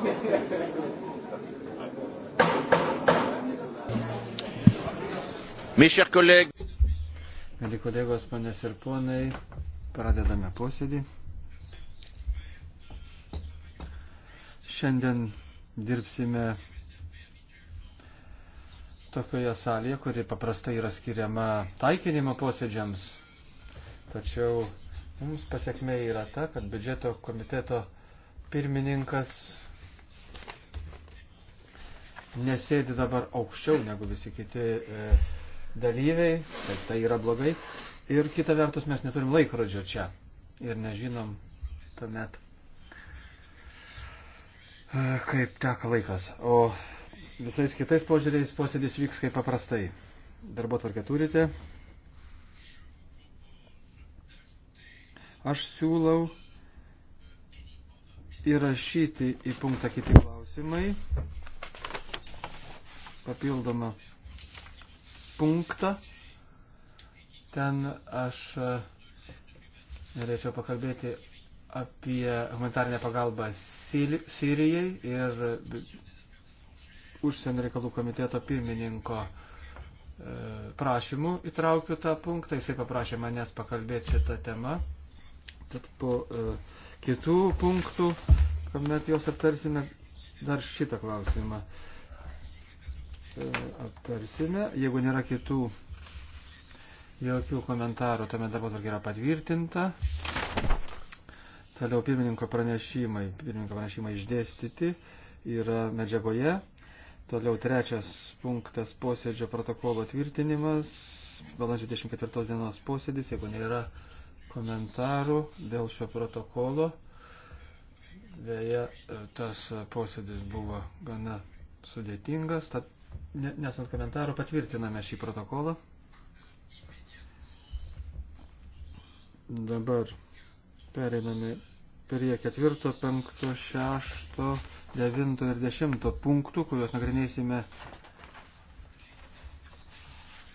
Mėly kolegos, panės ir ponai, pradedame posėdį. Šiandien dirbsime tokioje salėje, kuri paprastai yra skiriama taikinimo posėdžiams. Tačiau mums pasiekmė yra ta, kad biudžeto komiteto pirmininkas nesėdi dabar aukščiau negu visi kiti e, dalyviai, tai, tai yra blogai. Ir kita vertus mes neturim laikrodžio čia ir nežinom tuomet, e, kaip teka laikas. O visais kitais požiūriais posėdis vyks kaip paprastai. Darbo tvarkę turite. Aš siūlau įrašyti į punktą kiti klausimai papildomą punktą. Ten aš e, norėčiau pakalbėti apie humanitarinę pagalbą Sirijai ir užsienio reikalų komiteto pirmininko e, prašymų įtraukiu tą punktą. Jisai paprašė manęs pakalbėti šitą temą. Tad po e, kitų punktų, kuomet jos aptarsime, dar šitą klausimą aptarsime. Jeigu nėra kitų jokių komentarų, tuomet dabar tvarka yra patvirtinta. Toliau pirmininko pranešimai, pirmininko pranešimai išdėstyti yra medžiagoje. Toliau trečias punktas posėdžio protokolo tvirtinimas. Balandžio 24 dienos posėdis, jeigu nėra komentarų dėl šio protokolo. Vėja, tas posėdis buvo gana sudėtingas, tad Nesant komentarų patvirtiname šį protokolą. Dabar pereiname prie ketvirto, penkto, šešto, devinto ir dešimto punktų, kuriuos nagrinėsime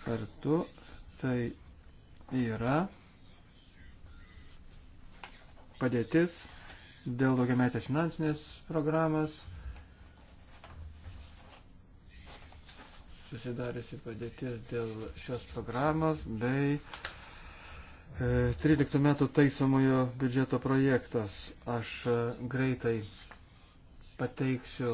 kartu. Tai yra padėtis dėl daugiametės finansinės programos susidariusi padėtis dėl šios programos bei 13 e, metų taisomojo biudžeto projektas. Aš e, greitai pateiksiu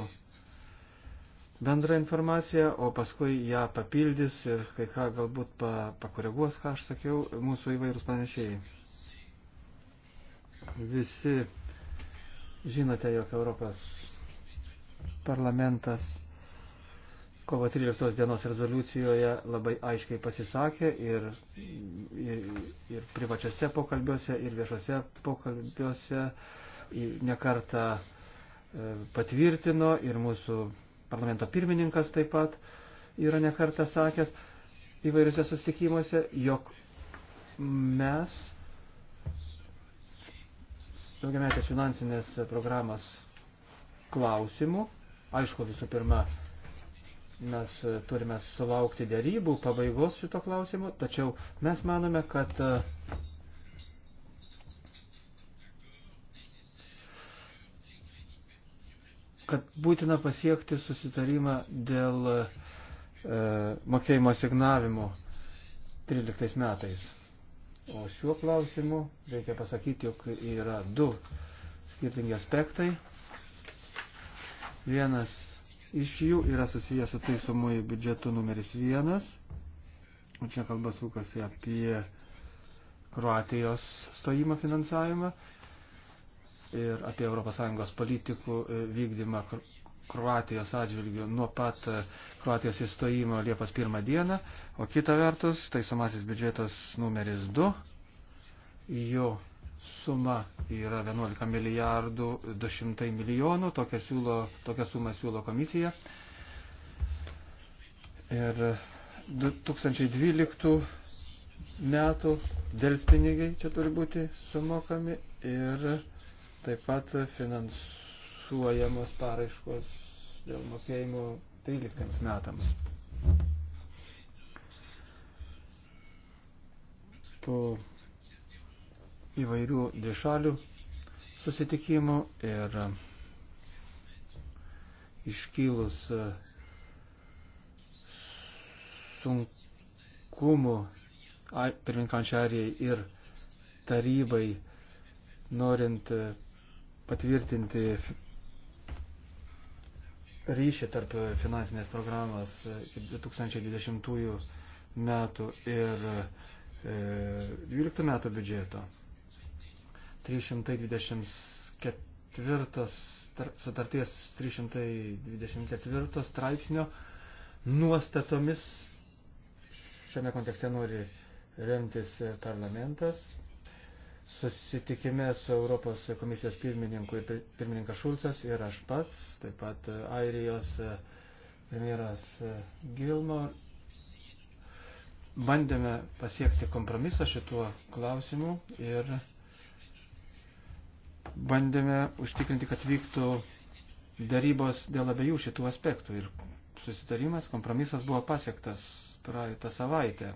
bendrą informaciją, o paskui ją papildys ir kai ką galbūt pa, pakoreguos, ką aš sakiau, mūsų įvairūs panašiai. Visi žinote, jog Europos parlamentas kovo 13 dienos rezoliucijoje labai aiškiai pasisakė ir, ir, ir privačiose pokalbiuose, ir viešose pokalbiuose nekarta e, patvirtino ir mūsų parlamento pirmininkas taip pat yra nekarta sakęs įvairiuose susitikimuose, jog mes daugiametės finansinės programos klausimų, aišku visų pirma, Mes e, turime sulaukti dėrybų pabaigos šito klausimu, tačiau mes manome, kad e, kad būtina pasiekti susitarimą dėl e, mokėjimo signavimo 13 metais. O šiuo klausimu reikia pasakyti, jog yra du skirtingi aspektai. Vienas iš jų yra susijęs su taisomuoju biudžetu numeris vienas. O čia kalba sukasi apie Kroatijos stojimo finansavimą ir apie ES politikų e, vykdymą Kroatijos atžvilgių nuo pat e, Kroatijos įstojimo Liepos 1 dieną, o kita vertus, taisomasis biudžetas numeris 2, jo suma yra 11 milijardų 200 milijonų, tokią, siūlo, tokią sumą siūlo komisija. Ir 2012 metų dėlspinigiai čia turi būti sumokami ir taip pat finansuojamos paraiškos dėl mokėjimų 13 metams. Po įvairių dvišalių susitikimų ir iškylus e, sunkumų pirminkančiarijai ir tarybai, norint e, patvirtinti ryšį tarp finansinės programos 2020 e, metų ir 12 metų biudžeto. 324 sutarties 324 straipsnio nuostatomis šiame kontekste nori remtis parlamentas. Susitikime su Europos komisijos pirmininku ir pirmininkas Šulcas ir aš pats, taip pat Airijos premjeras Gilmor. Bandėme pasiekti kompromisą šituo klausimu ir bandėme užtikrinti, kad vyktų darybos dėl abiejų šitų aspektų. Ir susitarimas, kompromisas buvo pasiektas praeitą savaitę.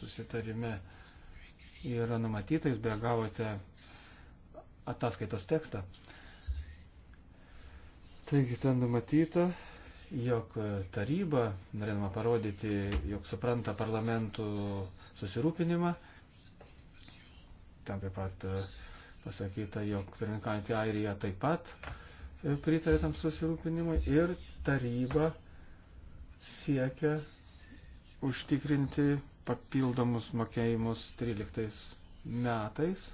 Susitarime yra numatyta, jūs beje gavote ataskaitos tekstą. Taigi ten numatyta, jog taryba, norėdama parodyti, jog supranta parlamentų susirūpinimą, ten taip pat uh, pasakyta, jog pirmininkaujantį Airiją taip pat e, pritarė tam susirūpinimui ir taryba siekia užtikrinti papildomus mokėjimus 13 metais.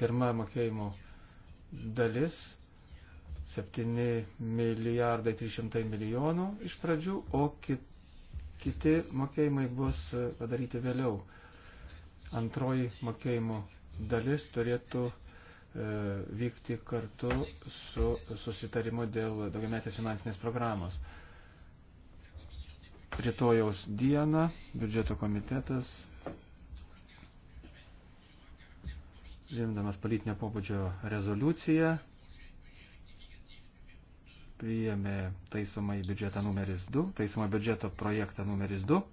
Pirma mokėjimo dalis 7 milijardai 300 milijonų iš pradžių, o kit, kiti mokėjimai bus e, padaryti vėliau. Antroji mokėjimo dalis turėtų e, vykti kartu su susitarimu dėl daugiametės finansinės programos. Rytojaus dieną biudžeto komitetas, žimdamas politinio pobūdžio rezoliuciją, priėmė taisomą į biudžetą numeris 2, taisomą biudžeto projektą numeris 2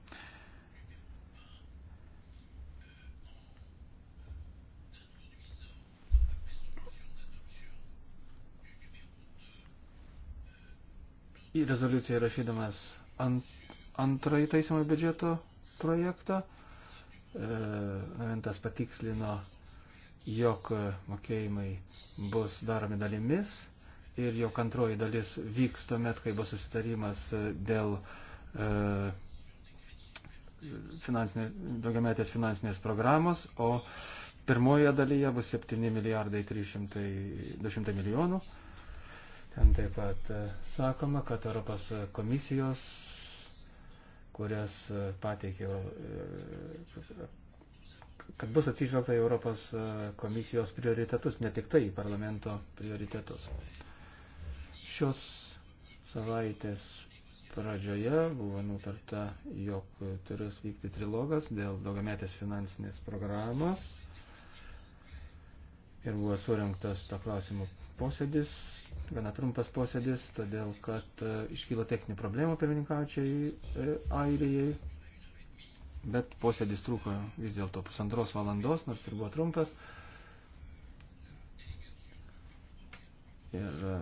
į rezoliuciją rašydamas ant, antrąjį taisymą biudžeto projektą. Noventas e, patikslino, jog mokėjimai bus daromi dalimis ir jog antroji dalis vyks tuomet, kai bus susitarimas dėl e, finansinė, daugiametės finansinės programos, o pirmoje dalyje bus 7 milijardai 300, 200 milijonų. E, Ten taip pat e, sakoma, kad Europos komisijos, kurias e, pateikė, e, kad bus atsižvelgta į Europos komisijos prioritetus, ne tik tai į parlamento prioritetus. Šios savaitės pradžioje buvo nutarta, jog turės vykti trilogas dėl daugiametės finansinės programos ir buvo surinktas to klausimų posėdis, gana trumpas posėdis, todėl kad e, iškyla techninių problemų pirmininkaučiai e, Airijai, bet posėdis trūko vis dėlto pusantros valandos, nors ir buvo trumpas. Ir e,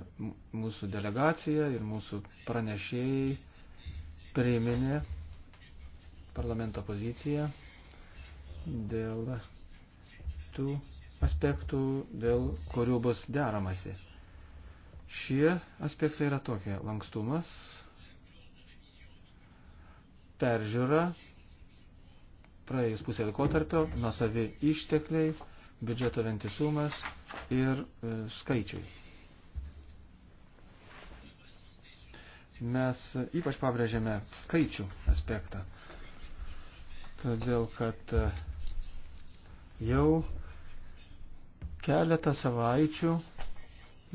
mūsų delegacija ir mūsų pranešėjai priminė parlamento poziciją dėl tų aspektų, dėl kurių bus deramasi. Šie aspektai yra tokie - lankstumas, peržiūra, praėjus pusė laikotarpio, nuosavi ištekliai, biudžeto ventisumas ir e, skaičiai. Mes ypač pabrėžėme skaičių aspektą, todėl kad e, jau keletą savaičių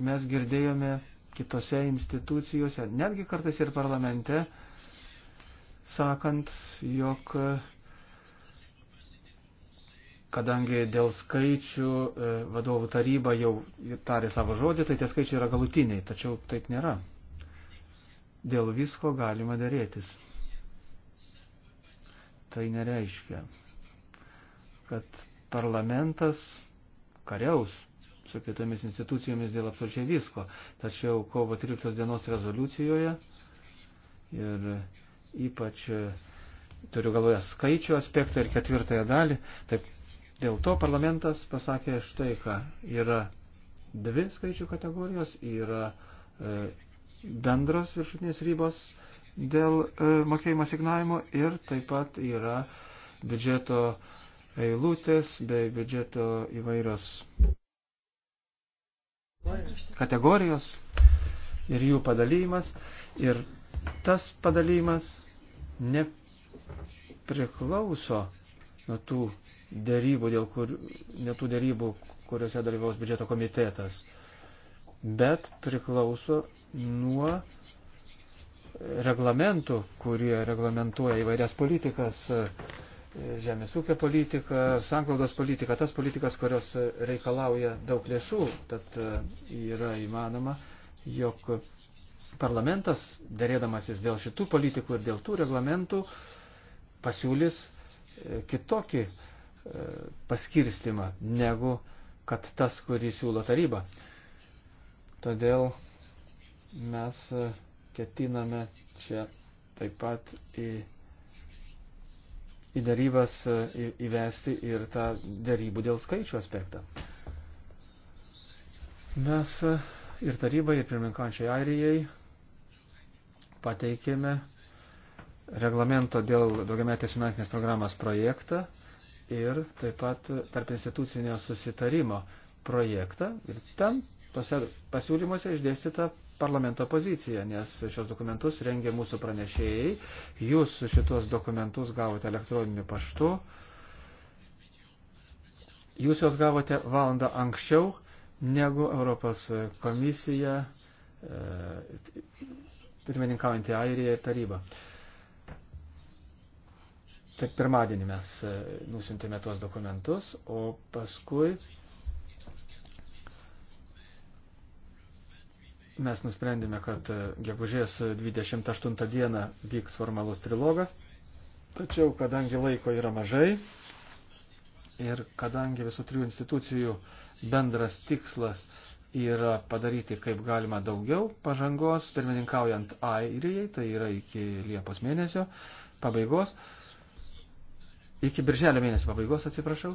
mes girdėjome kitose institucijose, netgi kartais ir parlamente, sakant, jog kadangi dėl skaičių e, vadovų taryba jau tarė savo žodį, tai tie skaičiai yra galutiniai, tačiau taip nėra. Dėl visko galima dėrėtis. Tai nereiškia, kad parlamentas kariaus su kitomis institucijomis dėl absoliučiai visko. Tačiau kovo 13 dienos rezoliucijoje ir ypač e, turiu galvoje skaičių aspektą ir ketvirtąją dalį, taip dėl to parlamentas pasakė štai ką. Yra dvi skaičių kategorijos, yra e, bendros viršutinės rybos dėl e, mokėjimo signavimo ir taip pat yra biudžeto e, eilutės bei biudžeto įvairios kategorijos ir jų padalymas. Ir tas padalymas nepriklauso nuo tų dėrybų, dėl kur, ne tų dėrybų, kuriuose dalyvaus biudžeto komitetas, bet priklauso nuo reglamentų, kurie reglamentuoja įvairias politikas žemės ūkio politika, sanklaudos politika, tas politikas, kurios reikalauja daug lėšų, tad e, yra įmanoma, jog parlamentas, dėrėdamasis dėl šitų politikų ir dėl tų reglamentų, pasiūlys e, kitokį e, paskirstimą negu kad tas, kurį siūlo taryba. Todėl mes ketiname čia taip pat į į darybas e, įvesti ir tą darybų dėl skaičių aspektą. Mes e, ir tarybai, ir pirmininkančiai Airijai pateikėme reglamento dėl daugiametės finansinės programos projektą ir taip pat tarp institucinio susitarimo projektą. Ir ten tose pasiūlymuose išdėstyta parlamento poziciją, nes šios dokumentus rengia mūsų pranešėjai. Jūs šitos dokumentus gavote elektroniniu paštu. Jūs juos gavote valandą anksčiau negu Europos komisija, e, pirmininkaujantį Airiją ir tarybą. Taip pirmadienį mes e, nusintėme tuos dokumentus, o paskui mes nusprendėme, kad e, gegužės 28 dieną vyks formalus trilogas, tačiau kadangi laiko yra mažai ir kadangi visų trijų institucijų bendras tikslas yra padaryti kaip galima daugiau pažangos, pirmininkaujant Airijai, tai yra iki Liepos mėnesio pabaigos, iki Birželio mėnesio pabaigos, atsiprašau,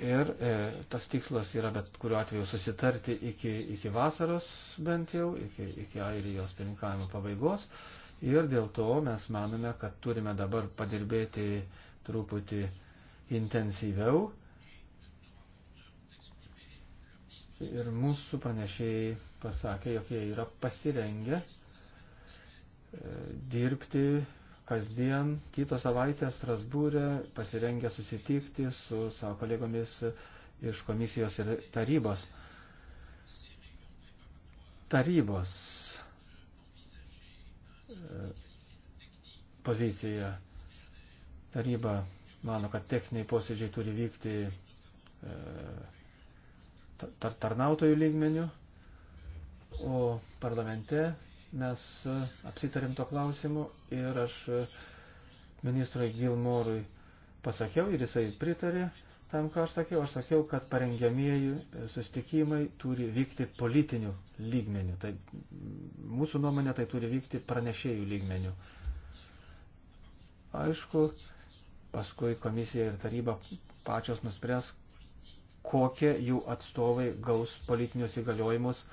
Ir e, tas tikslas yra bet kuriuo atveju susitarti iki, iki vasaros bent jau, iki, iki Airijos pirmininkavimo pabaigos. Ir dėl to mes manome, kad turime dabar padirbėti truputį intensyviau. Ir mūsų pranešėjai pasakė, jog jie yra pasirengę e, dirbti kasdien kitą savaitę Strasbūrė pasirengę susitikti su savo kolegomis iš komisijos ir tarybos. Tarybos e, pozicija. Taryba mano, kad techniniai posėdžiai turi vykti e, tar tarnautojų lygmenių, o parlamente Mes e, apsitarėm to klausimu ir aš e, ministrui Gilmorui pasakiau ir jisai pritarė tam, ką aš sakiau. Aš sakiau, kad parengiamieji e, sustikimai turi vykti politinių lygmenių. Tai mūsų nuomonė tai turi vykti pranešėjų lygmenių. Aišku, paskui komisija ir taryba pačios nuspręs, kokie jų atstovai gaus politinius įgaliojimus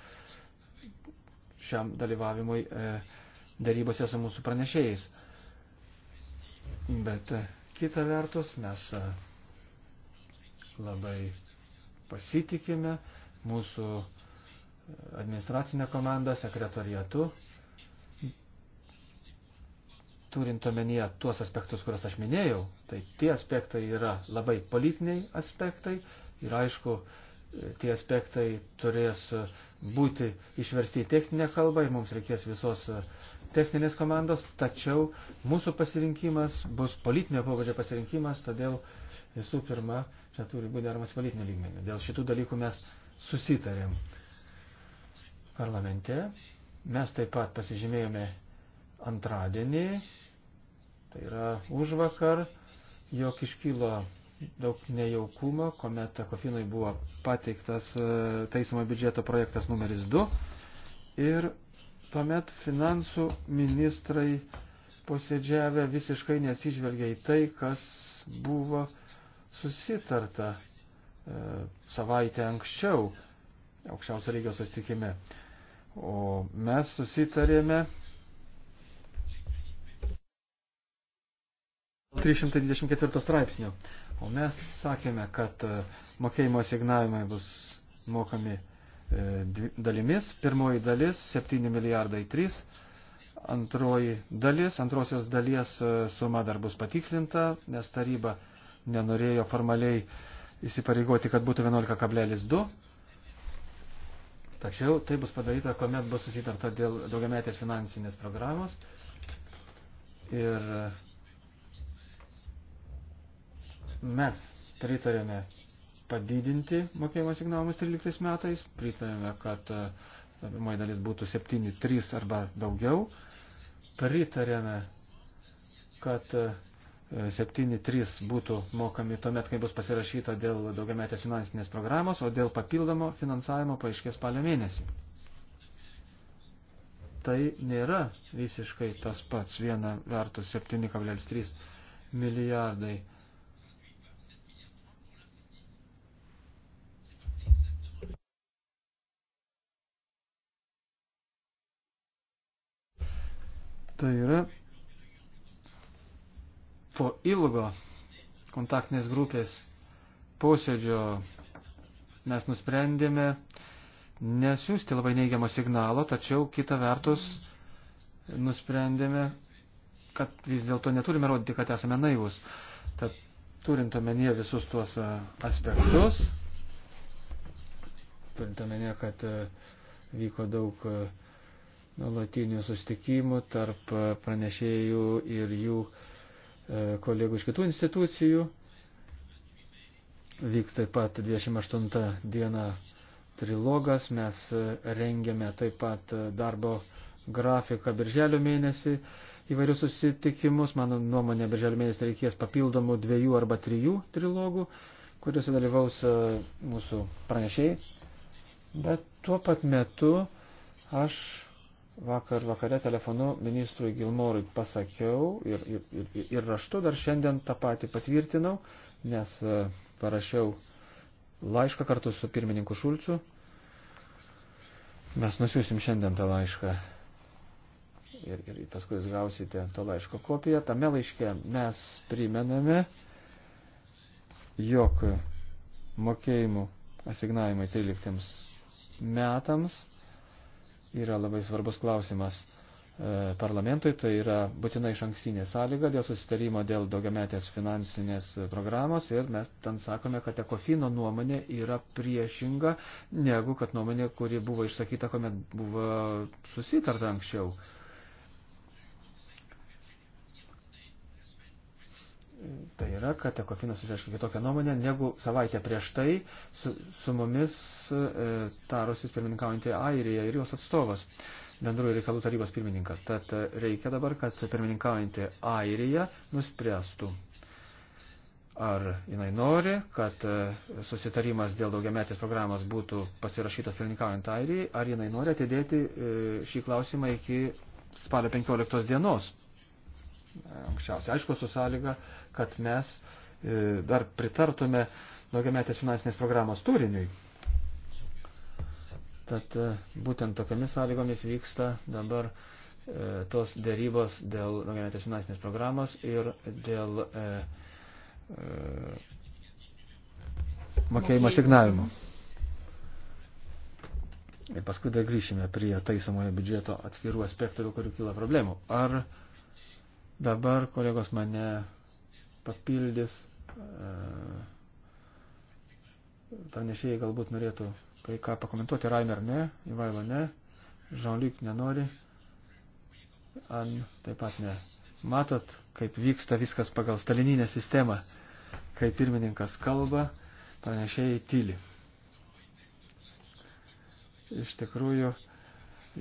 šiam dalyvavimui e, darybose su mūsų pranešėjais. Bet e, kita vertus mes e, labai pasitikime mūsų administracinę komandą, sekretoriatu, turint omenyje tuos aspektus, kuriuos aš minėjau, tai tie aspektai yra labai politiniai aspektai ir aišku, tie aspektai turės būti išversti į techninę kalbą ir mums reikės visos techninės komandos, tačiau mūsų pasirinkimas bus politinio pobūdžio pasirinkimas, todėl visų pirma, čia turi būti daromas politinio lygmenio. Dėl šitų dalykų mes susitarėm parlamente. Mes taip pat pasižymėjome antradienį, tai yra už vakar, jog iškylo daug nejaukumo, kuomet Kofinui buvo pateiktas e, taisymo biudžeto projektas numeris 2 ir tuomet finansų ministrai posėdžiavę visiškai nesižvelgia į tai, kas buvo susitarta e, savaitę anksčiau aukščiausio lygio susitikime. O mes susitarėme 324 straipsnio. O mes sakėme, kad e, mokėjimo signavimai bus mokami e, dalimis. Pirmoji dalis 7 milijardai 3, antroji dalis, antrosios dalies e, suma dar bus patikslinta, nes taryba nenorėjo formaliai įsipareigoti, kad būtų 11,2. Tačiau tai bus padaryta, kuomet bus susitarta dėl daugiametės finansinės programos. Ir Mes pritarėme padidinti mokėjimo signalumus 13 metais, pritarėme, kad e, pirmoji dalis būtų 7, 3 arba daugiau, pritarėme, kad 7.3 e, būtų mokami tuomet, kai bus pasirašyta dėl daugiametės finansinės programos, o dėl papildomo finansavimo paaiškės spalio mėnesį. Tai nėra visiškai tas pats, viena vertus 7,3 milijardai Tai yra po ilgo kontaktinės grupės posėdžio mes nusprendėme nesiųsti labai neigiamo signalo, tačiau kita vertus nusprendėme, kad vis dėlto neturime rodyti, kad esame naivus. Tad turint omenyje visus tuos e, aspektus, turint omenyje, kad e, vyko daug e, nuolatinių sustikimų tarp pranešėjų ir jų e, kolegų iš kitų institucijų. Vyks taip pat 28 diena trilogas, mes e, rengiame taip pat e, darbo grafiką birželio mėnesį įvairius susitikimus. Mano nuomonė, birželio mėnesį reikės papildomų dviejų arba trijų trilogų, kuriuose dalyvaus mūsų pranešėjai. Bet tuo pat metu aš vakar vakare telefonu ministrui Gilmorui pasakiau ir, ir, ir, ir raštu dar šiandien tą patį patvirtinau, nes e, parašiau laišką kartu su pirmininku Šulcu. Mes nusiusim šiandien tą laišką ir, ir paskui jūs gausite to laiško kopiją. Tame laiške mes primename, jog mokėjimų asignavimai 13 metams yra labai svarbus klausimas e, parlamentui, tai yra būtina iš ankstinė sąlyga dėl susitarimo dėl daugiametės finansinės programos ir mes ten sakome, kad ekofino nuomonė yra priešinga negu kad nuomonė, kuri buvo išsakyta, kuomet buvo susitarta anksčiau. Tai yra, kad Ekofinas išreiškė kitokią nuomonę negu savaitę prieš tai su, su mumis e, tarosis pirmininkaujantį Airiją ir jos atstovas, bendrųjų reikalų tarybos pirmininkas. Tad reikia dabar, kad pirmininkaujantį Airiją nuspręstų, ar jinai nori, kad e, susitarimas dėl daugiametės programos būtų pasirašytas pirmininkaujant Airijai, ar jinai nori atidėti e, šį klausimą iki spalio 15 dienos. E, anksčiausiai, aišku, su sąlyga kad mes e, dar pritartume daugiametės finansinės programos turiniui. Tad e, būtent tokiamis sąlygomis vyksta dabar e, tos dėrybos dėl daugiametės finansinės programos ir dėl e, e, mokėjimo signavimo. Ir paskui dar grįšime prie taisomojo biudžeto atskirų aspektų, dėl kurių kyla problemų. Ar dabar kolegos mane papildys. E, pranešėjai galbūt norėtų kai ką pakomentuoti. Raimer ne, Ivaila ne, Žanliuk nenori, An taip pat ne. Matot, kaip vyksta viskas pagal stalininę sistemą, kai pirmininkas kalba, pranešėjai tyli. Iš tikrųjų,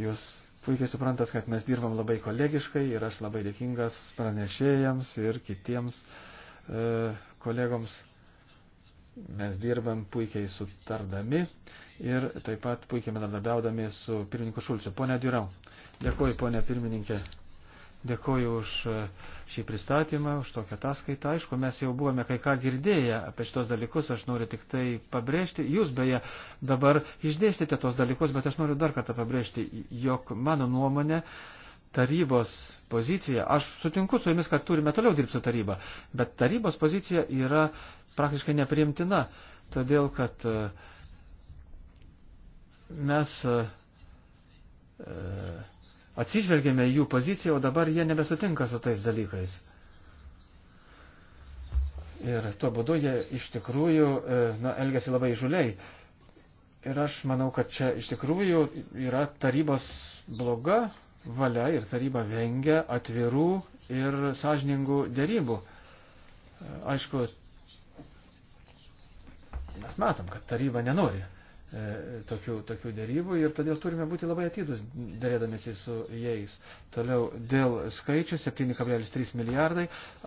jūs puikiai suprantat, kad mes dirbam labai kolegiškai ir aš labai dėkingas pranešėjams ir kitiems uh, E, kolegoms. Mes dirbam puikiai sutardami ir taip pat puikiai bendradarbiaudami su pirmininku Šulciu. Pone Diurau, dėkoju, ponė pirmininkė. Dėkoju už e, šį pristatymą, už tokią ataskaitą. Aišku, mes jau buvome kai ką girdėję apie šitos dalykus, aš noriu tik tai pabrėžti. Jūs beje dabar išdėstėte tos dalykus, bet aš noriu dar kartą pabrėžti, jog mano nuomonė, uh, tarybos pozicija, aš sutinku su jumis, kad turime toliau dirbti su taryba, bet tarybos pozicija yra praktiškai nepriimtina, todėl kad e, mes e, e, atsižvelgėme jų poziciją, o dabar jie nebesutinka su tais dalykais. Ir tuo būdu jie iš tikrųjų na, elgesi labai žuliai. Ir aš manau, kad čia iš tikrųjų yra tarybos bloga valia ir taryba vengia atvirų ir sąžiningų dėrybų. Aišku, mes matom, kad taryba nenori e, tokių, tokių dėrybų ir todėl turime būti labai atidus dėrėdamėsi su jais. Toliau dėl skaičių 7,3 milijardai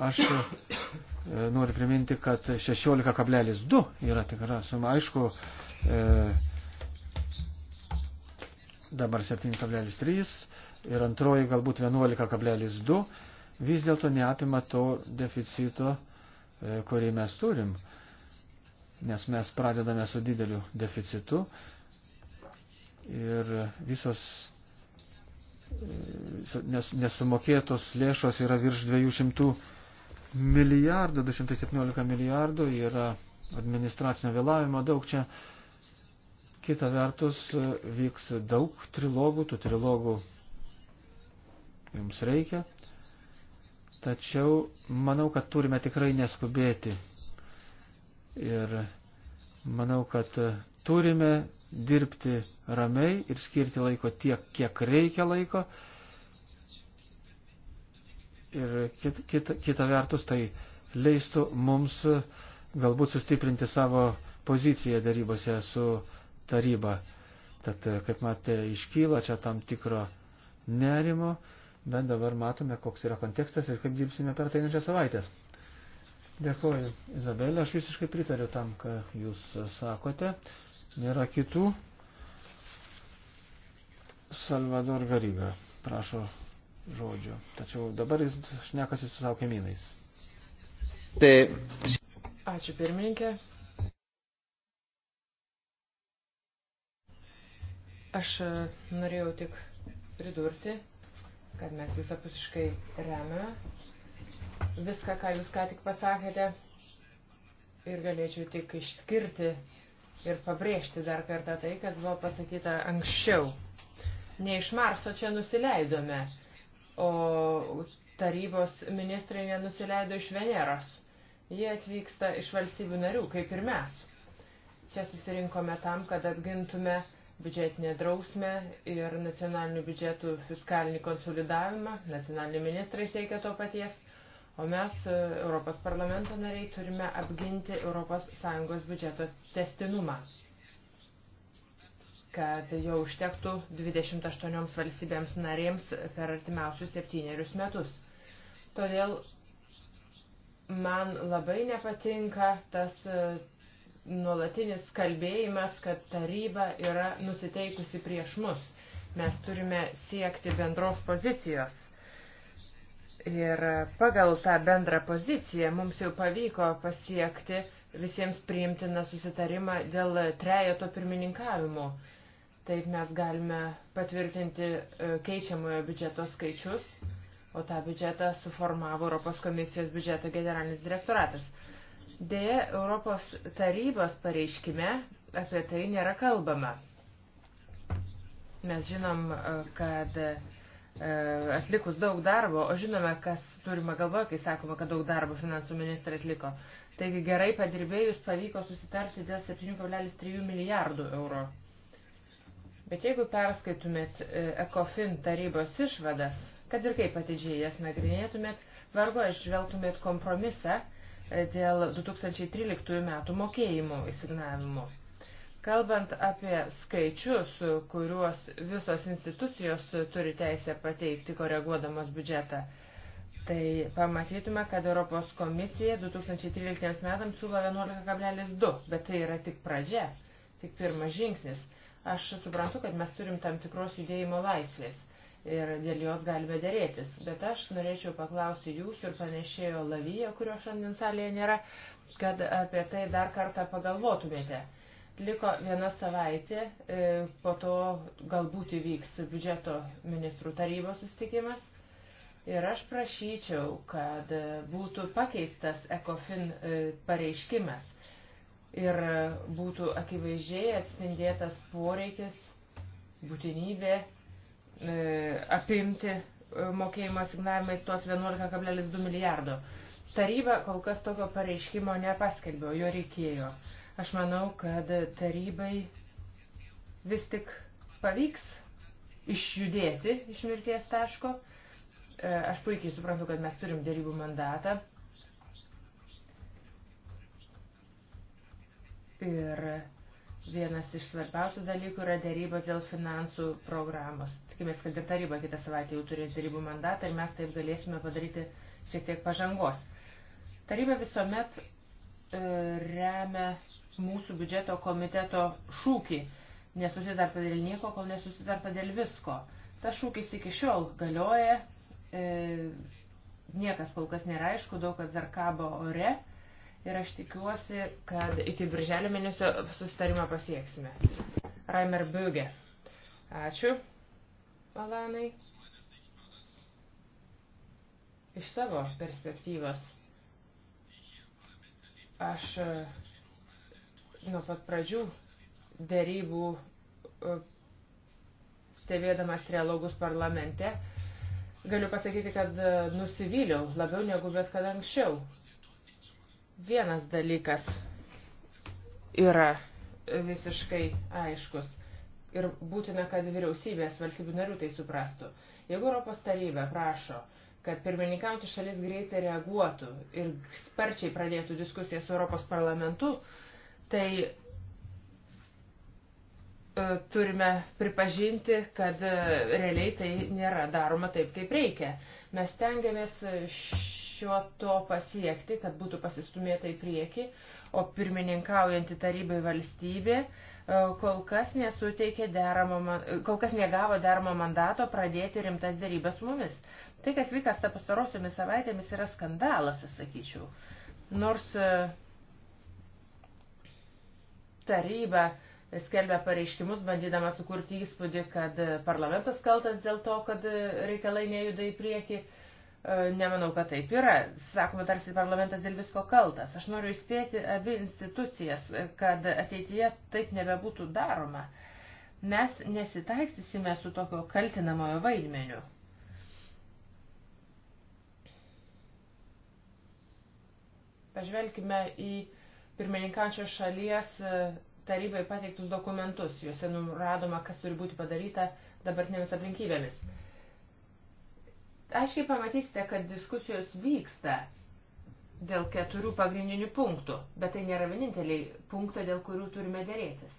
aš e, noriu priminti, kad 16,2 yra tikra suma. Aišku, e, dabar 7,3 ir antroji galbūt 11,2 vis dėlto neapima to deficito, e, kurį mes turim. Nes mes pradedame su dideliu deficitu ir visos e, nes, nesumokėtos lėšos yra virš 200 milijardų, 217 milijardų yra administracinio vėlavimo daug čia. Kita vertus e, vyks daug trilogų, tų trilogų jums reikia. Tačiau manau, kad turime tikrai neskubėti. Ir manau, kad turime dirbti ramiai ir skirti laiko tiek, kiek reikia laiko. Ir kita, kita, kita vertus tai leistų mums galbūt sustiprinti savo poziciją darybose su taryba. Tad, kaip matė, iškyla čia tam tikro nerimo bet dabar matome, koks yra kontekstas ir kaip dirbsime per ateinančią savaitę. Dėkuoju, Izabelė, aš visiškai pritariu tam, ką jūs sakote. Nėra kitų. Salvador Gariga prašo žodžio, tačiau dabar jis šnekasi su savo kaimynais. Tai Ačiū pirmininkė. Aš norėjau tik pridurti, kad mes visapusiškai remiame viską, ką jūs ką tik pasakėte. Ir galėčiau tik išskirti ir pabrėžti dar kartą tai, kas buvo pasakyta anksčiau. Ne iš Marso čia nusileidome, o tarybos ministrai nenusileido iš Veneros. Jie atvyksta iš valstybių narių, kaip ir mes. Čia susirinkome tam, kad atgintume uh, biudžetinę drausmę ir nacionalinių biudžetų fiskalinį konsolidavimą. Nacionaliniai ministrai siekia to paties, o mes, e, Europos parlamento nariai, turime apginti ES biudžeto testinumą, kad jo užtektų 28 valstybėms narėms per artimiausius septynerius metus. Todėl man labai nepatinka tas e, nuolatinis kalbėjimas, kad taryba yra nusiteikusi prieš mus. Mes turime siekti bendros pozicijos. Ir pagal tą bendrą poziciją mums jau pavyko pasiekti visiems priimtiną susitarimą dėl trejato pirmininkavimo. Taip mes galime patvirtinti e, keičiamojo biudžeto skaičius, o tą biudžetą suformavo Europos komisijos biudžeto generalinis direktoratas. Deja, Europos tarybos pareiškime apie tai nėra kalbama. Mes žinom, kad e, atlikus daug darbo, o žinome, kas turima galvoje, kai sakoma, kad daug darbo finansų ministrai atliko. Taigi gerai padirbėjus pavyko susitarti dėl 7,3 milijardų eurų. Bet jeigu perskaitumėt e, ECOFIN tarybos išvadas, kad ir kaip atidžiai jas nagrinėtumėt, vargu aš žvelgtumėt kompromisą, dėl 2013 metų mokėjimų įsignavimų. Kalbant apie skaičius, kuriuos visos institucijos turi teisę pateikti koreguodamos biudžetą, tai pamatytume, kad Europos komisija 2013 metams siūlo 11,2, bet tai yra tik pradžia, tik pirmas žingsnis. Aš suprantu, kad mes turim tam tikros judėjimo laisvės ir dėl jos galime dėrėtis. Bet aš norėčiau paklausti jūsų ir panešėjo Lavyje, kurio šiandien salėje nėra, kad apie tai dar kartą pagalvotumėte. Liko viena savaitė, e, po to galbūt įvyks biudžeto ministrų tarybos sustikimas. Ir aš prašyčiau, kad būtų pakeistas ECOFIN e, pareiškimas ir būtų akivaizdžiai atspindėtas poreikis, būtinybė E, apimti e, mokėjimo signavimais tuos 11,2 milijardo. Taryba kol kas tokio pareiškimo nepaskelbė, jo reikėjo. Aš manau, kad tarybai vis tik pavyks išjudėti iš mirties taško. E, aš puikiai suprantu, kad mes turim dėrybų mandatą. Ir vienas iš svarbiausių dalykų yra dėrybos dėl finansų programos tikimės, kad ir taryba kitą savaitę jau turės darybų mandatą ir mes taip galėsime padaryti šiek tiek pažangos. Taryba visuomet e, remia mūsų biudžeto komiteto šūkį nesusitarta dėl nieko, kol nesusitarta dėl visko. Tas šūkis iki šiol galioja, e, niekas kol kas nėra aišku, daug kas dar kabo ore ir aš tikiuosi, kad iki birželio mėnesio susitarimą pasieksime. Raimer Böge. Ačiū. Alanai, iš savo perspektyvos. Aš e, nuo pat pradžių dėrybų e, stebėdamas trialogus parlamente galiu pasakyti, kad e, nusivyliau labiau negu bet kada anksčiau. Vienas dalykas yra visiškai aiškus ir būtina, kad vyriausybės valstybių narių tai suprastų. Jeigu Europos taryba prašo, kad pirmininkauti šalis greitai reaguotų ir sparčiai pradėtų diskusiją su Europos parlamentu, tai e, turime pripažinti, kad e, realiai tai nėra daroma taip, kaip reikia. Mes tengiamės šiuo to pasiekti, kad būtų pasistumėta į priekį, o pirmininkaujanti tarybai valstybė e, E, kol kas, deramo, e, kol kas negavo deramo mandato pradėti rimtas dėrybės su mumis. Tai, kas vykas ta pastarosiomis savaitėmis, yra skandalas, sakyčiau. Nors e, taryba skelbia pareiškimus, bandydama sukurti įspūdį, kad parlamentas kaltas dėl to, kad reikalai nejuda į priekį. E, nemanau, kad taip yra. Sakoma, tarsi parlamentas dėl visko kaltas. Aš noriu įspėti abi institucijas, kad ateityje taip nebebūtų daroma. Mes nesitaiksysime su tokio kaltinamojo vaidmeniu. Pažvelkime į pirmininkančios šalies e, tarybai pateiktus dokumentus. Juose nuradoma, kas turi būti padaryta dabartinėmis aplinkybėmis aiškiai pamatysite, kad diskusijos vyksta dėl keturių pagrindinių punktų, bet tai nėra vieninteliai punktai, dėl kurių turime dėrėtis.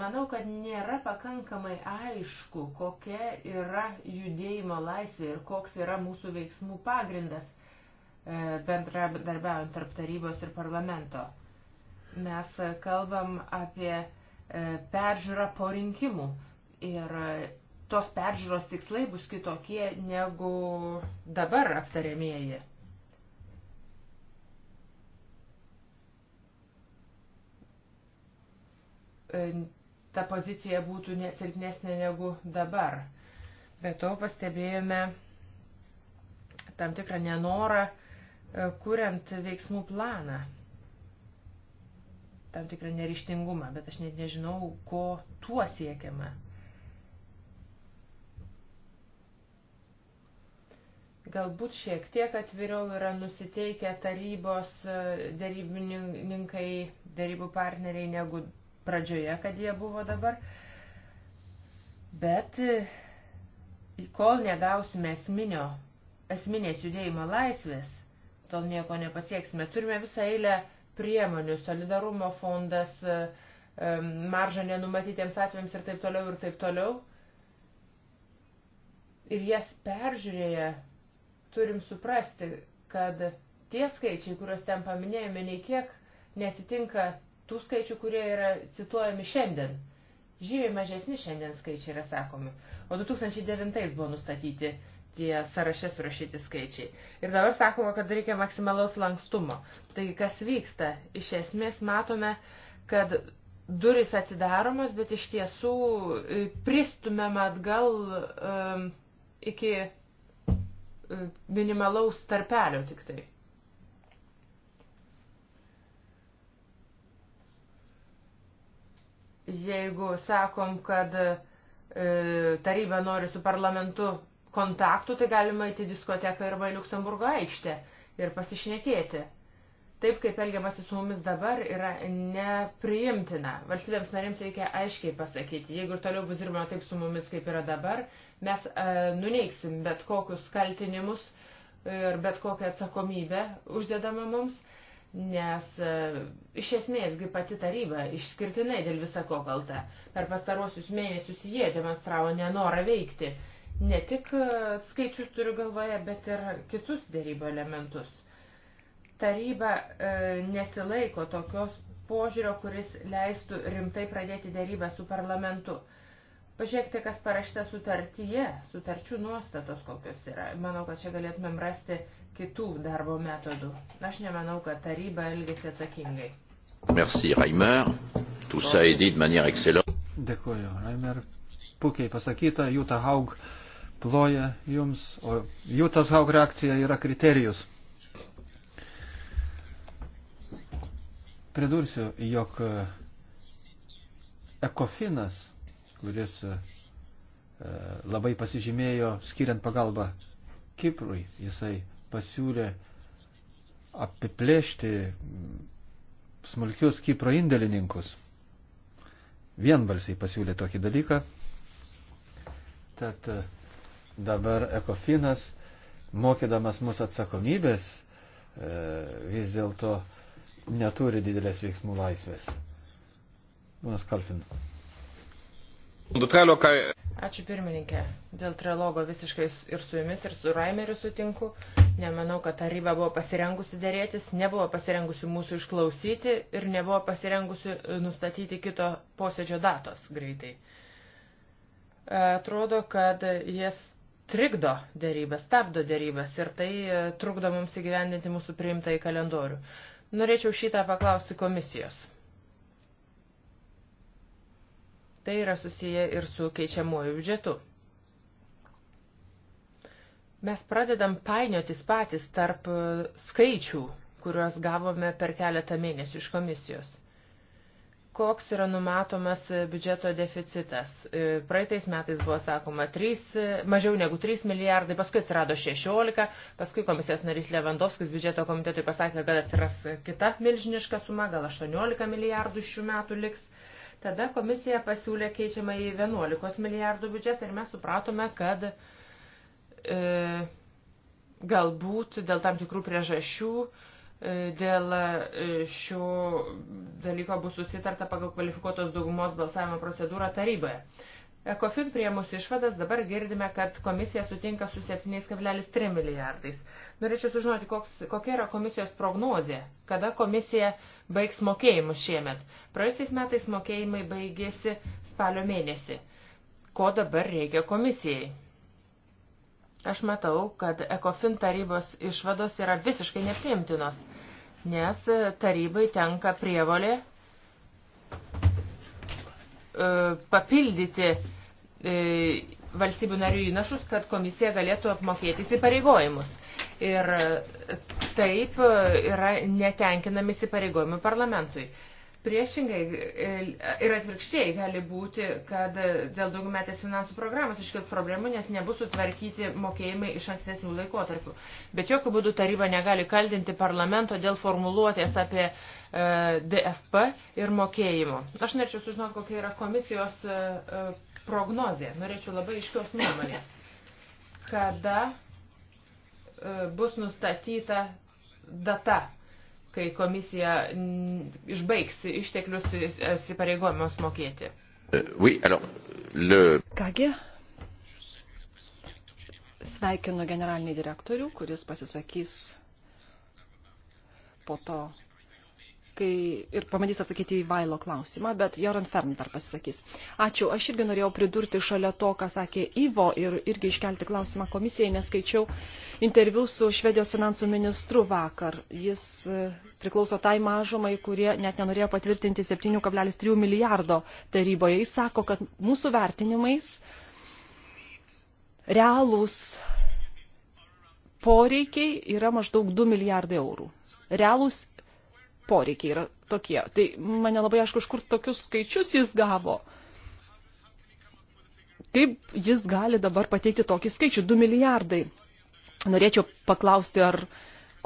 Manau, kad nėra pakankamai aišku, kokia yra judėjimo laisvė ir koks yra mūsų veiksmų pagrindas e, bendradarbiaujant tarp tarybos ir parlamento. Mes kalbam apie e, peržiūrą po rinkimų ir tos peržiūros tikslai bus kitokie negu dabar aptariamieji. E, ta pozicija būtų silpnesnė negu dabar. Be to pastebėjome tam tikrą nenorą, e, kuriant veiksmų planą. Tam tikrą nerištingumą, bet aš net nežinau, ko tuo siekiama. Galbūt šiek tiek atviriau yra nusiteikę tarybos e, darybininkai, darybų partneriai negu pradžioje, kad jie buvo dabar. Bet e, kol negausime esminio, esminės judėjimo laisvės, tol nieko nepasieksime. Turime visą eilę priemonių, solidarumo fondas, e, marža nenumatytiems atvejams ir taip toliau ir taip toliau. Ir jas peržiūrėję turim suprasti, kad tie skaičiai, kuriuos ten paminėjome, nei kiek netitinka tų skaičių, kurie yra cituojami šiandien. Žymiai mažesni šiandien skaičiai yra sakomi. O 2009 buvo nustatyti tie sąraše surašyti skaičiai. Ir dabar sakoma, kad reikia maksimalaus lankstumo. Taigi, kas vyksta? Iš esmės matome, kad durys atidaromos, bet iš tiesų e, pristumėm atgal um, iki E, minimalaus tarpelio tik tai. Jeigu sakom, kad e, taryba nori su parlamentu kontaktų, tai galima įti diskoteką arba į Luksemburgo aikštę ir pasišnekėti. Taip kaip elgiamasi su mumis dabar yra nepriimtina. Valstybėms narėms reikia aiškiai pasakyti, jeigu toliau bus dirbama taip su mumis, kaip yra dabar, mes e, nuneiksim bet kokius kaltinimus ir bet kokią atsakomybę uždedama mums nes e, iš esmėsgi pati taryba išskirtinai dėl visako kalta. Per pastarosius mėnesius jie demonstravo nenorą veikti. Ne tik e, skaičius turiu galvoje, bet ir kitus dėrybo elementus taryba e, nesilaiko tokios požiūrio, kuris leistų rimtai pradėti dėrybę su parlamentu. Pažiūrėkite, kas parašyta sutartyje, sutarčių nuostatos kokios yra. Manau, kad čia galėtumėm rasti kitų darbo metodų. Aš nemanau, kad taryba elgėsi atsakingai. Merci, Raimer. Tout ça est dit de manière excellente. Dėkuoju, Raimer. Pukiai pasakyta, Jūta Haug ploja jums, o Jūtas Haug reakcija yra kriterijus. Pridursiu, jog ekofinas, kuris e, labai pasižymėjo skiriant pagalbą Kiprui, jisai pasiūlė apiplėšti smulkius Kipro indėlininkus. Vienbalsiai pasiūlė tokį dalyką. Tad e, dabar ekofinas, mokydamas mūsų atsakomybės, e, vis dėlto to neturi didelės veiksmų laisvės. Ponas Kalfin. Ačiū pirmininkė. Dėl trilogo visiškai ir su jumis, ir su Raimeriu sutinku. Nemanau, kad taryba buvo pasirengusi dėrėtis, nebuvo pasirengusi mūsų išklausyti ir nebuvo pasirengusi e, nustatyti kito posėdžio datos greitai. E, atrodo, kad jis trikdo dėrybas, stabdo dėrybas ir tai e, trukdo mums įgyvendinti mūsų priimtą į kalendorių. Norėčiau šitą paklausti komisijos. Tai yra susiję ir su keičiamuoju biudžetu. Mes pradedam painiotis patys tarp e, skaičių, kuriuos gavome per keletą mėnesių iš komisijos koks yra numatomas biudžeto deficitas. E, praeitais metais buvo sakoma 3, e, mažiau negu 3 milijardai, paskui atsirado 16, paskui komisijos narys Levandovskis biudžeto komitetui pasakė, kad atsiras kita milžiniška suma, gal 18 milijardų šių metų liks. Tada komisija pasiūlė keičiamą į 11 milijardų biudžetą ir mes supratome, kad e, galbūt dėl tam tikrų priežasčių e, E, dėl e, šio dalyko bus susitarta pagal kvalifikuotos daugumos balsavimo procedūrą taryboje. Ekofin prie mūsų išvadas dabar girdime, kad komisija sutinka su 7,3 milijardais. Norėčiau sužinoti, koks, kokia yra komisijos prognozė, kada komisija baigs mokėjimus šiemet. Praėjusiais metais mokėjimai baigėsi spalio mėnesį. Ko dabar reikia komisijai? Aš matau, kad ECOFIN tarybos išvados yra visiškai nepriimtinos, nes e, tarybai tenka prievolė e, papildyti e, valstybių narių įnašus, kad komisija galėtų apmokėti įsipareigojimus. Ir taip yra netenkinami įsipareigojimai parlamentui. Priešingai e, ir atvirkščiai gali būti, kad dėl daugiametės finansų programos iškils problemų, nes nebus sutvarkyti mokėjimai iš ankstesnių laikotarpių. Bet jokių būdų taryba negali kaltinti parlamento dėl formuluotės apie e, DFP ir mokėjimo. Aš norėčiau sužinoti, kokia yra komisijos e, prognozė. Norėčiau labai iškios nuomonės. Kada bus nustatyta data kai komisija išbaigs išteklius įsipareigojimus mokėti. Euh, oui, alors, le... Kągi, sveikinu generalinį direktorių, kuris pasisakys po to kai ir pabandys atsakyti į Vailo klausimą, bet Joran Fern dar pasisakys. Ačiū. Aš irgi norėjau pridurti šalia to, ką sakė Ivo ir irgi iškelti klausimą komisijai, neskaičiau interviu su Švedijos finansų ministru vakar. Jis e, priklauso tai mažumai, kurie net nenorėjo patvirtinti 7,3 milijardo taryboje. Jis sako, kad mūsų vertinimais realūs poreikiai yra maždaug 2 milijardai eurų. Realūs poreikiai yra tokie. Tai mane labai aišku, iš kur tokius skaičius jis gavo. Kaip jis gali dabar pateikti tokį skaičių? 2 milijardai. Norėčiau paklausti, ar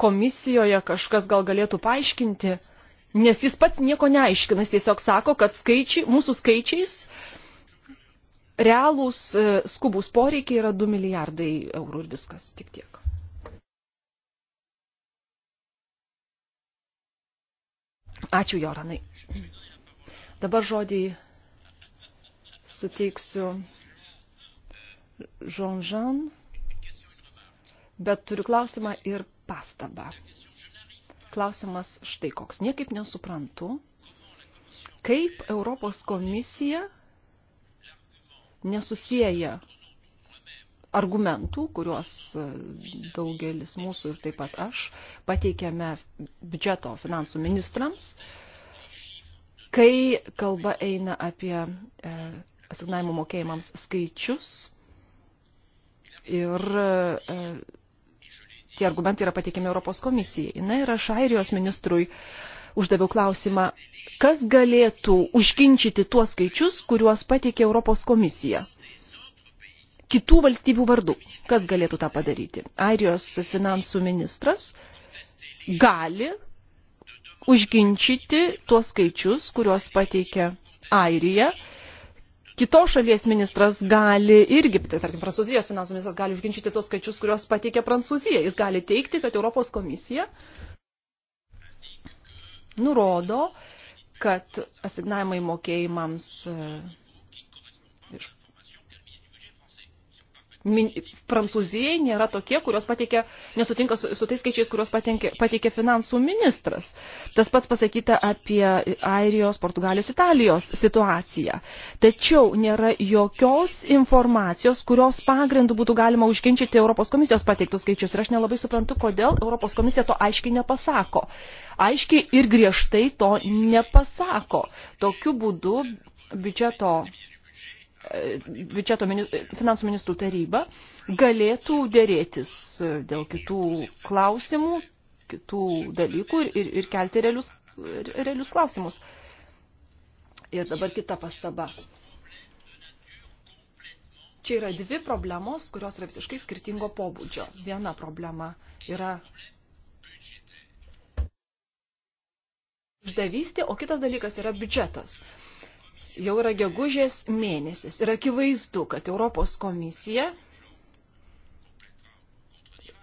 komisijoje kažkas gal galėtų paaiškinti, nes jis pats nieko neaiškina, jis tiesiog sako, kad skaičiai, mūsų skaičiais realūs e, skubus poreikiai yra 2 milijardai eurų ir viskas, tik tiek. Ačiū, Joranai. Dabar žodį suteiksiu Žonžan, bet turiu klausimą ir pastabą. Klausimas štai koks. Niekaip nesuprantu, kaip Europos komisija nesusieja argumentų, kuriuos e, daugelis mūsų ir taip pat aš pateikėme biudžeto finansų ministrams, kai kalba eina apie e, asignavimų mokėjimams skaičius ir e, tie argumentai yra pateikiami Europos komisijai. Na ir aš airijos ministrui uždaviau klausimą, kas galėtų užginčyti tuos skaičius, kuriuos pateikė Europos komisija kitų valstybių vardų. Kas galėtų tą padaryti? Airijos finansų ministras gali užginčyti tuos skaičius, kuriuos pateikia Airija. Kitos šalies ministras gali irgi, tai tarkim, Prancūzijos finansų ministras gali užginčyti tuos skaičius, kuriuos pateikia Prancūzija. Jis gali teikti, kad Europos komisija nurodo, kad asignavimai mokėjimams min, Prancūzijai nėra tokie, kurios pateikia, nesutinka su, su tais skaičiais, kuriuos pateikia, pateikia finansų ministras. Tas pats pasakyta apie Airijos, Portugalijos, Italijos situaciją. Tačiau nėra jokios informacijos, kurios pagrindų būtų galima užginčyti Europos komisijos pateiktus skaičius. Ir aš nelabai suprantu, kodėl Europos komisija to aiškiai nepasako. Aiškiai ir griežtai to nepasako. Tokiu būdu biudžeto biudžeto finansų ministrų taryba galėtų dėrėtis dėl kitų klausimų, kitų dalykų ir, ir kelti realius, realius klausimus. Ir dabar kita pastaba. Čia yra dvi problemos, kurios yra visiškai skirtingo pobūdžio. Viena problema yra išdavystė, o kitas dalykas yra biudžetas jau yra gegužės mėnesis ir akivaizdu, kad Europos komisija,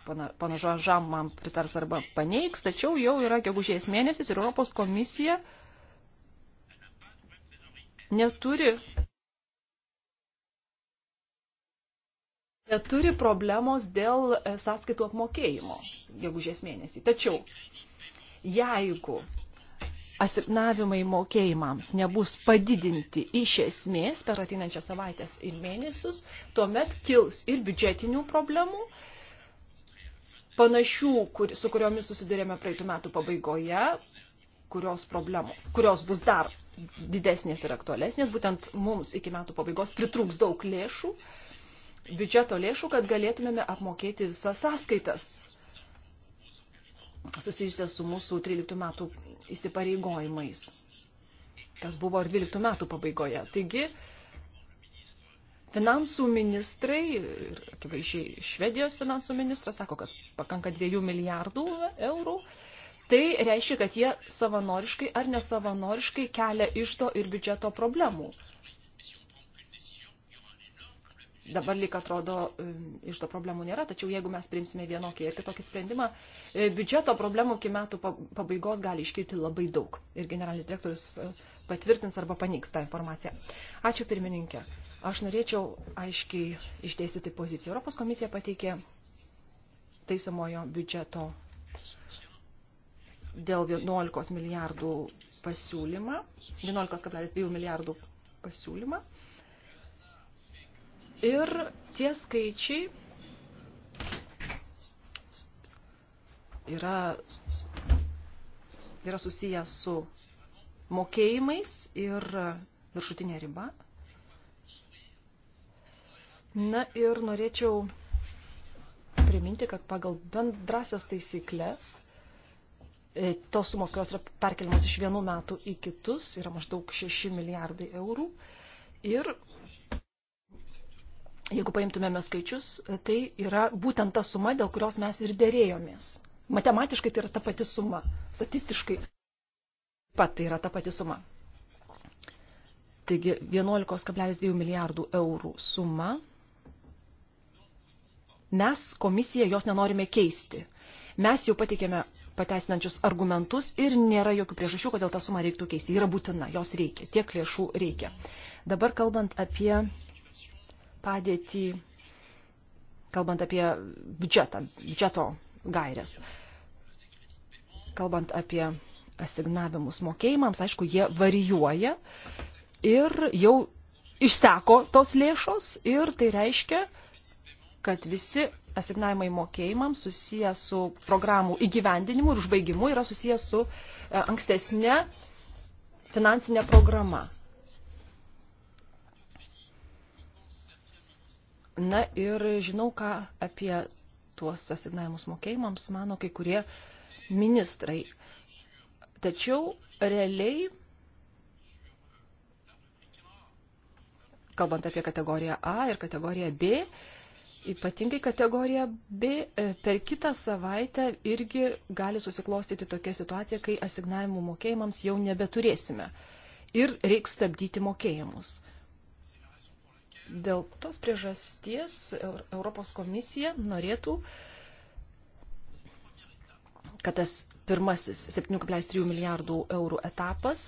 pana Žanžam man pritars arba paneiks, tačiau jau yra gegužės mėnesis ir Europos komisija neturi, neturi problemos dėl e, sąskaitų apmokėjimo gegužės mėnesį. Tačiau jeigu asignavimai mokėjimams nebus padidinti iš esmės per ateinančias savaitės ir mėnesius, tuomet kils ir biudžetinių problemų, panašių, kur, su kuriomis susidurėme praeitų metų pabaigoje, kurios, problemų, kurios bus dar didesnės ir aktualesnės, būtent mums iki metų pabaigos pritrūks daug lėšų, biudžeto lėšų, kad galėtumėme apmokėti visas sąskaitas susijusias su mūsų 13 metų įsipareigojimais, kas buvo ir 12 metų pabaigoje. Taigi, finansų ministrai, ir akivaizdžiai Švedijos finansų ministras sako, kad pakanka 2 milijardų eurų, tai reiškia, kad jie savanoriškai ar nesavanoriškai kelia išto ir biudžeto problemų dabar lyg atrodo e, iš to problemų nėra, tačiau jeigu mes priimsime vienokį ir kitokį sprendimą, e, biudžeto problemų iki metų pabaigos gali iškilti labai daug ir generalinis direktorius e, patvirtins arba paneigs tą informaciją. Ačiū pirmininkė. Aš norėčiau aiškiai išdėstyti poziciją. Europos komisija pateikė taisomojo biudžeto dėl 11 milijardų pasiūlymą, 11,2 milijardų pasiūlymą. Ir tie skaičiai yra, yra susiję su mokėjimais ir viršutinė riba. Na ir norėčiau priminti, kad pagal bendrasias taisyklės e, tos sumos, kurios yra perkeliamos iš vienų metų į kitus, yra maždaug 6 milijardai eurų. Ir jeigu paimtumėme skaičius, tai yra būtent ta suma, dėl kurios mes ir dėrėjomės. Matematiškai tai yra ta pati suma, statistiškai pat tai yra ta pati suma. Taigi 11,2 milijardų eurų suma. Mes komisija jos nenorime keisti. Mes jau patikėme pateisinančius argumentus ir nėra jokių priežasčių, kodėl tą sumą reiktų keisti. Ji yra būtina, jos reikia, tiek lėšų reikia. Dabar kalbant apie padėtį, kalbant apie biudžetą, biudžeto gairės. Kalbant apie asignavimus mokėjimams, aišku, jie varijuoja ir jau išseko tos lėšos ir tai reiškia, kad visi asignavimai mokėjimams susiję su programų įgyvendinimu ir užbaigimu yra susiję su e, ankstesnė finansinė programa. Na ir žinau, ką apie tuos asignavimus mokėjimams mano kai kurie ministrai. Tačiau realiai, kalbant apie kategoriją A ir kategoriją B, ypatingai kategorija B, e, per kitą savaitę irgi gali susiklostyti tokia situacija, kai asignavimų mokėjimams jau nebeturėsime ir reiks stabdyti mokėjimus. Dėl tos priežasties Europos komisija norėtų, kad tas pirmasis 7,3 milijardų eurų etapas,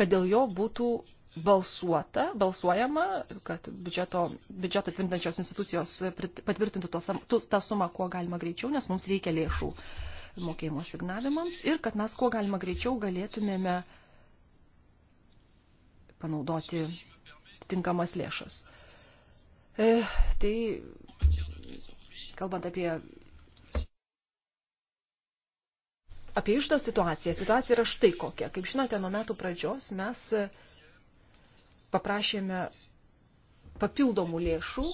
kad dėl jo būtų balsuota, balsuojama, kad biudžeto, biudžeto tvirtinančios institucijos patvirtintų tą, tą sumą kuo galima greičiau, nes mums reikia lėšų mokėjimo signavimams ir kad mes kuo galima greičiau galėtumėme panaudoti tinkamas lėšas. E, tai, kalbant apie apie išdo situaciją. Situacija yra štai kokia. Kaip žinote, nuo metų pradžios mes paprašėme papildomų lėšų,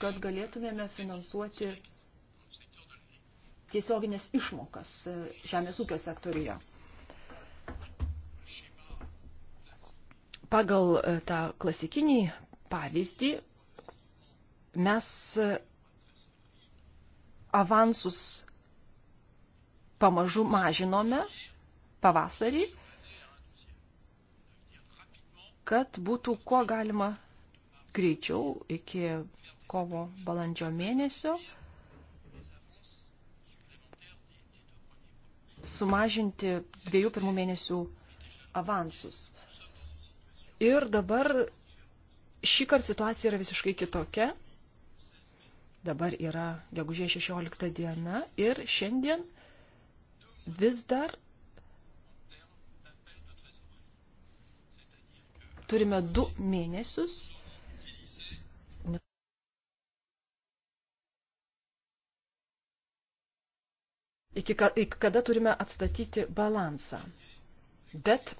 kad galėtumėme finansuoti tiesioginės išmokas žemės ūkio sektoriuje. Pagal e, tą klasikinį pavyzdį mes avansus pamažu mažinome pavasarį, kad būtų kuo galima greičiau iki kovo balandžio mėnesio sumažinti dviejų pirmų mėnesių avansus. Ir dabar šį kartą situacija yra visiškai kitokia. Dabar yra gegužė 16 diena ir šiandien vis dar turime du mėnesius. Iki kada turime atstatyti balansą. Bet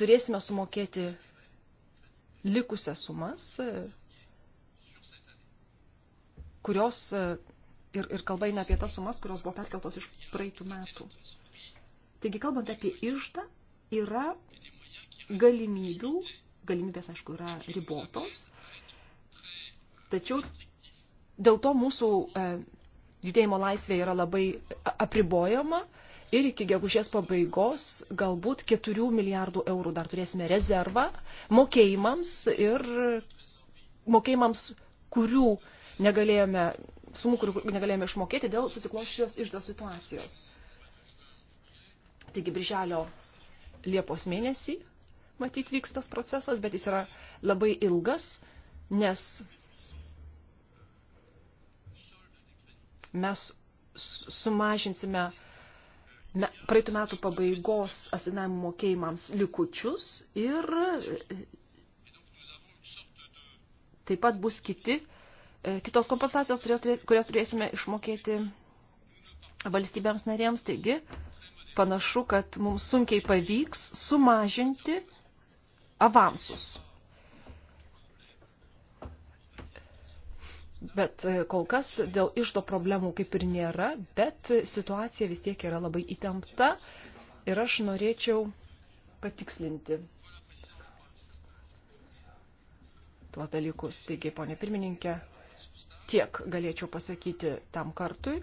turėsime sumokėti likusias sumas, kurios e, ir, ir kalba eina apie tas sumas, kurios buvo perkeltos iš praeitų metų. Taigi, kalbant apie iždą, yra galimybių, galimybės, aišku, yra ribotos, tačiau dėl to mūsų e, judėjimo laisvė yra labai apribojama ir iki gegužės pabaigos galbūt 4 milijardų eurų dar turėsime rezervą mokėjimams ir mokėjimams, kurių negalėjome, sumų, kurių negalėjome išmokėti dėl susikloščios išdo situacijos. Taigi, birželio Liepos mėnesį, matyt, vyks tas procesas, bet jis yra labai ilgas, nes mes sumažinsime praeitų metų pabaigos asinavimo mokėjimams likučius ir taip pat bus kiti E, kitos kompensacijos, kurias turėsime išmokėti valstybėms narėms. Taigi, panašu, kad mums sunkiai pavyks sumažinti avansus. Bet e, kol kas dėl išdo problemų kaip ir nėra, bet situacija vis tiek yra labai įtempta ir aš norėčiau patikslinti tuos dalykus. Taigi, ponė pirmininkė, tiek galėčiau pasakyti tam kartui.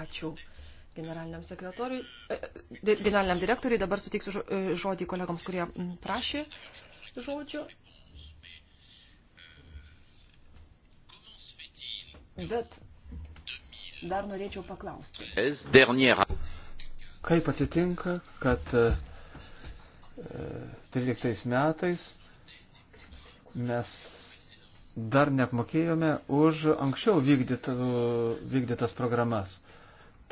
Ačiū generaliniam sekretoriui, e, generaliniam direktoriui. Dabar suteiksiu e, žodį kolegoms, kurie prašė žodžio. Bet dar norėčiau paklausti. Kaip atsitinka, kad e, 13 metais mes dar neapmokėjome už anksčiau vykdytų, vykdytas programas.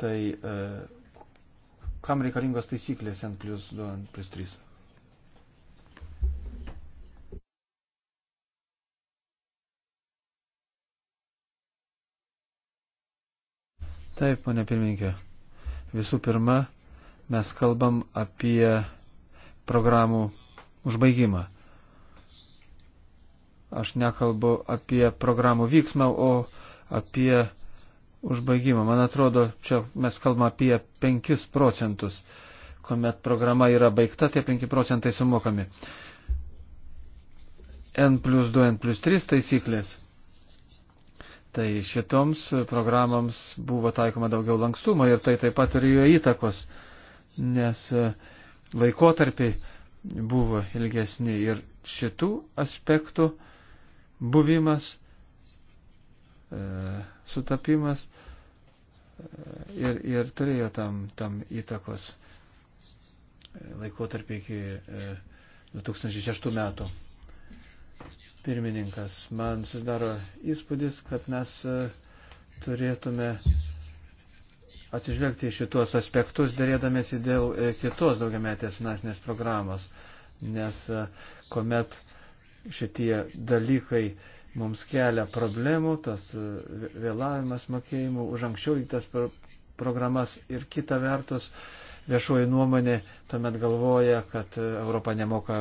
Tai e, kam reikalingos taisyklės N plus 2, N plus 3? Taip, ponė pirmininkė. Visų pirma, mes kalbam apie programų užbaigimą. Aš nekalbu apie programų vyksmą, o apie užbaigimą. Man atrodo, čia mes kalbame apie 5 procentus. Komet programa yra baigta, tie 5 procentai sumokami. N plus 2, N plus 3 taisyklės. Tai šitoms programams buvo taikoma daugiau lankstumo ir tai taip pat turėjo įtakos, nes uh, laikotarpiai buvo ilgesni ir šitų aspektų buvimas, e, sutapimas e, ir, ir turėjo tam, tam įtakos e, laikotarpį iki 2006 metų. Pirmininkas, man susidaro įspūdis, kad mes turėtume atsižvelgti į šitos aspektus, dėrėdamėsi dėl e, kitos daugiametės finansinės programos, nes e, kuomet šitie dalykai mums kelia problemų, tas e, vėlavimas mokėjimų už anksčiau įtas programas ir kita vertus viešoji nuomonė tuomet galvoja, kad Europa nemoka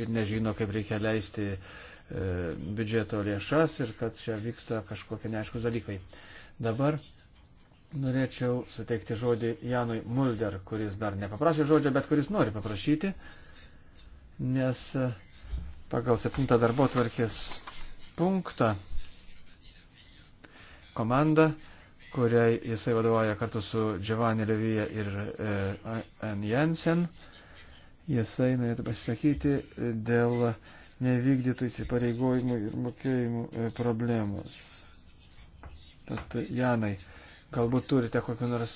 ir nežino, kaip reikia leisti biudžeto lėšas ir kad čia vyksta kažkokie neaiškus dalykai. Dabar Norėčiau suteikti žodį Janui Mulder, kuris dar nepaprašė žodžio, bet kuris nori paprašyti, nes e, pagal septintą darbo tvarkės punktą komanda, kuriai jisai vadovauja kartu su Giovanni Levyje ir e, N. Jensen, jisai norėtų pasisakyti dėl nevykdytų įsipareigojimų ir mokėjimų e, problemos. Tad Janai, Galbūt turite kokiu nors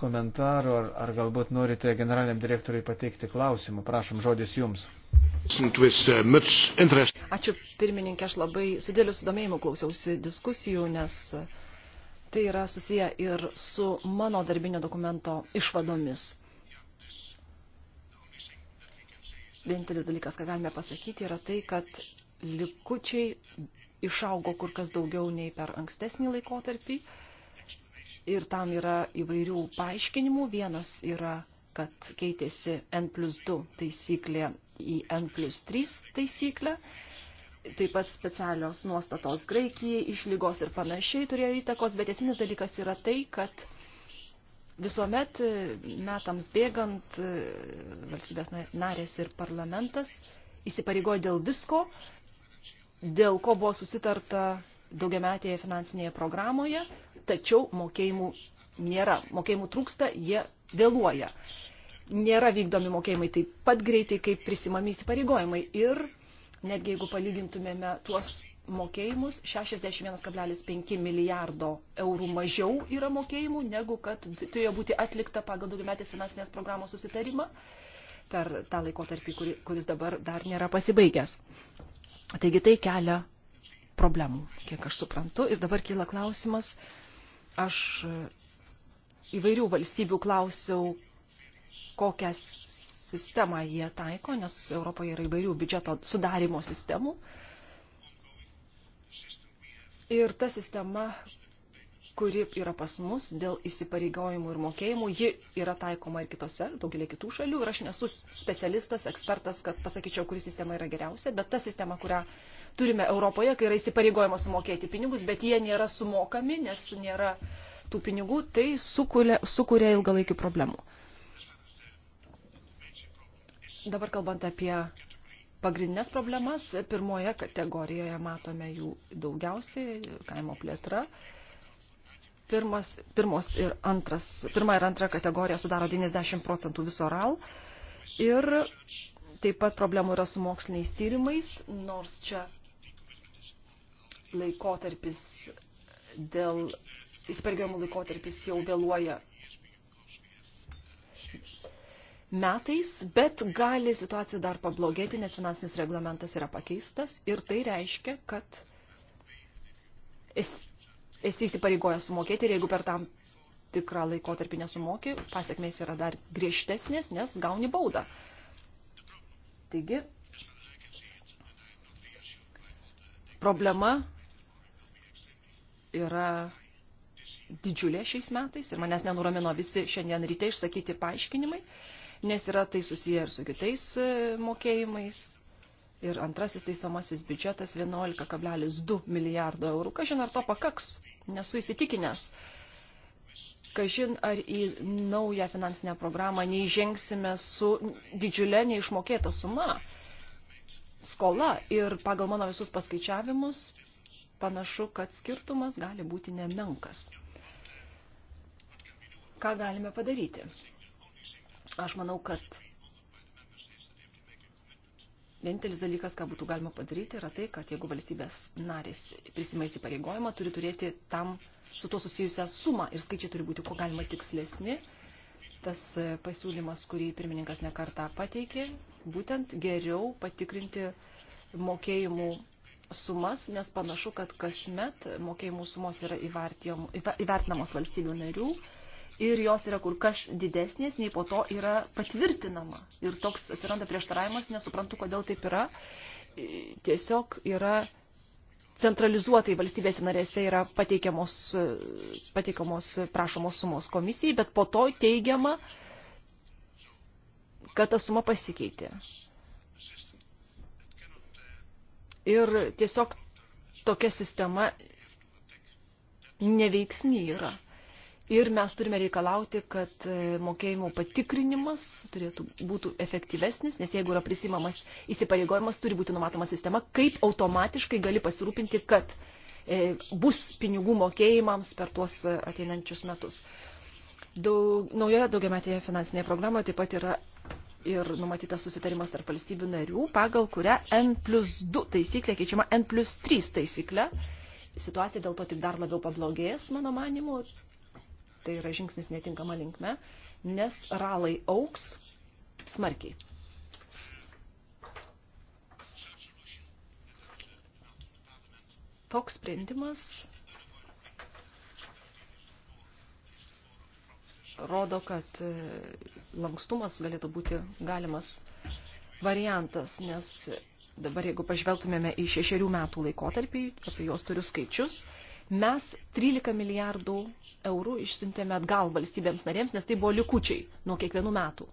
komentarų ar, ar galbūt norite generaliniam direktoriui pateikti klausimų. Prašom, žodis jums. Ačiū pirmininkė, aš labai su dėliu sudomėjimu klausiausi diskusijų, nes tai yra susiję ir su mano darbinio dokumento išvadomis. Vienintelis dalykas, ką galime pasakyti, yra tai, kad likučiai išaugo kur kas daugiau nei per ankstesnį laikotarpį ir tam yra įvairių paaiškinimų. Vienas yra, kad keitėsi N plus 2 taisyklė į N plus 3 taisyklę. Taip pat specialios nuostatos Graikijai, išlygos ir panašiai turėjo įtakos, bet esminis dalykas yra tai, kad visuomet e, metams bėgant e, valstybės narės ir parlamentas įsipareigojo dėl visko, dėl ko buvo susitarta daugiametėje finansinėje programoje, tačiau mokėjimų nėra. Mokėjimų trūksta, jie vėluoja. Nėra vykdomi mokėjimai taip pat greitai, kaip prisimami įsipareigojimai. Ir netgi jeigu palygintumėme tuos mokėjimus, 61,5 milijardo eurų mažiau yra mokėjimų, negu kad turėjo būti atlikta pagal daugiametės finansinės programos susitarimą per tą laikotarpį, kuris dabar dar nėra pasibaigęs. Taigi tai kelia problemų, kiek aš suprantu. Ir dabar kyla klausimas, aš įvairių valstybių klausiau, kokią sistemą jie taiko, nes Europoje yra įvairių biudžeto sudarimo sistemų. Ir ta sistema, kuri yra pas mus dėl įsipareigojimų ir mokėjimų, ji yra taikoma ir kitose, daugelį kitų šalių. Ir aš nesu specialistas, ekspertas, kad pasakyčiau, kuri sistema yra geriausia, bet ta sistema, kurią turime Europoje, kai yra įsipareigojama sumokėti pinigus, bet jie nėra sumokami, nes nėra tų pinigų, tai sukuria, sukuria ilgalaikių problemų. Dabar kalbant apie pagrindinės problemas, pirmoje kategorijoje matome jų daugiausiai, kaimo plėtra pirmas, pirmos ir antras, pirmą ir antrą kategoriją sudaro 90 procentų viso RAL. Ir taip pat problemų yra su moksliniais tyrimais, nors čia laikotarpis dėl įspargiamų laikotarpis jau vėluoja metais, bet gali situacija dar pablogėti, nes finansinis reglamentas yra pakeistas ir tai reiškia, kad esi įsipareigojęs sumokėti ir jeigu per tam tikrą laikotarpį nesumoki, pasiekmės yra dar griežtesnės, nes gauni baudą. Taigi, problema yra didžiulė šiais metais ir manęs nenuramino visi šiandien ryte išsakyti paaiškinimai, nes yra tai susiję ir su kitais e, mokėjimais, ir antrasis teisomasis biudžetas 11,2 milijardo eurų. Kažin ar to pakaks, nesu įsitikinęs. Kažin ar į naują finansinę programą neįžengsime su didžiulė neišmokėta suma skola ir pagal mano visus paskaičiavimus panašu, kad skirtumas gali būti nemenkas. Ką galime padaryti? Aš manau, kad Vienintelis dalykas, ką būtų galima padaryti, yra tai, kad jeigu valstybės narės prisima įsipareigojimą, turi turėti tam su tuo susijusią sumą ir skaičiai turi būti kuo galima tikslesni. Tas e, pasiūlymas, kurį pirmininkas nekartą pateikė, būtent geriau patikrinti mokėjimų sumas, nes panašu, kad kasmet mokėjimų sumos yra įvertinamos valstybių narių ir jos yra kur kas didesnės, nei po to yra patvirtinama. Ir toks atsiranda prieštaravimas, nesuprantu, kodėl taip yra. E, tiesiog yra centralizuotai valstybės narėse yra pateikiamos, e, pateikiamos prašomos sumos komisijai, bet po to teigiama, kad ta suma pasikeitė. Ir tiesiog tokia sistema neveiksni yra. Ir mes turime reikalauti, kad e, mokėjimo patikrinimas turėtų būtų efektyvesnis, nes jeigu yra prisimamas įsipareigojimas, turi būti numatoma sistema, kaip automatiškai gali pasirūpinti, kad e, bus pinigų mokėjimams per tuos ateinančius metus. Daug, naujoje daugiametėje finansinėje programoje taip pat yra ir numatytas susitarimas tarp valstybių narių, pagal kurią N plus 2 taisyklė keičiama N plus 3 taisyklė situacija dėl to tik dar labiau pablogės, mano manimu, tai yra žingsnis netinkama linkme, nes ralai auks smarkiai. Toks sprendimas rodo, kad e, lankstumas galėtų būti galimas variantas, nes dabar jeigu pažvelgtumėme į šešerių metų laikotarpį, apie juos turiu skaičius, Mes 13 milijardų eurų išsiuntėme atgal valstybėms narėms, nes tai buvo likučiai nuo kiekvienų metų.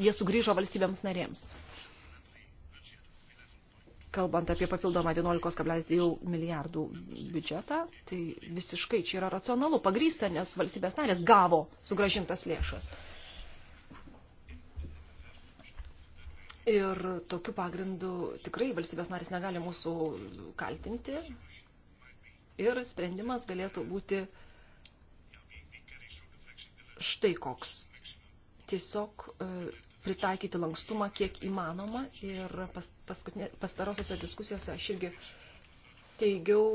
Jie sugrįžo valstybėms narėms. Kalbant apie papildomą 11,2 milijardų biudžetą, tai visiškai čia yra racionalu, pagrysta, nes valstybės narės gavo sugražintas lėšas. Ir tokiu pagrindu tikrai valstybės narės negali mūsų kaltinti, ir sprendimas galėtų būti štai koks. Tiesiog e, pritaikyti lankstumą kiek įmanoma ir pas, pastarosiuose diskusijose aš irgi teigiau,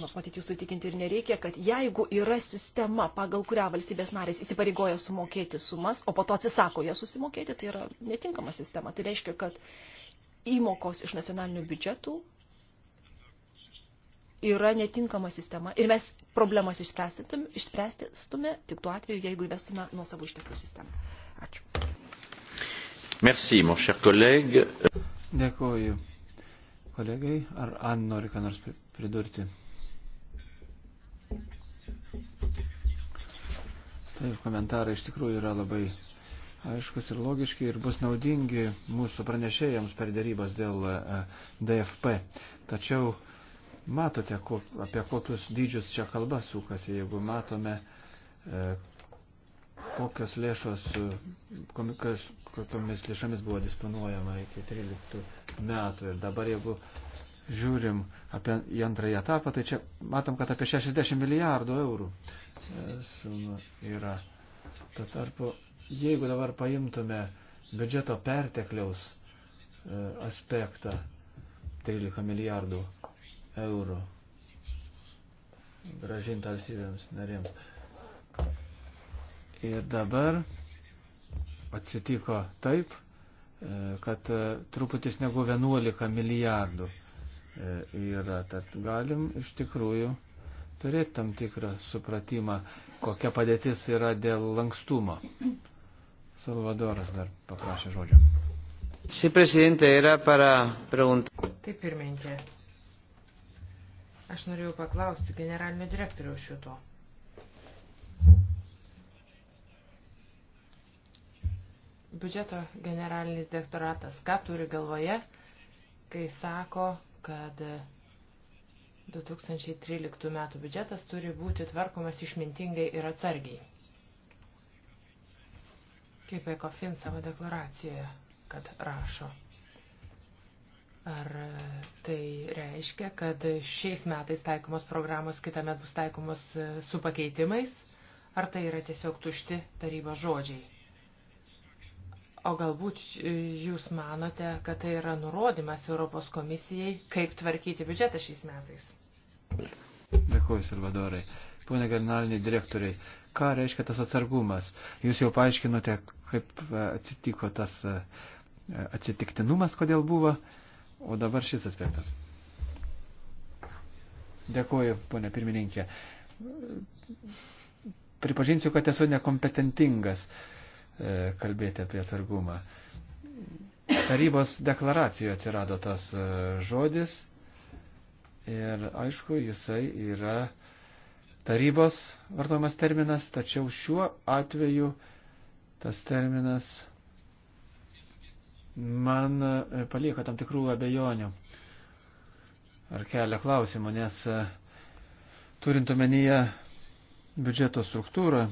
nors matyti jūsų įtikinti ir nereikia, kad jeigu yra sistema, pagal kurią valstybės narės įsipareigoja sumokėti sumas, o po to atsisako jas susimokėti, tai yra netinkama sistema. Tai reiškia, kad įmokos iš nacionalinių biudžetų yra netinkama sistema ir mes problemas išspręstume tik tuo atveju, jeigu įvestume nuo savo išteklių sistemą. Ačiū. Merci, mon cher collègue. Dėkuoju. Kolegai, ar An nori ką nors pridurti? Taip, komentarai iš tikrųjų yra labai aiškus ir logiški ir bus naudingi mūsų pranešėjams per dėrybas dėl e, DFP. Tačiau Matote, apie kokius dydžius čia kalba sukasi, jeigu matome, e, kokios lėšos, e, kokios, kokiomis lėšomis buvo disponuojama iki 13 metų. Ir dabar, jeigu žiūrim apie, į antrąjį etapą, tai čia matom, kad apie 60 milijardų eurų e, suma yra. Tuo tarpu, jeigu dabar paimtume biudžeto pertekliaus aspektą 13 milijardų eurų gražinti valstybėms narėms. Ir dabar atsitiko taip, e, kad e, truputis negu 11 milijardų e, yra. Tad galim iš tikrųjų turėti tam tikrą supratimą, kokia padėtis yra dėl lankstumo. Salvadoras dar paprašė žodžio. Sí, presidente, era para preguntar. Taip, pirmininkė. Aš norėjau paklausti generalinio direktoriaus šito. Biudžeto generalinis direktoratas, ką turi galvoje, kai sako, kad 2013 metų biudžetas turi būti tvarkomas išmintingai ir atsargiai. Kaip ECOFIN savo deklaracijoje, kad rašo. Ar tai reiškia, kad šiais metais taikomos programos kitame bus taikomos e, su pakeitimais, ar tai yra tiesiog tušti tarybos žodžiai? O galbūt e, jūs manote, kad tai yra nurodymas Europos komisijai, kaip tvarkyti biudžetą šiais metais? Dėkuoju, Salvadorai. Pone generaliniai direktoriai, ką reiškia tas atsargumas? Jūs jau paaiškinote, kaip e, atsitiko tas atsitiktinumas, kodėl buvo. Uh, O dabar šis aspektas. Dėkuoju, ponė pirmininkė. Pripažinsiu, kad esu nekompetentingas e, kalbėti apie atsargumą. Tarybos deklaracijoje atsirado tas e, žodis ir aišku, jisai yra tarybos vartojamas terminas, tačiau šiuo atveju tas terminas man e, palieka tam tikrų abejonių ar kelia klausimų, nes e, turint omenyje biudžeto struktūrą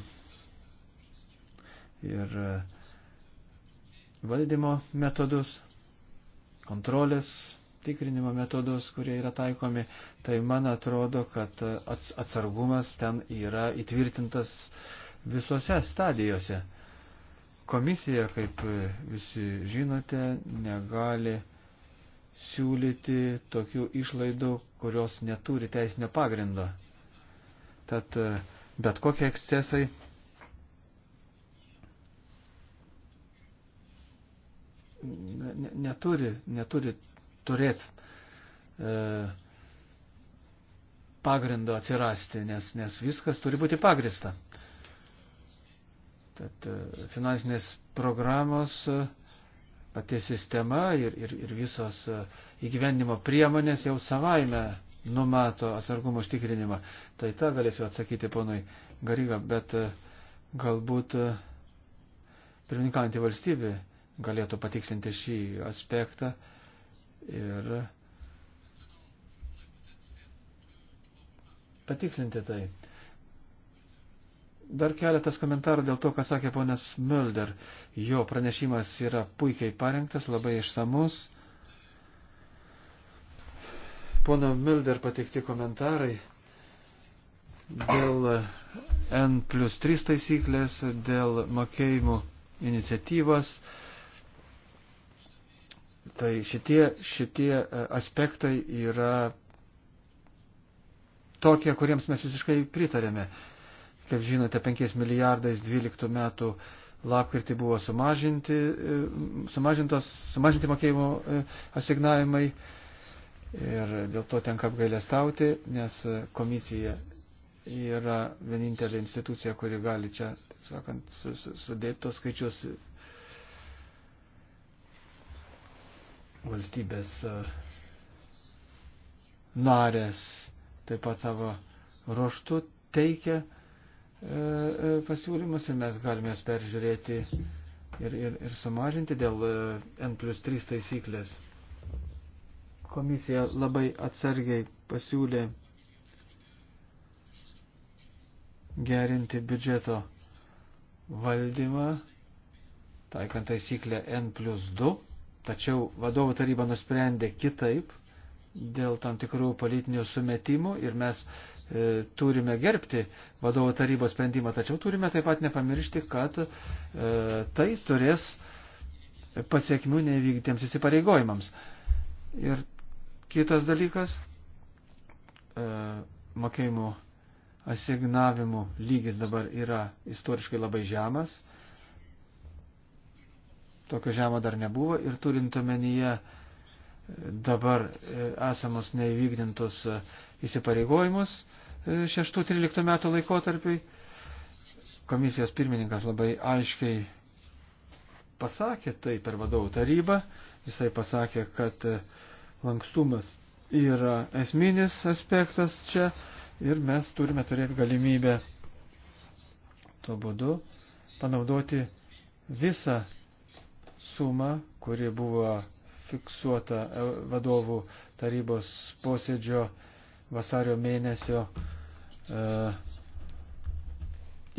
ir e, valdymo metodus, kontrolės tikrinimo metodus, kurie yra taikomi, tai man atrodo, kad atsargumas ten yra įtvirtintas visose stadijose. Komisija, kaip visi žinote, negali siūlyti tokių išlaidų, kurios neturi teisinio pagrindo. Tad e, bet kokie ekscesai neturi, neturi turėti e, pagrindo atsirasti, nes, nes viskas turi būti pagrista. E, Tad e, finansinės programos, e, pati sistema ir, ir, ir visos e, įgyvendimo priemonės jau savaime numato atsargumo užtikrinimą. Tai tą galėsiu atsakyti ponui Garyga, bet galbūt pirmininkaujantį valstybį galėtų patikslinti šį aspektą ir patikslinti tai. Dar keletas komentarų dėl to, ką sakė ponas Mulder. Jo pranešimas yra puikiai parengtas, labai išsamus. Pono Mulder pateikti komentarai dėl N plus 3 taisyklės, dėl mokėjimų iniciatyvos. Tai šitie, šitie e, aspektai yra tokie, kuriems mes visiškai pritarėme. Kaip žinote, 5 milijardais 12 metų lapkritį buvo sumažinti, e, sumažinti mokėjimo e, asignavimai ir dėl to tenka apgailestauti, nes komisija yra vienintelė institucija, kuri gali čia, taip sakant, sudėti tos skaičius valstybės e, narės taip pat savo ruoštų teikia E, e, pasiūlymus ir mes galime jas peržiūrėti ir, ir, ir sumažinti dėl e, N plus 3 taisyklės. Komisija labai atsargiai pasiūlė gerinti biudžeto valdymą, taikant taisyklę N plus 2, tačiau vadovų taryba nusprendė kitaip dėl tam tikrų politinių sumetimų ir mes E, turime gerbti vadovų tarybos sprendimą, tačiau turime taip pat nepamiršti, kad e, tai turės pasiekmių nevykdytiems įsipareigojimams. Ir kitas dalykas e, - mokėjimų asignavimų lygis dabar yra istoriškai labai žemas. Tokio žemo dar nebuvo ir turint omenyje dabar esamus neįvykdintus įsipareigojimus, 6-13 metų laikotarpiui. Komisijos pirmininkas labai aiškiai pasakė tai per vadovų tarybą. Jisai pasakė, kad e, lankstumas yra esminis aspektas čia ir mes turime turėti galimybę tuo būdu panaudoti visą sumą, kuri buvo fiksuota e, vadovų tarybos posėdžio vasario mėnesio e,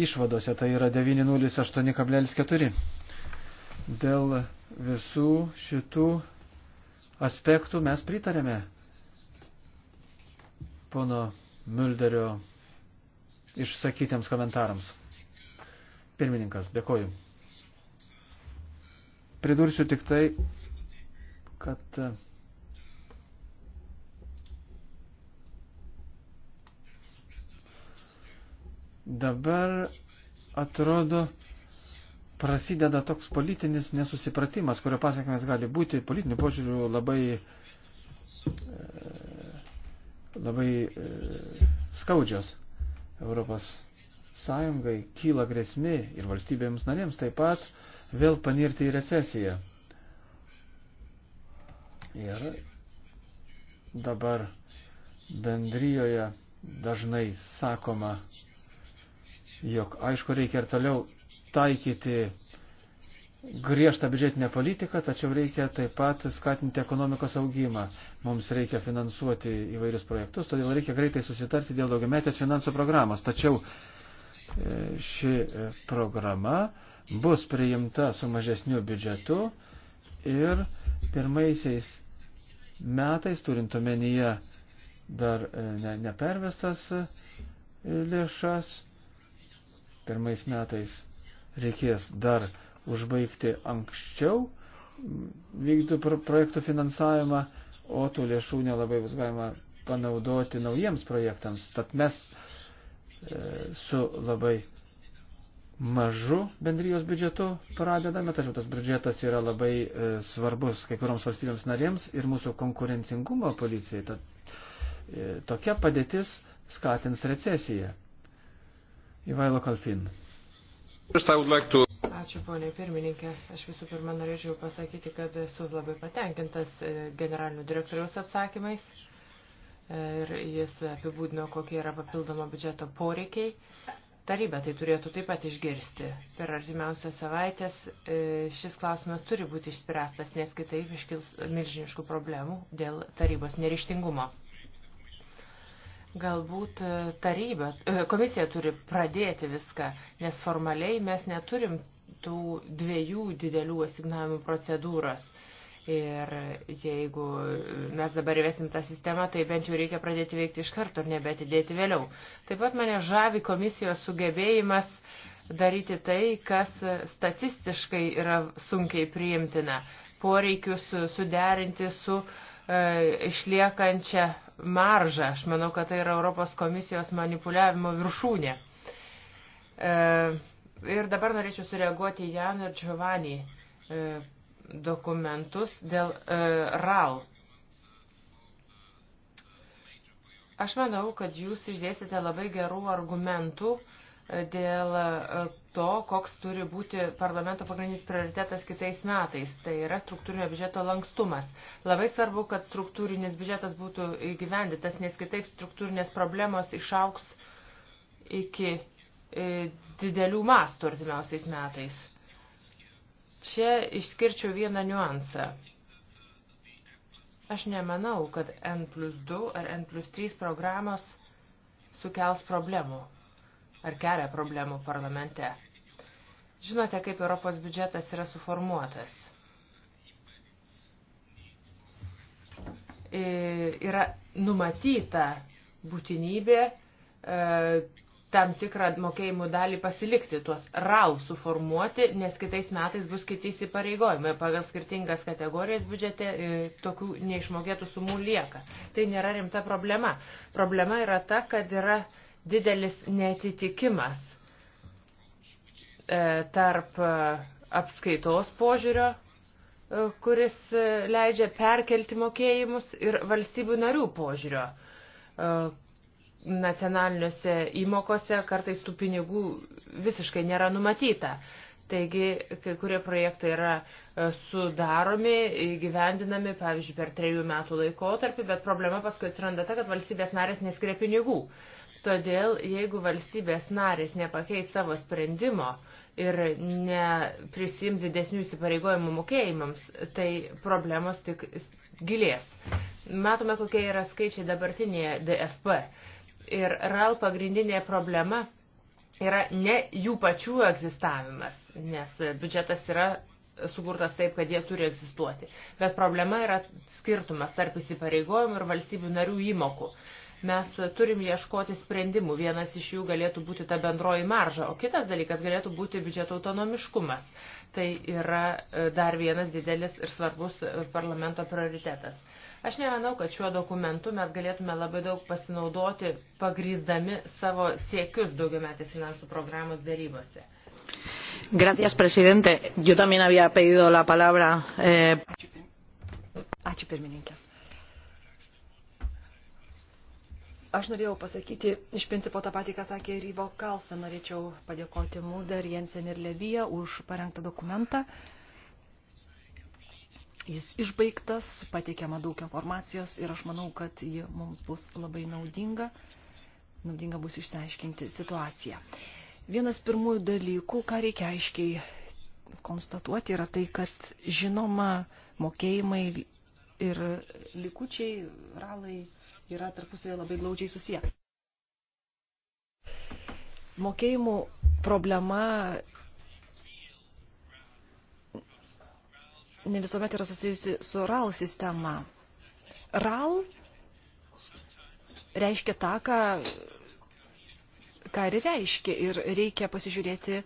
išvadose, tai yra 908,4. Dėl visų šitų aspektų mes pritarėme pono Mülderio išsakytiems komentarams. Pirmininkas, dėkoju. Pridursiu tik tai, kad Dabar atrodo prasideda toks politinis nesusipratimas, kurio pasiekmes gali būti politinių požiūrių labai, e, labai e, skaudžios. Europos Sąjungai kyla grėsmė ir valstybėms narėms taip pat vėl panirti į recesiją. Ir dabar bendryjoje dažnai sakoma, jog aišku reikia ir toliau taikyti griežtą biudžetinę politiką, tačiau reikia taip pat skatinti ekonomikos augimą. Mums reikia finansuoti įvairius projektus, todėl reikia greitai susitarti dėl daugiametės finansų programos. Tačiau e, ši e, programa bus priimta su mažesniu biudžetu ir pirmaisiais metais, turint omenyje dar e, ne, nepervestas lėšas, metais reikės dar užbaigti anksčiau vykdytų projektų finansavimą, o tų lėšų nelabai bus galima panaudoti naujiems projektams. Tad mes e, su labai mažu bendrijos biudžetu pradedame, tačiau tas biudžetas yra labai e, svarbus kai kurioms valstybėms narėms ir mūsų konkurencingumo policijai. Tad e, tokia padėtis skatins recesiją. Ivailo Kalfin. Ačiū, ponė pirmininkė. Aš visų pirma norėčiau pasakyti, kad esu labai patenkintas e, generalinių direktoriaus atsakymais e, ir jis apibūdino, kokie yra papildomo biudžeto poreikiai. Taryba tai turėtų taip pat išgirsti. Per artimiausias savaitės e, šis klausimas turi būti išspręstas, nes kitaip iškils milžiniškų problemų dėl tarybos nerištingumo. Galbūt e, taryba, e, komisija turi pradėti viską, nes formaliai mes neturim tų dviejų didelių asignavimų procedūros. Ir jeigu mes dabar įvesim tą sistemą, tai bent jau reikia pradėti veikti iš karto ir nebetidėti vėliau. Taip pat mane žavi komisijos sugebėjimas daryti tai, kas statistiškai yra sunkiai priimtina. Poreikius suderinti su e, išliekančia maržą. Aš manau, kad tai yra Europos komisijos manipuliavimo viršūnė. E, ir dabar norėčiau sureaguoti į Jan ir Giovanni e, dokumentus dėl e, RAL. Aš manau, kad jūs išdėsite labai gerų argumentų e, dėl e, to, koks turi būti parlamento pagrindinis prioritetas kitais metais. Tai yra struktūrinio biudžeto lankstumas. Labai svarbu, kad struktūrinis biudžetas būtų įgyvendytas, nes kitaip struktūrinės problemos išauks iki e, didelių mastų artimiausiais metais. Čia išskirčiau vieną niuansą. Aš nemanau, kad N plus 2 ar N plus 3 programos sukels problemų ar kelia problemų parlamente. Žinote, kaip Europos biudžetas yra suformuotas. Yra numatyta būtinybė e, tam tikrą mokėjimų dalį pasilikti, tuos RAL suformuoti, nes kitais metais bus kiti įsipareigojimai. Pagal skirtingas kategorijas biudžete e, tokių neišmokėtų sumų lieka. Tai nėra rimta problema. Problema yra ta, kad yra didelis netitikimas e, tarp e, apskaitos požiūrio, e, kuris leidžia perkelti mokėjimus ir valstybių narių požiūrio. Nacionaliniuose įmokose kartais tų pinigų visiškai nėra numatyta. Taigi, kai kurie projektai yra sudaromi, įgyvendinami, pavyzdžiui, per trejų metų laikotarpį, bet problema paskui atsiranda ta, kad valstybės narės neskiria pinigų. Uh, Todėl, jeigu valstybės narės nepakeis savo sprendimo ir neprisims didesnių įsipareigojimų mokėjimams, tai problemos tik gilės. Matome, kokie yra skaičiai dabartinėje DFP. Ir RAL pagrindinė problema yra ne jų pačių egzistavimas, nes biudžetas yra sukurtas taip, kad jie turi egzistuoti. Bet problema yra skirtumas tarp įsipareigojimų ir valstybių narių įmokų. Uh, Mes turim ieškoti sprendimų. Vienas iš jų galėtų būti ta bendroji marža, o kitas dalykas galėtų būti biudžeto autonomiškumas. Tai yra e, dar vienas didelis ir svarbus e, parlamento prioritetas. Aš nemanau, kad šiuo dokumentu mes galėtume labai daug pasinaudoti, pagrįsdami savo siekius daugiametės finansų programos dėrybose. Gracias, presidente. Yo también había pedido la palabra. Eh... Ačiū pirmininkė. Aš norėjau pasakyti iš principo tą patį, ką sakė Ryvo Kalfė. Norėčiau padėkoti Mulder, Jensen ir Levyje už parengtą dokumentą. Jis išbaigtas, pateikiama daug informacijos ir aš manau, kad ji mums bus labai naudinga. Naudinga bus išsiaiškinti situaciją. Vienas pirmųjų dalykų, ką reikia aiškiai konstatuoti, yra tai, kad žinoma mokėjimai ir likučiai, ralai yra tarpusavėje labai glaudžiai susiję. Mokėjimų problema ne visuomet yra susijusi su RAL sistema. RAL reiškia tą, ką, ką ir reiškia ir reikia pasižiūrėti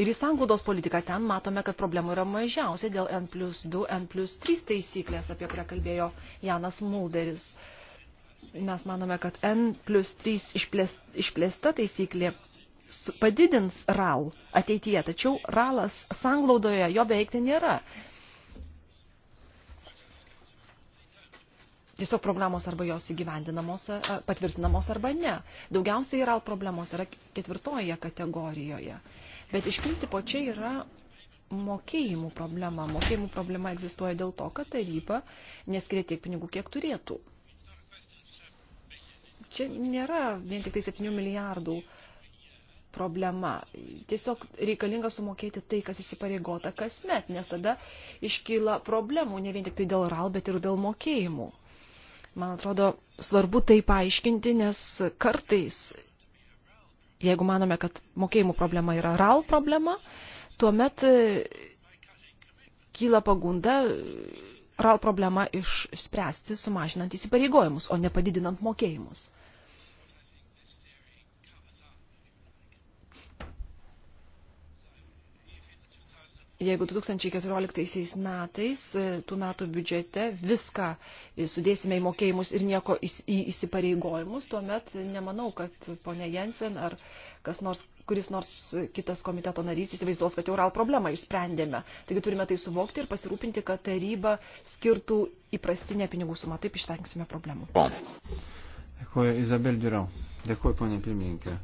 ir į sanglaudos politiką. Ten matome, kad problemų yra mažiausiai dėl N plus 2, N plus 3 taisyklės, apie kurią kalbėjo Janas Mulderis. Uh, mes manome, kad N plus 3 išplėsta taisyklė padidins RAL ateityje, tačiau RALas sanglaudoje jo beveik ten nėra. Tiesiog problemos arba jos įgyvendinamos, patvirtinamos arba ne. Daugiausiai RAL problemos yra ketvirtoje kategorijoje. Bet iš principo čia yra mokėjimų problema. Mokėjimų problema egzistuoja dėl to, kad taryba neskiria tiek pinigų, kiek turėtų čia nėra vien tik tai 7 milijardų problema. Tiesiog reikalinga sumokėti tai, kas įsipareigota kasmet, nes tada iškyla problemų ne vien tik tai dėl RAL, bet ir dėl mokėjimų. Man atrodo, svarbu tai paaiškinti, nes kartais, jeigu manome, kad mokėjimų problema yra RAL problema, tuomet e, kyla pagunda e, RAL problemą išspręsti sumažinant įsipareigojimus, o ne padidinant mokėjimus. jeigu 2014 metais e, tų metų biudžete viską sudėsime į mokėjimus ir nieko į įsipareigojimus, tuomet nemanau, kad ponė Jensen ar kas nors, kuris nors kitas komiteto narys įsivaizduos, kad jau RAL problemą išsprendėme. Taigi turime tai suvokti ir pasirūpinti, kad taryba skirtų įprastinę pinigų sumą. Taip išvengsime problemų. Dėkuoju, Izabel Dirau. Dėkuoju, ponė pirmininkė.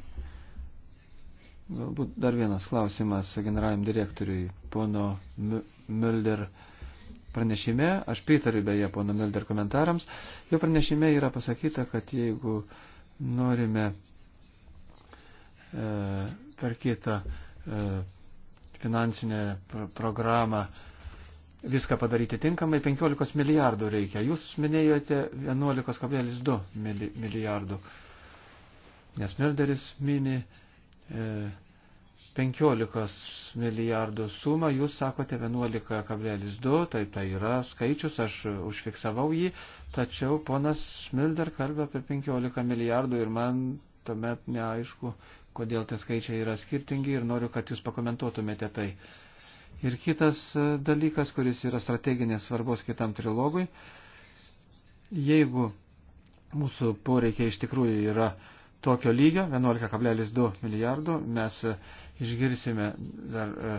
Galbūt dar vienas klausimas generaliniam direktoriui, pono Mulder pranešime, aš pritariu beje pono Mulder komentarams, jo pranešime yra pasakyta, kad jeigu norime e, per kitą e, finansinę pr programą viską padaryti tinkamai, 15 milijardų reikia. Jūs minėjote 11,2 milijardų, nes Mulderis mini 15 e, milijardų sumą, jūs sakote 11,2, taip tai yra skaičius, aš užfiksavau jį, tačiau ponas Smilder kalba apie 15 milijardų ir man tuomet neaišku, kodėl tie skaičiai yra skirtingi ir noriu, kad jūs pakomentuotumėte tai. Ir kitas e, dalykas, kuris yra strateginės svarbos kitam trilogui, jeigu mūsų poreikiai iš tikrųjų yra uh, tokio lygio, 11,2 milijardų, mes e, išgirsime dar e,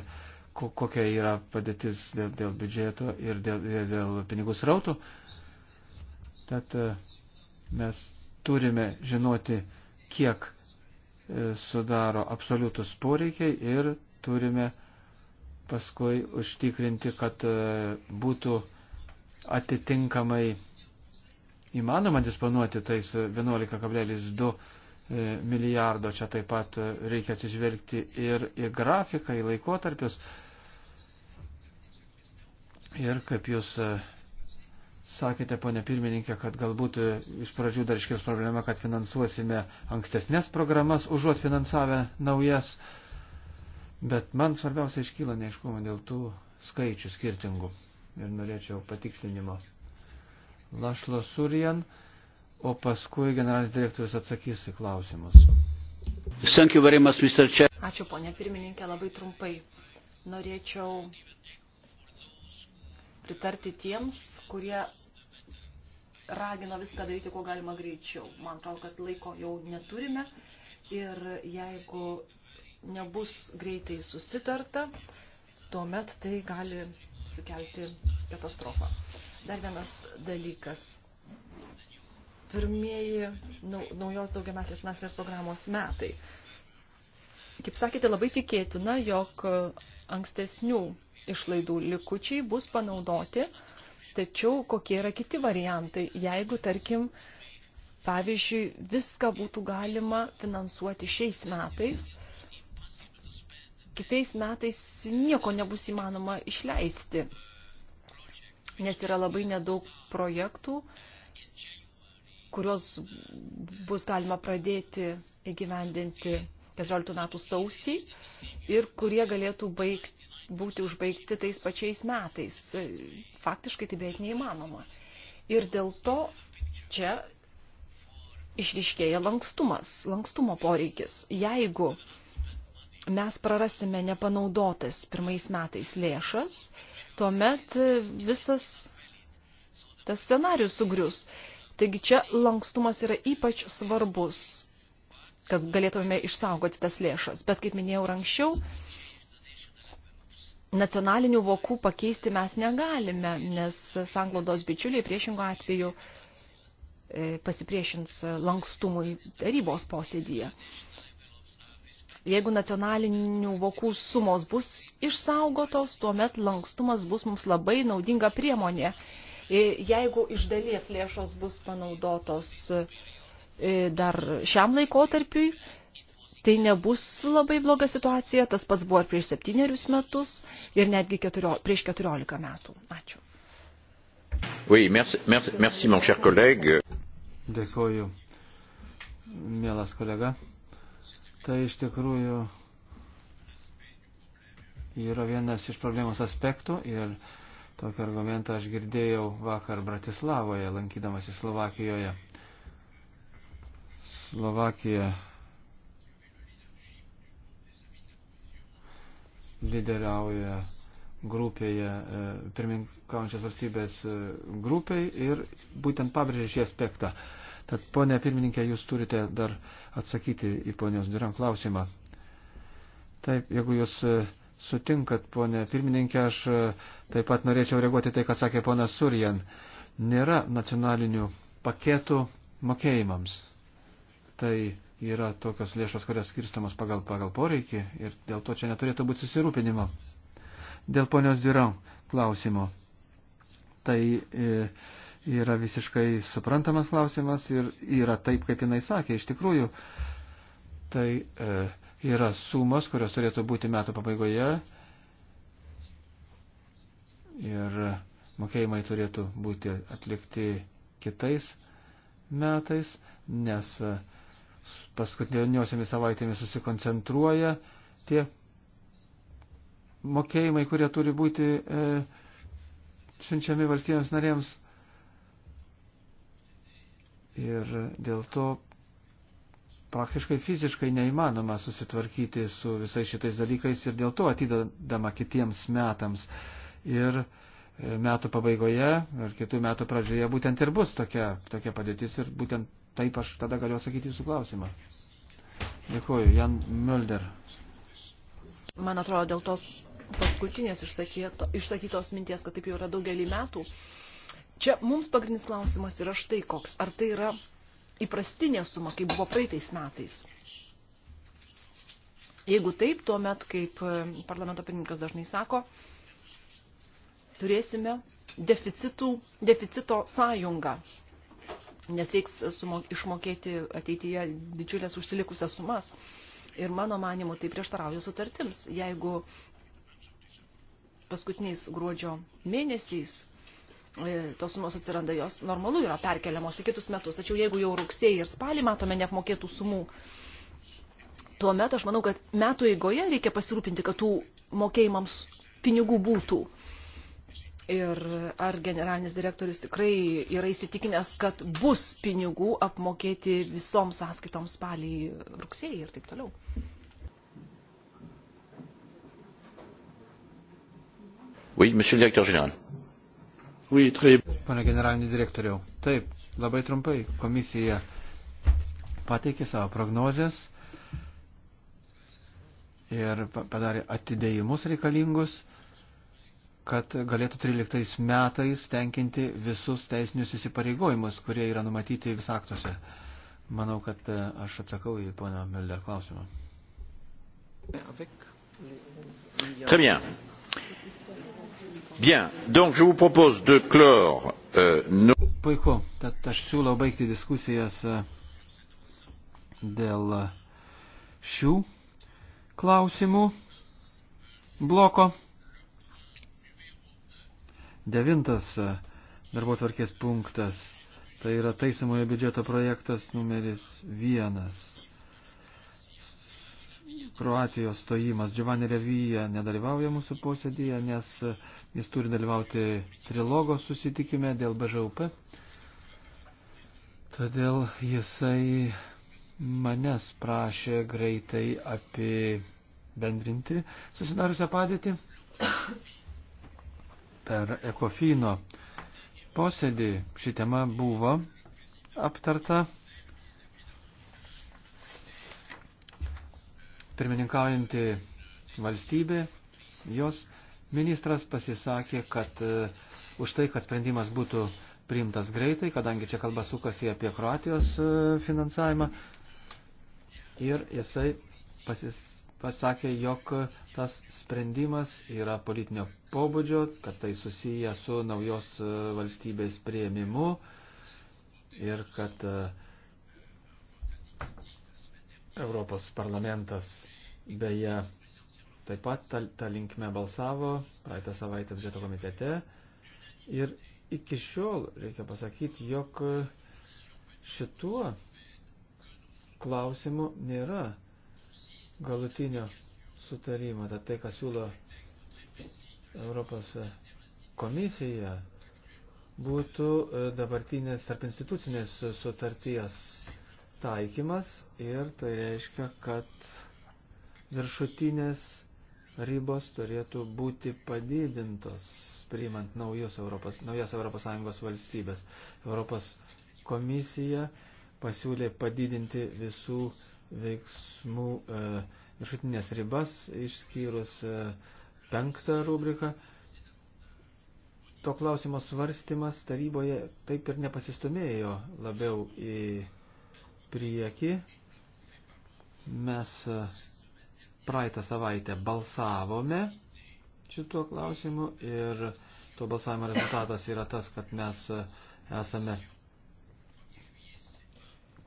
kokia yra padėtis dėl, dėl biudžeto ir dėl, dėl pinigų srautų. Tad e, mes turime žinoti, kiek sudaro absoliutus poreikiai ir turime paskui užtikrinti, kad būtų atitinkamai įmanoma disponuoti tais 11,2 E, milijardo. Čia taip pat e, reikia atsižvelgti ir į grafiką, į laikotarpius. Ir kaip jūs e, sakėte, ponė pirmininkė, kad galbūt iš pradžių dar iškils problema, kad finansuosime ankstesnės programas, užuot finansavę naujas. Bet man svarbiausia iškyla neiškumo dėl tų skaičių skirtingų. Ir norėčiau patikslinimo. Lašlo Surijan o paskui generalinis direktorius atsakys į klausimus. Much, Ačiū, ponė pirmininkė, labai trumpai. Norėčiau pritarti tiems, kurie ragino viską daryti, kuo galima greičiau. Man atrodo, kad laiko jau neturime ir jeigu nebus greitai susitarta, tuomet tai gali sukelti katastrofą. Dar vienas dalykas pirmieji naujos daugiametės finansinės programos metai. Kaip sakėte, labai tikėtina, jog ankstesnių išlaidų likučiai bus panaudoti, tačiau kokie yra kiti variantai, jeigu, tarkim, pavyzdžiui, viską būtų galima finansuoti šiais metais, kitais metais nieko nebus įmanoma išleisti, nes yra labai nedaug projektų kuriuos bus galima pradėti įgyvendinti 14 metų sausį ir kurie galėtų baigt, būti užbaigti tais pačiais metais. Faktiškai tai beveik neįmanoma. Ir dėl to čia išriškėja lankstumas, lankstumo poreikis. Jeigu mes prarasime nepanaudotas pirmais metais lėšas, tuomet visas tas scenarius sugrius. Taigi čia lankstumas yra ypač svarbus, kad galėtume išsaugoti tas lėšas. Bet kaip minėjau anksčiau, nacionalinių vokų pakeisti mes negalime, nes sanglaudos bičiuliai priešingo atveju e, pasipriešins lankstumui tarybos posėdyje. Jeigu nacionalinių vokų sumos bus išsaugotos, tuomet lankstumas bus mums labai naudinga priemonė E, jeigu iš dalies lėšos bus panaudotos e, dar šiam laikotarpiui, tai nebus labai bloga situacija. Tas pats buvo ir prieš septynerius metus ir netgi keturio, prieš keturiolika metų. Ačiū. Oui, merci, merci, merci, mon cher collègue. Dėkuoju, mielas kolega. Tai iš tikrųjų yra vienas iš problemos aspektų ir Tokį argumentą aš girdėjau vakar Bratislavoje, lankydamasi Slovakijoje. Slovakija lyderiauja grupėje, e, pirmininkaujančios valstybės e, grupiai ir būtent pabrėžė šį aspektą. Tad, ponė pirmininkė, jūs turite dar atsakyti į ponios Duran klausimą. Taip, jeigu jūs uh, sutinkat, ponė pirmininkė, aš e, taip pat norėčiau reaguoti tai, ką sakė ponas Surjan. Nėra nacionalinių paketų mokėjimams. Tai yra tokios lėšos, kurias skirstamos pagal, pagal poreikį ir dėl to čia neturėtų būti susirūpinimo. Dėl ponios Diran klausimo. Tai e, yra visiškai suprantamas klausimas ir yra taip, kaip jinai sakė. Iš tikrųjų, tai e, yra sumos, kurios turėtų būti metų pabaigoje ir mokėjimai turėtų būti atlikti kitais metais, nes paskutiniosiomis savaitėmis susikoncentruoja tie mokėjimai, kurie turi būti e, siunčiami valstybėms narėms. Ir dėl to praktiškai fiziškai neįmanoma susitvarkyti su visais šitais dalykais ir dėl to atidedama kitiems metams. Ir e, metų pabaigoje ar kitų metų pradžioje būtent ir bus tokia, tokia padėtis ir būtent taip aš tada galiu atsakyti jūsų klausimą. Dėkuoju, Jan Mölder. Man atrodo, dėl tos paskutinės išsakyto, išsakytos minties, kad taip jau yra daugelį metų, čia mums pagrindinis klausimas yra štai koks. Ar tai yra įprastinė suma, kaip buvo praeitais metais. Jeigu taip, tuomet, kaip parlamento pirmininkas dažnai sako, turėsime deficitų, deficito sąjungą, nes reiks išmokėti ateityje didžiulės užsilikusias sumas. Ir mano manimu, tai prieštarauja sutartims. Jeigu paskutiniais gruodžio mėnesiais E, tos sumos atsiranda, jos normalu yra perkeliamos į kitus metus. Tačiau jeigu jau rugsėjai ir spalį matome neapmokėtų sumų, tuomet aš manau, kad metų eigoje reikia pasirūpinti, kad tų mokėjimams pinigų būtų. Ir ar generalinis direktorius tikrai yra įsitikinęs, kad bus pinigų apmokėti visoms sąskaitoms spalį, rugsėjį ir taip toliau. Oui, monsieur le directeur général. Oui, très... Pane generalinį direktoriau, taip, labai trumpai komisija pateikė savo prognozes ir padarė atidėjimus reikalingus, kad galėtų 13 metais tenkinti visus teisinius įsipareigojimus, kurie yra numatyti visaktuose. Manau, kad e, aš atsakau į pono Melder klausimą. Très bien. Bien, donc je vous propose de clore euh, nos... Puiku, tad aš siūlau baigti diskusijas e, dėl e, šių klausimų bloko. Devintas e, darbo tvarkės punktas tai yra taisamojo biudžeto projektas numeris vienas. Kroatijos stojimas. Giovanni Revija nedalyvauja mūsų posėdėje, nes Jis turi dalyvauti trilogo susitikime dėl BŽUP. Todėl jisai manęs prašė greitai apibendrinti susidariusią padėtį per Ekofino posėdį. Ši tema buvo aptarta pirmininkaujanti valstybė, jos Ministras pasisakė, kad e, už tai, kad sprendimas būtų priimtas greitai, kadangi čia kalba sukasi apie Kroatijos e, finansavimą. Ir jisai pasis, pasakė, jog tas sprendimas yra politinio pobūdžio, kad tai susiję su naujos e, valstybės prieimimu ir kad Europos parlamentas beje taip pat tą, tą linkmę balsavo praeitą savaitę biudžeto komitete. Ir iki šiol reikia pasakyti, jog šituo klausimu nėra galutinio sutarimo. Tad tai, ką siūlo Europos komisija, būtų e, dabartinės tarp institucinės sutarties taikymas ir tai reiškia, kad viršutinės ribos turėtų būti padidintos, priimant naujus Europos, naujas ES valstybės. Europos komisija pasiūlė padidinti visų veiksmų e, viršutinės e, ribas, išskyrus e, penktą rubriką. To klausimo svarstymas taryboje taip ir nepasistumėjo labiau į priekį. Mes e, praeitą savaitę balsavome šituo klausimu ir to balsavimo rezultatas yra tas, kad mes e, esame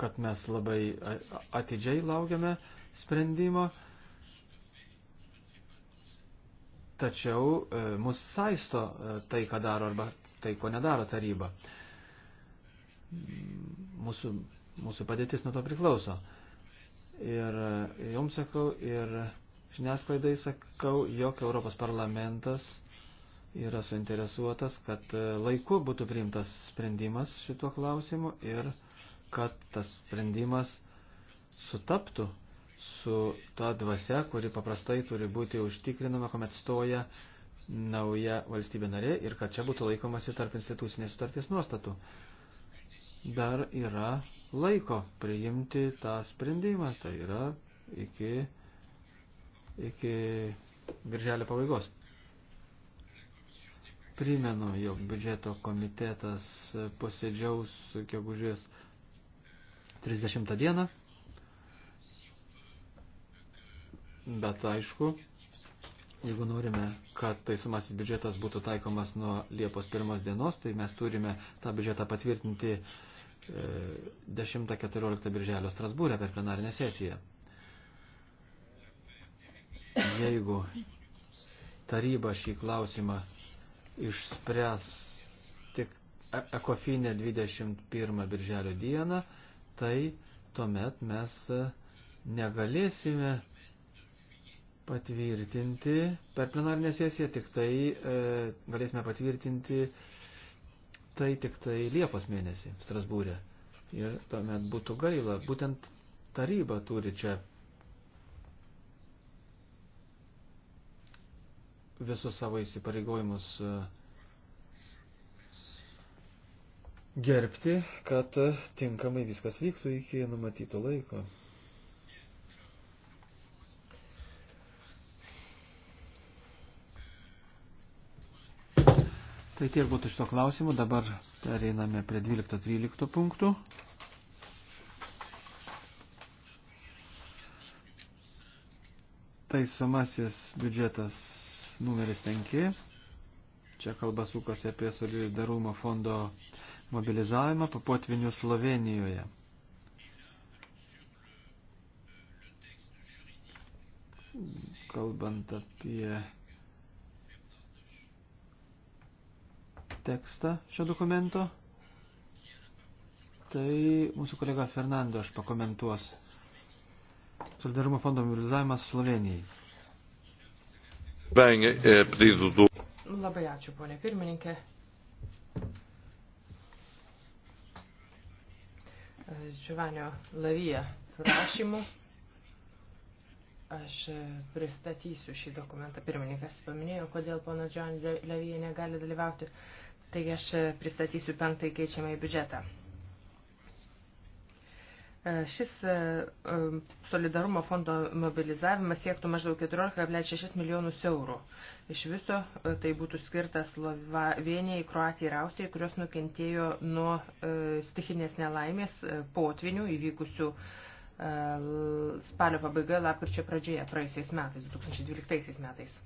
kad mes labai e, atidžiai laukiame sprendimo, tačiau e, mus saisto tai, ką daro arba tai, ko nedaro taryba. Mūsų, mūsų padėtis nuo to priklauso ir jums sakau, ir žiniasklaidai sakau, jog Europos parlamentas yra suinteresuotas, kad e, laiku būtų priimtas sprendimas šituo klausimu ir kad tas sprendimas sutaptų su ta dvasia, kuri paprastai turi būti užtikrinama, kuomet stoja nauja valstybė narė ir kad čia būtų laikomasi tarp institucinės sutarties nuostatų. Dar yra laiko priimti tą sprendimą, tai yra iki, iki birželio pabaigos. Primenu, jog biudžeto komitetas posėdžiaus gegužės 30 dieną, bet aišku, Jeigu norime, kad taisomasis biudžetas būtų taikomas nuo Liepos pirmos dienos, tai mes turime tą biudžetą patvirtinti 10-14 birželio Strasbūrė per plenarinę sesiją. Jeigu taryba šį klausimą išspręs tik e- ekofinė 21 birželio dieną, tai tuomet mes e, negalėsime patvirtinti per plenarinę sesiją, tik tai e, galėsime patvirtinti tai tik tai Liepos mėnesį Strasbūrė. Ir tuomet būtų gaila, būtent taryba turi čia visus savo įsipareigojimus e, gerbti, kad tinkamai viskas vyktų iki numatyto laiko. Tai tiek būtų šito klausimu. Dabar pereiname prie 12-13 punktų. Taisomasis biudžetas numeris 5. Čia kalba sukasi apie solidarumo fondo mobilizavimą papotvinių Slovenijoje. Kalbant apie tekstą šio dokumento, tai mūsų kolega Fernando aš pakomentuos. Solidarumo fondo mobilizavimas Slovenijai. Eh, eh, Labai ačiū, ponė pirmininkė. Giovanio Lavija prašymų. Aš eh, pristatysiu šį dokumentą. Pirmininkas paminėjo, kodėl ponas Giovanio Lavija negali dalyvauti. Taigi aš pristatysiu penktąjį keičiamąjį biudžetą. E, šis e, e, solidarumo fondo mobilizavimas siektų maždaug 14,6 milijonus eurų. Iš viso tai būtų skirta Slovenijai, Kroatijai ir Austrijai, kurios nukentėjo nuo stichinės nelaimės potvinių įvykusių spalio pabaigoje, lapkričio pradžioje, praėjusiais metais, 2012 metais.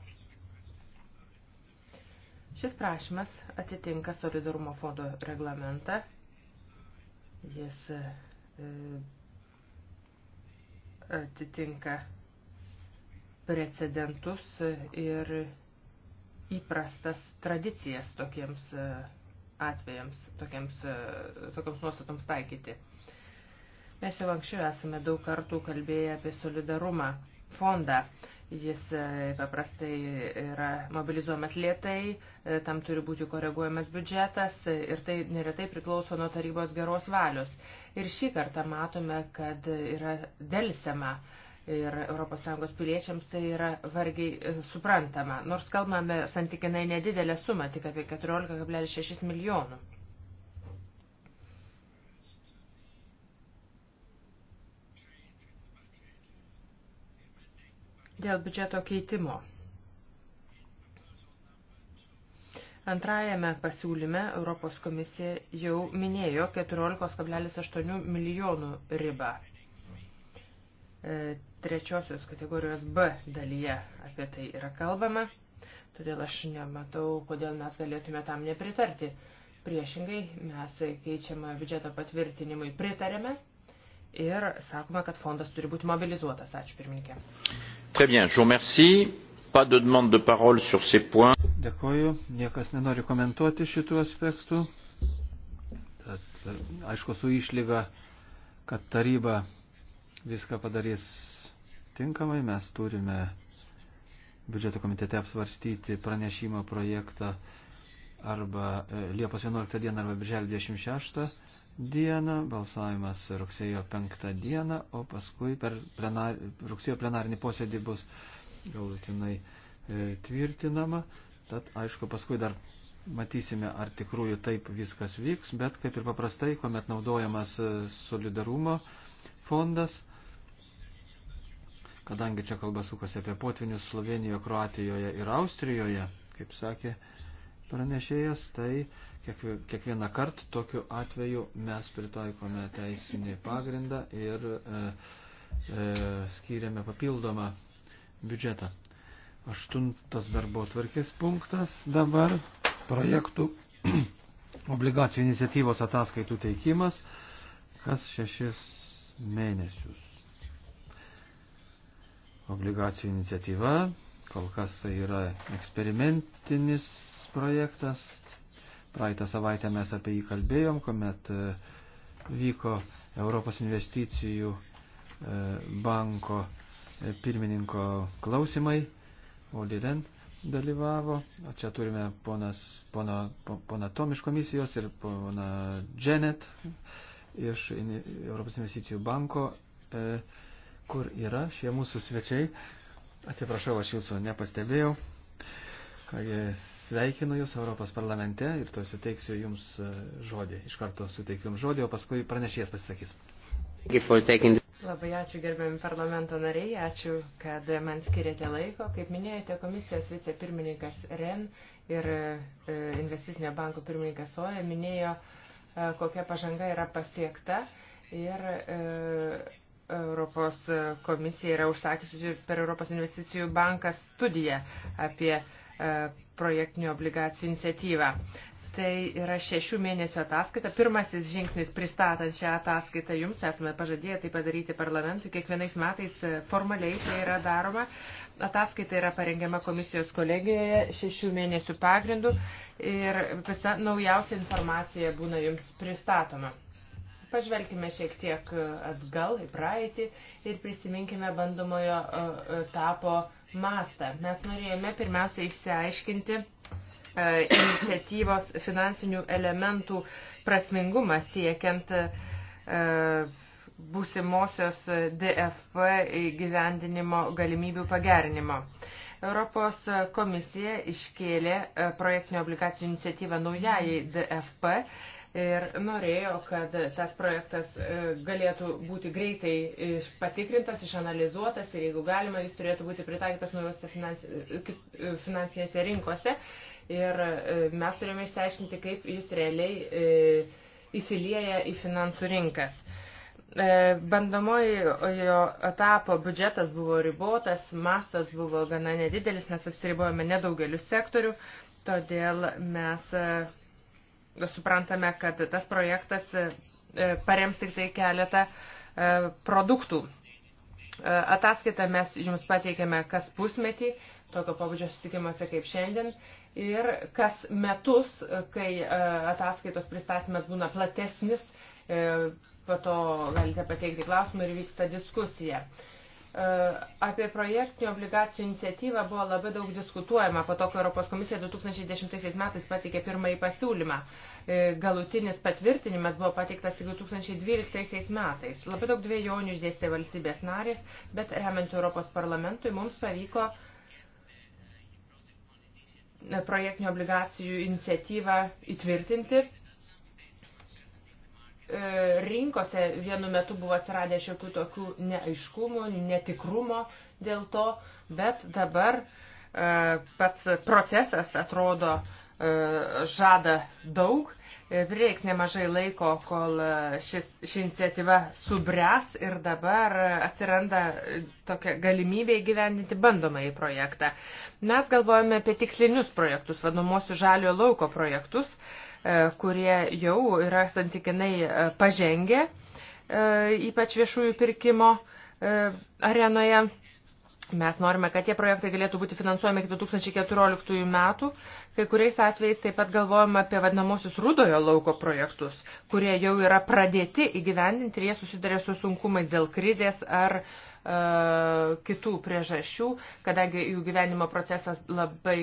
Šis prašymas atitinka solidarumo fondo reglamentą. Jis e, atitinka precedentus ir įprastas tradicijas tokiems e, atvejams, tokiems, e, tokiems nuostatoms taikyti. Mes jau anksčiau esame daug kartų kalbėję apie solidarumą fondą. Jis e, paprastai yra mobilizuojamas lietai, e, tam turi būti koreguojamas biudžetas e, ir tai neretai priklauso nuo tarybos geros valios. Ir šį kartą matome, kad yra dėlsiama ir ES piliečiams tai yra vargiai suprantama. Nors kalbame santykinai nedidelę sumą, tik apie 14,6 milijonų. dėl biudžeto keitimo. Antrajame pasiūlyme Europos komisija jau minėjo 14,8 milijonų ribą. E, trečiosios kategorijos B dalyje apie tai yra kalbama, todėl aš nematau, kodėl mes galėtume tam nepritarti. Priešingai, mes keičiamą biudžeto patvirtinimui pritarėme ir sakome, kad fondas turi būti mobilizuotas. Ačiū pirminkė. Très bien, je vous remercie. Pas de demande de parole sur ces points. Dėkoju, niekas nenori komentuoti šitų aspektų. Tad, aišku, su išlyga, kad taryba viską padarys tinkamai, mes turime biudžeto komitete apsvarstyti pranešimo projektą arba e, Liepos 11 dieną arba Birželio 26 dieną, balsavimas rugsėjo 5 dieną, o paskui per plenar, rugsėjo plenarinį posėdį bus galutinai e, tvirtinama. Tad, aišku, paskui dar matysime, ar tikrųjų taip viskas vyks, bet kaip ir paprastai, kuomet naudojamas e, solidarumo fondas, kadangi čia kalba sukasi apie potvinius Slovenijoje, Kroatijoje ir Austrijoje, kaip sakė, e, pranešėjas, tai kiekvieną kartą tokiu atveju mes pritaikome teisinį pagrindą ir e, e, skiriame papildomą biudžetą. Aštuntas darbo tvarkės punktas dabar projektų obligacijų iniciatyvos ataskaitų teikimas kas šešis mėnesius. Obligacijų iniciatyva, kol kas tai yra eksperimentinis projektas. Praeitą savaitę mes apie jį kalbėjom, kuomet e, vyko Europos investicijų e, banko e, pirmininko klausimai. Oliren dalyvavo. O čia turime ponas, pona, pona Tom iš komisijos ir pona Janet iš Europos investicijų banko, kur yra šie mūsų svečiai. Atsiprašau, aš jūsų nepastebėjau. Kągi Sveikinu Jūs Europos parlamente ir to suteiksiu Jums e, žodį. Iš karto suteikiu Jums žodį, o paskui pranešėjas pasisakys. Labai ačiū gerbiami parlamento nariai, ačiū, kad man skiriate laiko. Kaip minėjote, komisijos vicepirmininkas Ren ir e, investicinio banko pirmininkas Soja minėjo, e, kokia pažanga yra pasiekta. Ir Europos komisija yra užsakysi per Europos investicijų banką studiją apie uh, E, projektinių obligacijų iniciatyvą. Tai yra šešių mėnesių ataskaita. Pirmasis žingsnis pristatant šią ataskaitą jums, esame pažadėję tai padaryti parlamentui, kiekvienais metais e, formaliai tai yra daroma. Ataskaita yra parengiama komisijos kolegijoje šešių mėnesių pagrindų ir visa naujausia informacija būna jums pristatoma. Pažvelkime šiek tiek e, atgal į praeitį ir prisiminkime bandomojo etapo mastą. Mes norėjome pirmiausia išsiaiškinti e, iniciatyvos finansinių elementų prasmingumą siekiant e, būsimosios DFP įgyvendinimo galimybių pagerinimo. Europos komisija iškėlė e, projektinio obligacijų iniciatyvą naujai DFP ir norėjo, kad tas projektas e, galėtų būti greitai patikrintas, išanalizuotas ir jeigu galima, jis turėtų būti pritaikytas naujose e, e, finansinėse rinkose. Ir mes turime išsiaiškinti, kaip jis realiai įsilieja į finansų rinkas. Bandomojo etapo biudžetas buvo ribotas, mastas buvo gana nedidelis, mes apsiribojame nedaugelius sektorių, todėl mes suprantame, kad tas projektas e, e, parems tik tai keletą e, produktų. Ataskaitą mes jums pateikėme kas pusmetį, tokio pabudžio susitikimuose kaip šiandien, ir kas metus, kai ataskaitos pristatymas būna platesnis, po to galite pateikti klausimą ir vyksta diskusija. E, apie projektinių obligacijų iniciatyvą buvo labai daug diskutuojama po to, kai Europos komisija 2010 metais pateikė pirmąjį pasiūlymą. E, galutinis patvirtinimas buvo pateiktas 2012 metais. Labai daug dviejonių išdėstė valstybės narės, bet remiant Europos parlamentui mums pavyko projektinių obligacijų iniciatyvą įtvirtinti E, rinkose vienu metu buvo atsiradę šiokių tokių neaiškumų, netikrumo dėl to, bet dabar e, pats procesas atrodo e, žada daug. Prireiks nemažai laiko, kol šis, ši iniciatyva subręs ir dabar atsiranda tokia galimybė įgyvendinti bandomąjį projektą. Mes galvojame apie tikslinius projektus, vadinamosius žaliojo lauko projektus. Uh, E, kurie jau yra santykinai e, pažengę, e, ypač viešųjų pirkimo arenoje. Mes norime, kad tie projektai galėtų būti finansuojami iki 2014 metų. Kai kuriais atvejais taip pat galvojame apie vadinamosius rudojo lauko projektus, kurie jau yra pradėti įgyvendinti ir jie susidarė su sunkumais dėl krizės ar e, kitų priežasčių, kadangi jų gyvenimo procesas labai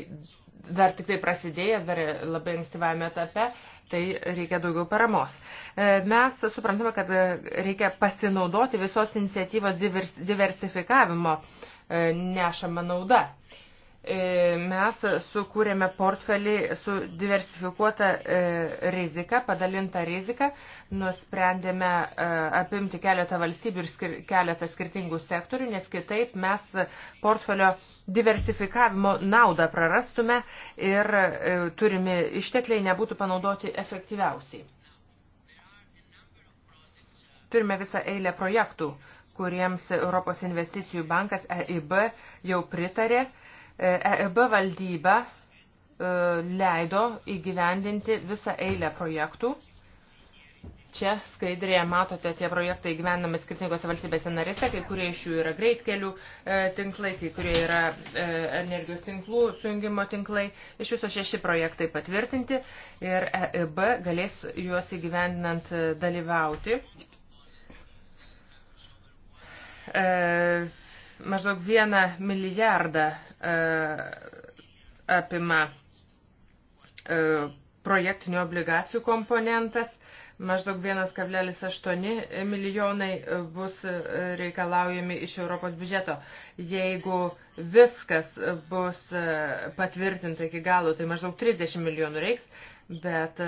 dar tik tai prasidėjęs, dar labai ankstyvame etape, tai reikia daugiau paramos. E, mes suprantame, kad reikia pasinaudoti visos iniciatyvos diversifikavimo e, nešama nauda. E, mes sukūrėme portfelį su diversifikuota e, rizika, padalinta rizika, nusprendėme e, apimti keletą valstybių ir skir keletą skirtingų sektorių, nes kitaip mes portfelio diversifikavimo naudą prarastume ir turimi ištekliai nebūtų panaudoti efektyviausiai. Turime visą eilę projektų, kuriems Europos investicijų bankas EIB jau pritarė EEB valdyba e, leido įgyvendinti visą eilę projektų. Čia skaidrėje matote, tie projektai gyvenami skirtingose valstybėse narėse, kai kurie iš jų yra greitkelių e, tinklai, kai kurie yra e, energijos tinklų sujungimo tinklai. Iš viso šeši projektai patvirtinti ir EIB e galės juos įgyvendinant e, dalyvauti. E, maždaug vieną milijardą E, apima e, projektinių obligacijų komponentas. Maždaug 1,8 milijonai bus reikalaujami iš Europos biudžeto. Jeigu viskas bus patvirtinta iki galo, tai maždaug 30 milijonų reiks. Bet e,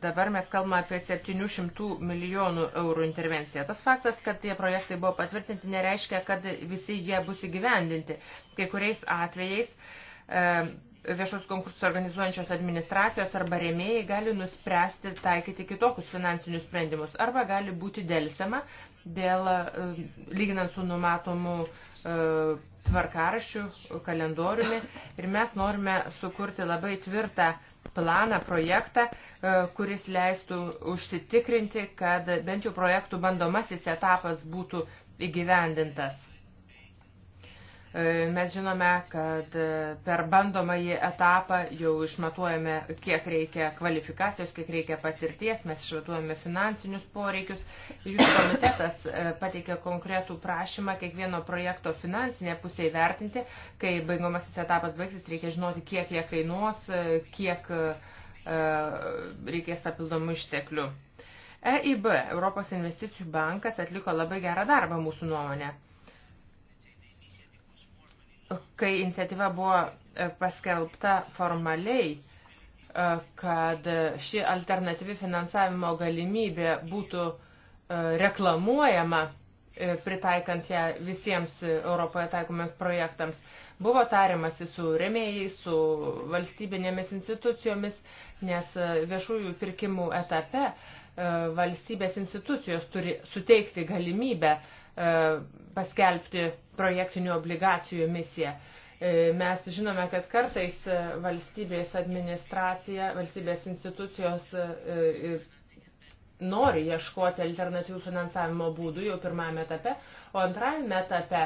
dabar mes kalbame apie 700 milijonų eurų intervenciją. Tas faktas, kad tie projektai buvo patvirtinti, nereiškia, kad visi jie bus įgyvendinti. Kai kuriais atvejais e, viešos konkursus organizuojančios administracijos arba remėjai gali nuspręsti taikyti kitokius finansinius sprendimus arba gali būti dėlsiama dėl, e, lyginant su numatomu tvarkarašiu, kalendoriumi. Ir mes norime sukurti labai tvirtą planą, projektą, e, kuris leistų užsitikrinti, kad bent jau projektų bandomasis etapas būtų įgyvendintas. E, mes žinome, kad e, per bandomąjį etapą jau išmatuojame, kiek reikia kvalifikacijos, kiek reikia patirties, mes išmatuojame finansinius poreikius. Jūsų komitetas e, pateikė konkretų prašymą kiekvieno projekto finansinė pusė įvertinti, kai baigomasis etapas baigsis, reikia žinoti, kiek jie kainuos, kiek reikės papildomų išteklių. EIB, Europos investicijų bankas, atliko labai gerą darbą mūsų nuomonę kai iniciatyva buvo e, paskelbta formaliai, e, kad ši alternatyvi finansavimo galimybė būtų e, reklamuojama, pritaikant ją visiems Europoje taikomiems projektams. Buvo tariamasi su remėjais, su valstybinėmis institucijomis, nes viešųjų pirkimų etape valstybės institucijos turi suteikti galimybę paskelbti projektinių obligacijų emisija. E, mes žinome, kad kartais e, valstybės administracija, valstybės institucijos e, nori ieškoti alternatyvių finansavimo būdų jau pirmajame etape, o antrajame etape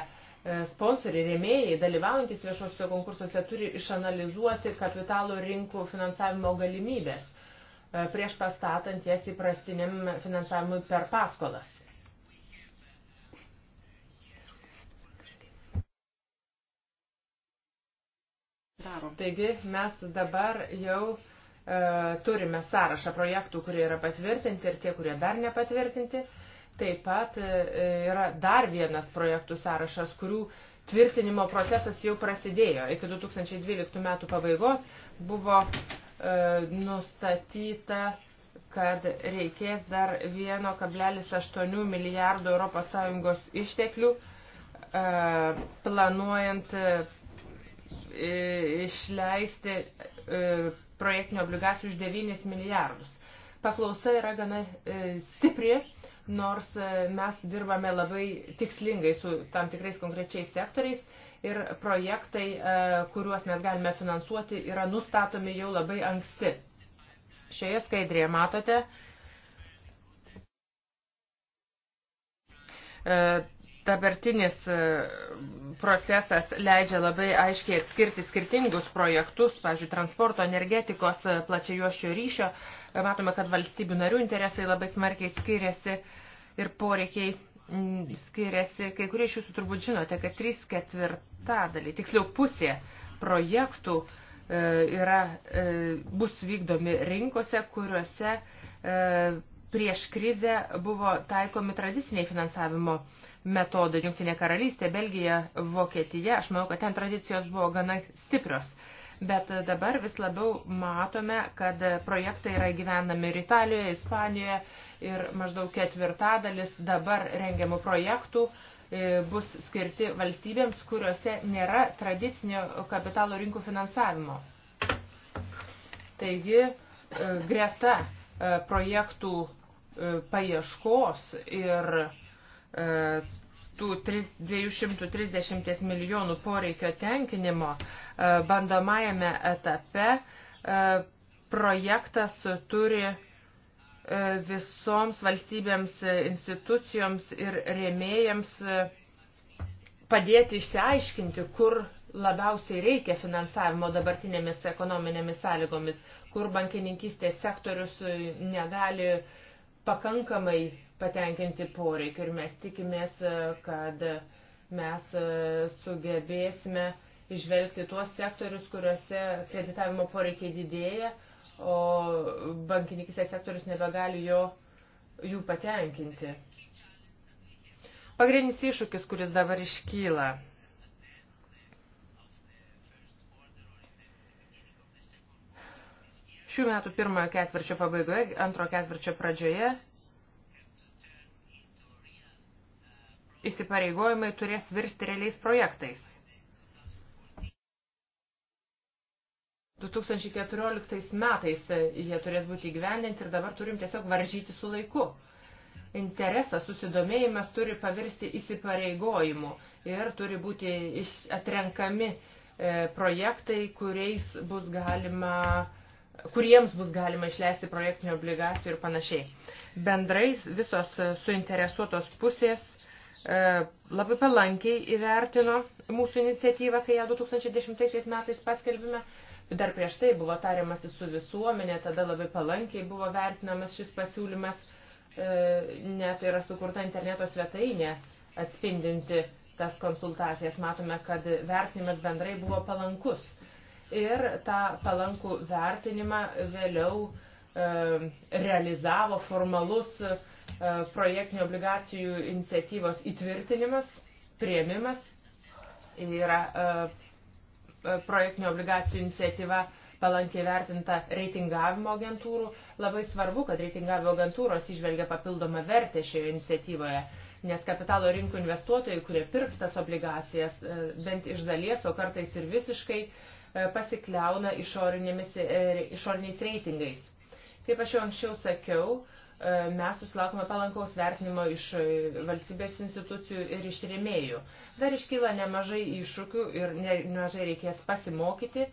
sponsoriai, rėmėjai, dalyvaujantis viešosiuose konkursuose turi išanalizuoti kapitalo rinkų finansavimo galimybės prieš pastatant jas įprastiniam finansavimui per paskolas. daro. Taigi mes dabar jau e, turime sąrašą projektų, kurie yra patvirtinti ir tie, kurie dar nepatvirtinti. Taip pat e, yra dar vienas projektų sąrašas, kurių tvirtinimo procesas jau prasidėjo. Iki 2012 metų pabaigos buvo e, nustatyta kad reikės dar 1,8 milijardų ES išteklių e, planuojant išleisti e, projektinių obligacijų už 9 milijardus. Paklausa yra gana e, stipri, nors e, mes dirbame labai tikslingai su tam tikrais konkrečiais sektoriais ir projektai, kuriuos mes galime finansuoti, yra nustatomi jau labai anksti. Šioje skaidrėje matote dabartinis e, procesas leidžia labai aiškiai atskirti skirtingus projektus, pavyzdžiui, transporto, energetikos, e, plačiajuoščio ryšio. E, matome, kad valstybių narių interesai labai smarkiai skiriasi ir poreikiai skiriasi. Kai kurie iš jūsų turbūt žinote, kad 3 ketvirtadaliai, tiksliau pusė projektų yra, bus vykdomi rinkose, kuriuose prieš krizę buvo taikomi tradiciniai finansavimo metodai Junktinė karalystė, Belgija, Vokietija. Aš manau, kad ten tradicijos buvo gana stiprios. Bet dabar vis labiau matome, kad projektai yra gyvenami ir Italijoje, Ispanijoje ir maždaug ketvirtadalis dabar rengiamų projektų e, bus skirti valstybėms, kuriuose nėra tradicinio kapitalo rinkų finansavimo. Taigi, e, greta E, projektų e, paieškos ir e, tų 230 milijonų poreikio tenkinimo bandomajame etape projektas turi visoms valstybėms institucijoms ir rėmėjams padėti išsiaiškinti, kur labiausiai reikia finansavimo dabartinėmis ekonominėmis sąlygomis, kur bankininkystės sektorius negali pakankamai patenkinti poreikių ir mes tikimės, kad mes sugebėsime išvelgti tuos sektorius, kuriuose kreditavimo poreikiai didėja, o bankininkystės sektorius nebegali jo, jų patenkinti. Pagrindinis iššūkis, kuris dabar iškyla Šių metų pirmojo ketvirčio pabaigoje, antro ketvirčio pradžioje įsipareigojimai turės virsti realiais projektais. 2014 metais jie turės būti įgyvendinti ir dabar turim tiesiog varžyti su laiku. Interesas, susidomėjimas turi pavirsti įsipareigojimu ir turi būti atrenkami e, projektai, kuriais bus galima uh, kuriems bus galima išleisti projektinių obligacijų ir panašiai. Bendrais visos suinteresuotos pusės e, labai palankiai įvertino mūsų iniciatyvą, kai ją 2010 metais paskelbime. Dar prieš tai buvo tariamasi su visuomenė, tada labai palankiai buvo vertinamas šis pasiūlymas, e, net yra sukurta interneto svetainė atspindinti tas konsultacijas. Matome, kad vertinimas bendrai buvo palankus ir tą palankų vertinimą vėliau e, realizavo formalus e, projektinių obligacijų iniciatyvos įtvirtinimas, prieimimas. Yra e, e, projektinių obligacijų iniciatyva palankiai vertinta reitingavimo agentūrų. Labai svarbu, kad reitingavimo agentūros išvelgia papildomą vertę šioje iniciatyvoje nes kapitalo rinkų investuotojai, kurie pirks tas obligacijas, e, bent iš dalies, o kartais ir visiškai, E, pasikliauna e, išoriniais reitingais. Kaip aš jau anksčiau sakiau, e, mes susilaukome palankaus vertinimo iš valstybės institucijų ir iš rėmėjų. Dar iškyla nemažai iššūkių ir nemažai reikės pasimokyti.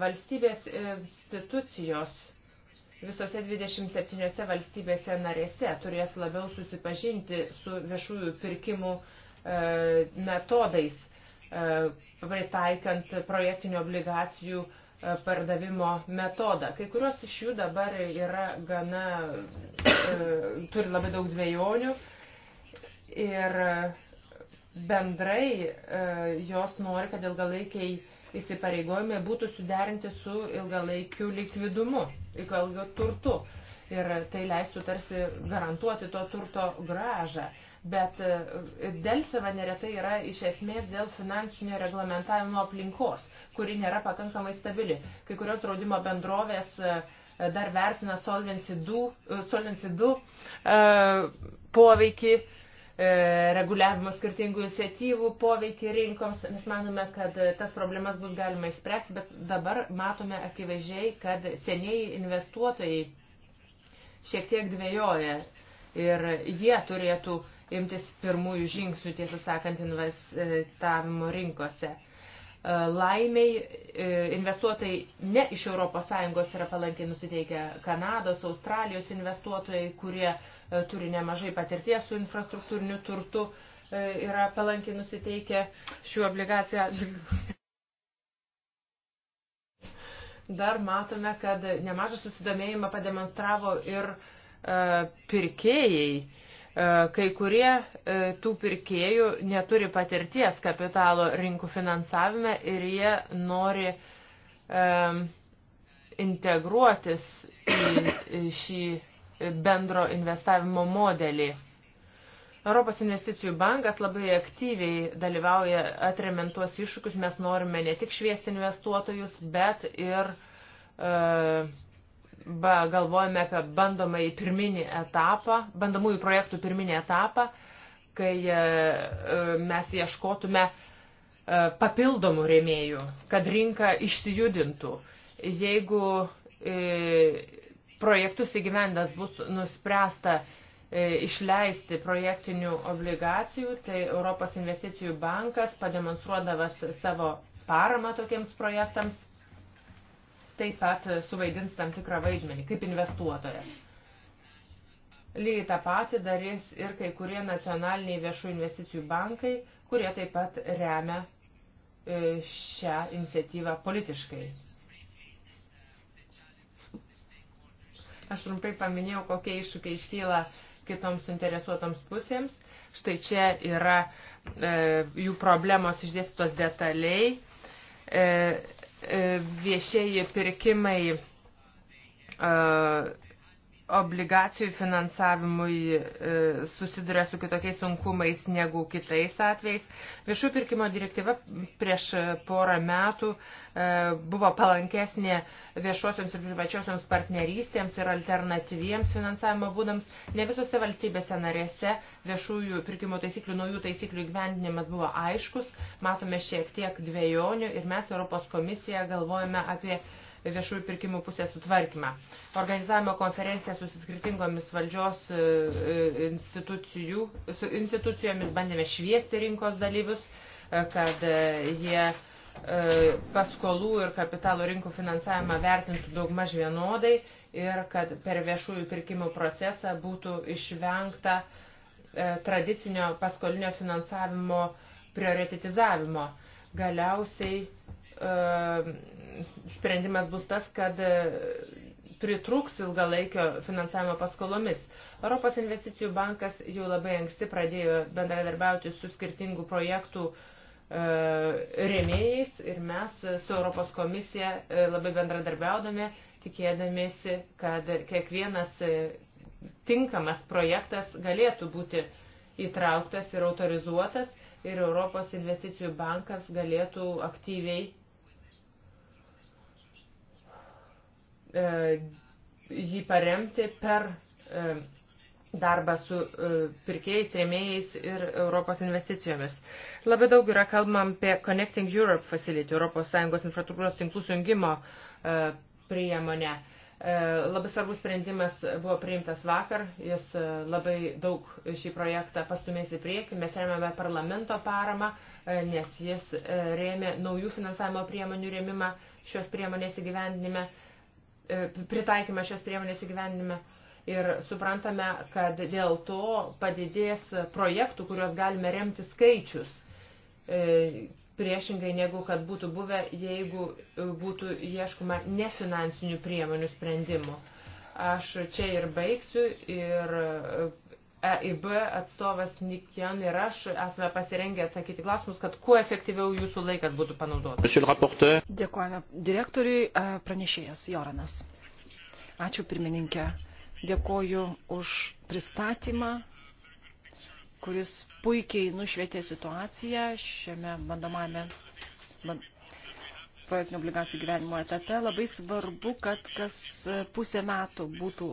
Valstybės institucijos visose 27 valstybėse narėse turės labiau susipažinti su viešųjų pirkimų metodais E, pritaikant projektinių obligacijų e, pardavimo metodą. Kai kurios iš jų dabar yra gana, e, turi labai daug dviejonių ir bendrai jos nori, kad ilgalaikiai įsipareigojimai būtų suderinti su ilgalaikiu likvidumu, ilgalaikiu turtu. Ir tai leistų tarsi garantuoti to turto gražą bet e, dėlsena neretai yra iš esmės dėl finansinio reglamentavimo aplinkos, kuri nėra pakankamai stabili. Kai kurios draudimo bendrovės e, dar vertina Solvency 2, e, Solvency 2 poveikį reguliavimo skirtingų iniciatyvų poveikį rinkoms. Mes manome, kad tas problemas bus galima išspręsti, bet dabar matome akivaizdžiai, kad seniai investuotojai šiek tiek dvėjoja ir jie turėtų uh, imtis pirmųjų žingsnių, tiesą sakant, investavimo rinkose. E, laimiai e, investuotojai ne iš ES yra palankiai nusiteikę Kanados, Australijos investuotojai, kurie e, turi nemažai patirties su infrastruktūriniu turtu, yra palankiai nusiteikę šių obligacijų atžvilgių dar matome, kad nemažą susidomėjimą pademonstravo ir e, pirkėjai. E, kai kurie e, tų pirkėjų neturi patirties kapitalo rinkų finansavime ir jie nori e, integruotis į šį bendro investavimo modelį. Europos investicijų bankas labai aktyviai dalyvauja atremiant tuos iššūkius. Mes norime ne tik šviesti investuotojus, bet ir uh, ba, galvojame apie bandomąjį pirminį etapą, bandomųjų projektų pirminį etapą, kai e, e, mes ieškotume e, papildomų rėmėjų, kad rinka išsijudintų. Jeigu projektus įgyvendas bus nuspręsta išleisti projektinių obligacijų, tai Europos investicijų bankas pademonstruodamas savo paramą tokiems projektams taip pat e, suvaidins tam tikrą vaidmenį kaip investuotojas. Lygiai tą patį darys ir kai kurie nacionaliniai viešų investicijų bankai, kurie taip pat remia e, šią iniciatyvą politiškai. Aš trumpai paminėjau, kokie iššūkiai iškyla kitoms suinteresuotoms pusėms. Štai čia yra e, jų problemos išdėstytos detaliai. E, viešieji pirkimai obligacijų finansavimui e, susiduria su kitokiais sunkumais negu kitais atvejais. Viešų pirkimo direktyva prieš porą metų e, buvo palankesnė viešosioms ir privačiosioms partnerystėms ir alternatyviems finansavimo būdams. Ne visose valstybėse narėse viešųjų pirkimo taisyklių, naujų taisyklių gyvendinimas buvo aiškus. Matome šiek tiek dviejonių ir mes Europos komisiją galvojame apie viešųjų pirkimų pusės sutvarkymą. Organizavimo konferenciją su skirtingomis valdžios e, e, su institucijomis bandėme šviesti rinkos dalyvius, e, kad jie paskolų ir kapitalo rinkų finansavimą vertintų daugmaž vienodai ir kad per viešųjų pirkimų procesą būtų išvengta tradicinio paskolinio finansavimo prioritizavimo. Galiausiai E, sprendimas bus tas, kad e, pritruks ilgalaikio finansavimo paskolomis. Europos investicijų bankas jau labai anksti pradėjo bendradarbiauti su skirtingų projektų e, rėmėjais ir mes su Europos komisija labai bendradarbiaudami, tikėdamėsi, kad kiekvienas tinkamas projektas galėtų būti įtrauktas ir autorizuotas ir Europos investicijų bankas galėtų aktyviai E, jį paremti per e, darbą su e, pirkėjais, rėmėjais ir Europos investicijomis. Labai daug yra kalbam apie Connecting Europe Facility, ES infrastruktūros tinklų sujungimo priemonę. Labai svarbus sprendimas buvo priimtas vakar, jis labai daug šį projektą pastumės į priekį, mes remiame parlamento paramą, nes jis rėmė naujų finansavimo priemonių rėmimą šios priemonės įgyvendinime. E, pritaikymą šios priemonės įgyvenime. Ir suprantame, kad dėl to padidės projektų, kuriuos galime remti skaičius, e, priešingai negu kad būtų buvę, jeigu būtų ieškoma nefinansinių priemonių sprendimų. Aš čia ir baigsiu ir EIB atstovas Nikian ir aš esame pasirengę atsakyti klausimus, kad kuo efektyviau jūsų laikas būtų panaudotas. Dėkojame direktoriui, e, pranešėjas Joranas. Ačiū pirmininkė. Dėkoju už pristatymą, kuris puikiai nušvietė situaciją šiame bandomame projektinių obligacijų gyvenimo etape. Labai svarbu, kad kas pusę metų būtų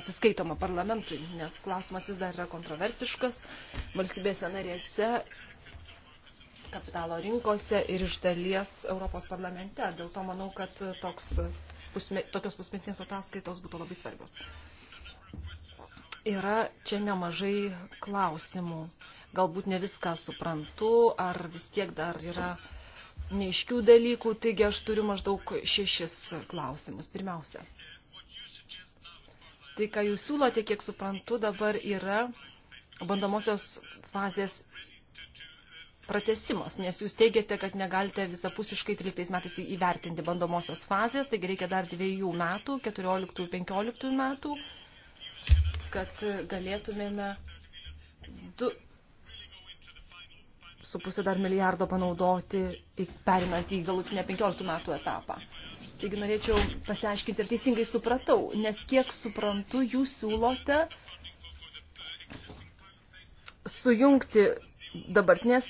atsiskaitoma parlamentui, nes klausimas vis dar yra kontroversiškas valstybėse narėse, kapitalo rinkose ir iš dalies Europos parlamente. Dėl to manau, kad toks, pusme, tokios pusmetinės ataskaitos būtų labai svarbios. Yra čia nemažai klausimų. Galbūt ne viską suprantu, ar vis tiek dar yra neiškių dalykų, taigi aš turiu maždaug šešis klausimus. Pirmiausia, Tai, ką jūs siūlote, kiek suprantu, dabar yra bandomosios fazės pratesimas, nes jūs teigiate, kad negalite visapusiškai 13 metais įvertinti bandomosios fazės, taigi reikia dar dviejų metų, 14-15 metų, kad galėtumėme du su pusė dar milijardo panaudoti, perinant į galutinę 15 metų etapą. Taigi norėčiau pasiaiškinti, ar teisingai supratau, nes kiek suprantu, jūs siūlote sujungti dabartinės,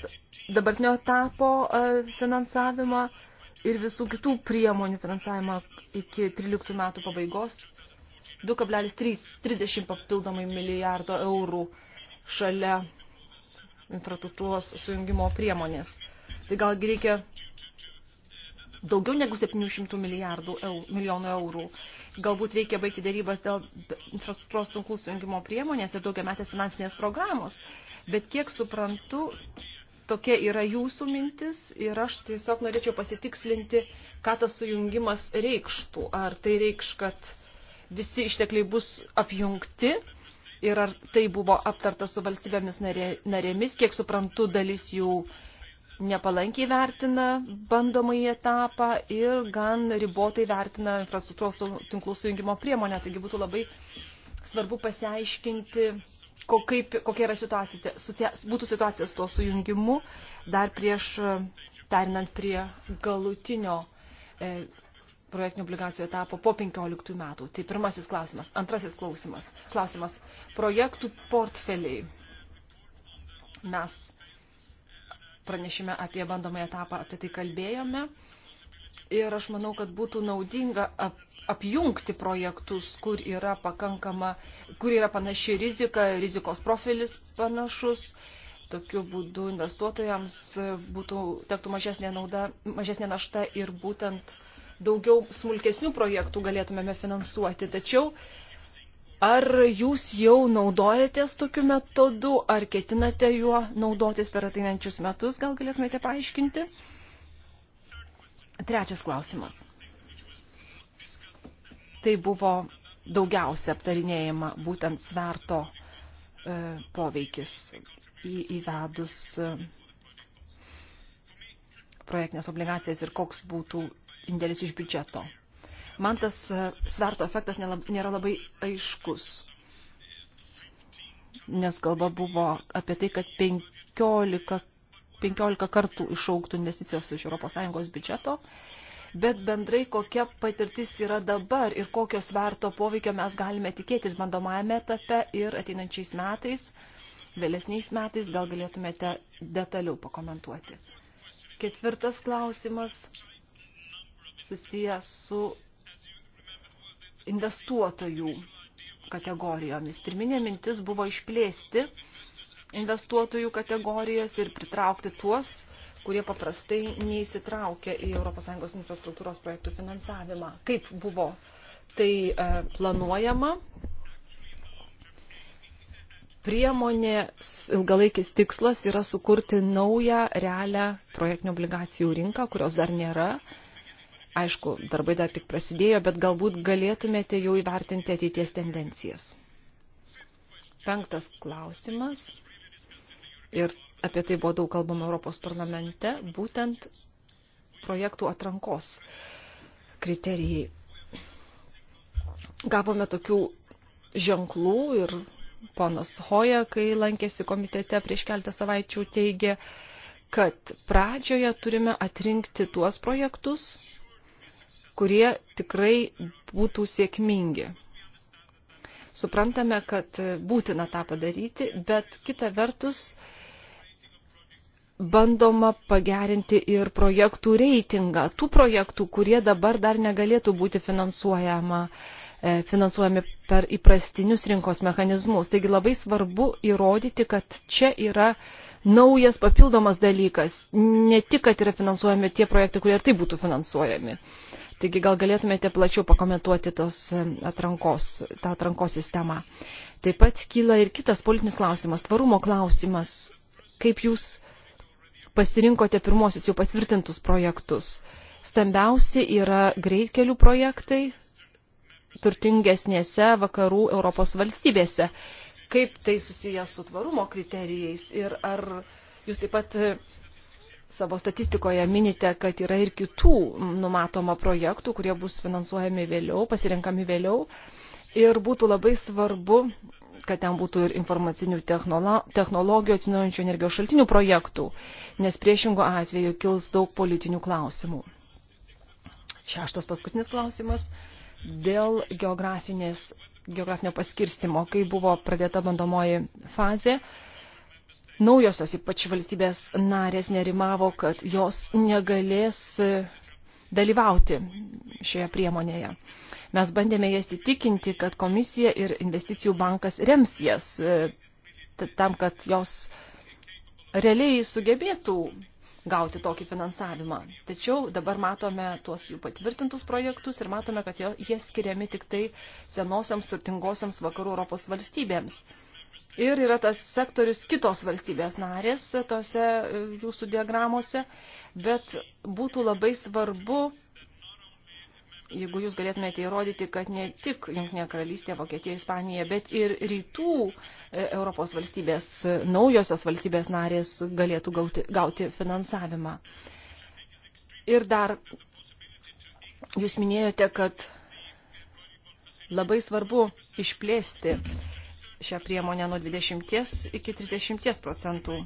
dabartinio etapo e, finansavimą ir visų kitų priemonių finansavimą iki 13 metų pabaigos 2,30 papildomai milijardo eurų šalia infrastruktūros sujungimo priemonės. Tai galgi reikia daugiau negu 700 milijardų eur, milijonų eurų. Galbūt reikia baigti darybas dėl infrastruktūros tinklų sujungimo priemonės ir daugiametės finansinės programos. Bet kiek suprantu, tokia yra jūsų mintis ir aš tiesiog norėčiau pasitikslinti, ką tas sujungimas reikštų. Ar tai reikš, kad visi ištekliai bus apjungti? Ir ar tai buvo aptarta su valstybėmis narė, narėmis, kiek suprantu, dalis jų uh, nepalankiai vertina bandomąjį etapą ir gan ribotai vertina infrastruktūros tinklų sujungimo priemonę. Taigi būtų labai svarbu pasiaiškinti, ko, kaip, kokia yra situacija, sutia, būtų situacija su tuo sujungimu dar prieš perinant prie galutinio e, projektinių obligacijų etapo po 15 metų. Tai pirmasis klausimas. Antrasis klausimas. Klausimas. Projektų portfeliai. Mes pranešime apie bandomą etapą apie tai kalbėjome. Ir aš manau, kad būtų naudinga ap, apjungti projektus, kur yra pakankama, kur yra panaši rizika, rizikos profilis panašus. Tokiu būdu investuotojams būtų tektų mažesnė, nauda, mažesnė našta ir būtent daugiau smulkesnių projektų galėtumėme finansuoti. Tačiau uh, Ar jūs jau naudojatės tokiu metodu, ar ketinate juo naudotis per ateinančius metus, gal galėtumėte paaiškinti? Trečias klausimas. Tai buvo daugiausia aptarinėjama būtent sverto e, poveikis į, įvedus e, projektinės obligacijas ir koks būtų indėlis iš biudžeto man tas e, sverto efektas nėra labai aiškus. Nes kalba buvo apie tai, kad 15, 15 kartų išauktų investicijos iš ES biudžeto, bet bendrai kokia patirtis yra dabar ir kokio sverto poveikio mes galime tikėtis bandomajame etape ir ateinančiais metais, vėlesniais metais gal galėtumėte detaliau pakomentuoti. Ketvirtas klausimas susijęs su investuotojų kategorijomis. Pirminė mintis buvo išplėsti investuotojų kategorijas ir pritraukti tuos, kurie paprastai neįsitraukia į ES infrastruktūros projektų finansavimą. Kaip buvo tai e, planuojama? Priemonės ilgalaikis tikslas yra sukurti naują realią projektinių obligacijų rinką, kurios dar nėra Aišku, darbai dar tik prasidėjo, bet galbūt galėtumėte jau įvertinti ateities tendencijas. Penktas klausimas, ir apie tai buvo daug kalbama Europos parlamente, būtent projektų atrankos kriterijai. Gavome tokių ženklų ir ponas Hoja, kai lankėsi komitete prieš keltą savaičių, teigė, kad pradžioje turime atrinkti tuos projektus, kurie tikrai būtų sėkmingi. Suprantame, kad būtina tą padaryti, bet kita vertus bandoma pagerinti ir projektų reitingą, tų projektų, kurie dabar dar negalėtų būti finansuojama e, finansuojami per įprastinius rinkos mechanizmus. Taigi labai svarbu įrodyti, kad čia yra naujas papildomas dalykas, ne tik, kad yra finansuojami tie projektai, kurie ir taip būtų finansuojami. Taigi gal galėtumėte plačiau pakomentuoti tos e, atrankos, tą atrankos sistemą. Taip pat kyla ir kitas politinis klausimas, tvarumo klausimas. Kaip jūs pasirinkote pirmosius jau patvirtintus projektus? Stambiausi yra greitkelių projektai turtingesnėse vakarų Europos valstybėse. Kaip tai susijęs su tvarumo kriterijais ir ar jūs taip pat e, savo statistikoje minite, kad yra ir kitų numatoma projektų, kurie bus finansuojami vėliau, pasirinkami vėliau. Ir būtų labai svarbu, kad ten būtų ir informacinių technologijų atsinaujančių energijos šaltinių projektų, nes priešingo atveju kils daug politinių klausimų. Šeštas paskutinis klausimas dėl geografinės, geografinio paskirstimo, kai buvo pradėta bandomoji fazė. Uh, naujosios ypač valstybės narės nerimavo, kad jos negalės dalyvauti šioje priemonėje. Mes bandėme jas įtikinti, kad komisija ir investicijų bankas rems jas e, tam, kad jos realiai sugebėtų gauti tokį finansavimą. Tačiau dabar matome tuos jų patvirtintus projektus ir matome, kad jie skiriami tik tai senosiams turtingosiams vakarų Europos valstybėms ir yra tas sektorius kitos valstybės narės tose e, jūsų diagramose, bet būtų labai svarbu, jeigu jūs galėtumėte įrodyti, kad ne tik Junktinė karalystė, Vokietija, Ispanija, bet ir rytų e, Europos valstybės, e, naujosios valstybės narės galėtų gauti, gauti finansavimą. Ir dar jūs minėjote, kad labai svarbu išplėsti šią priemonę nuo 20 iki 30 procentų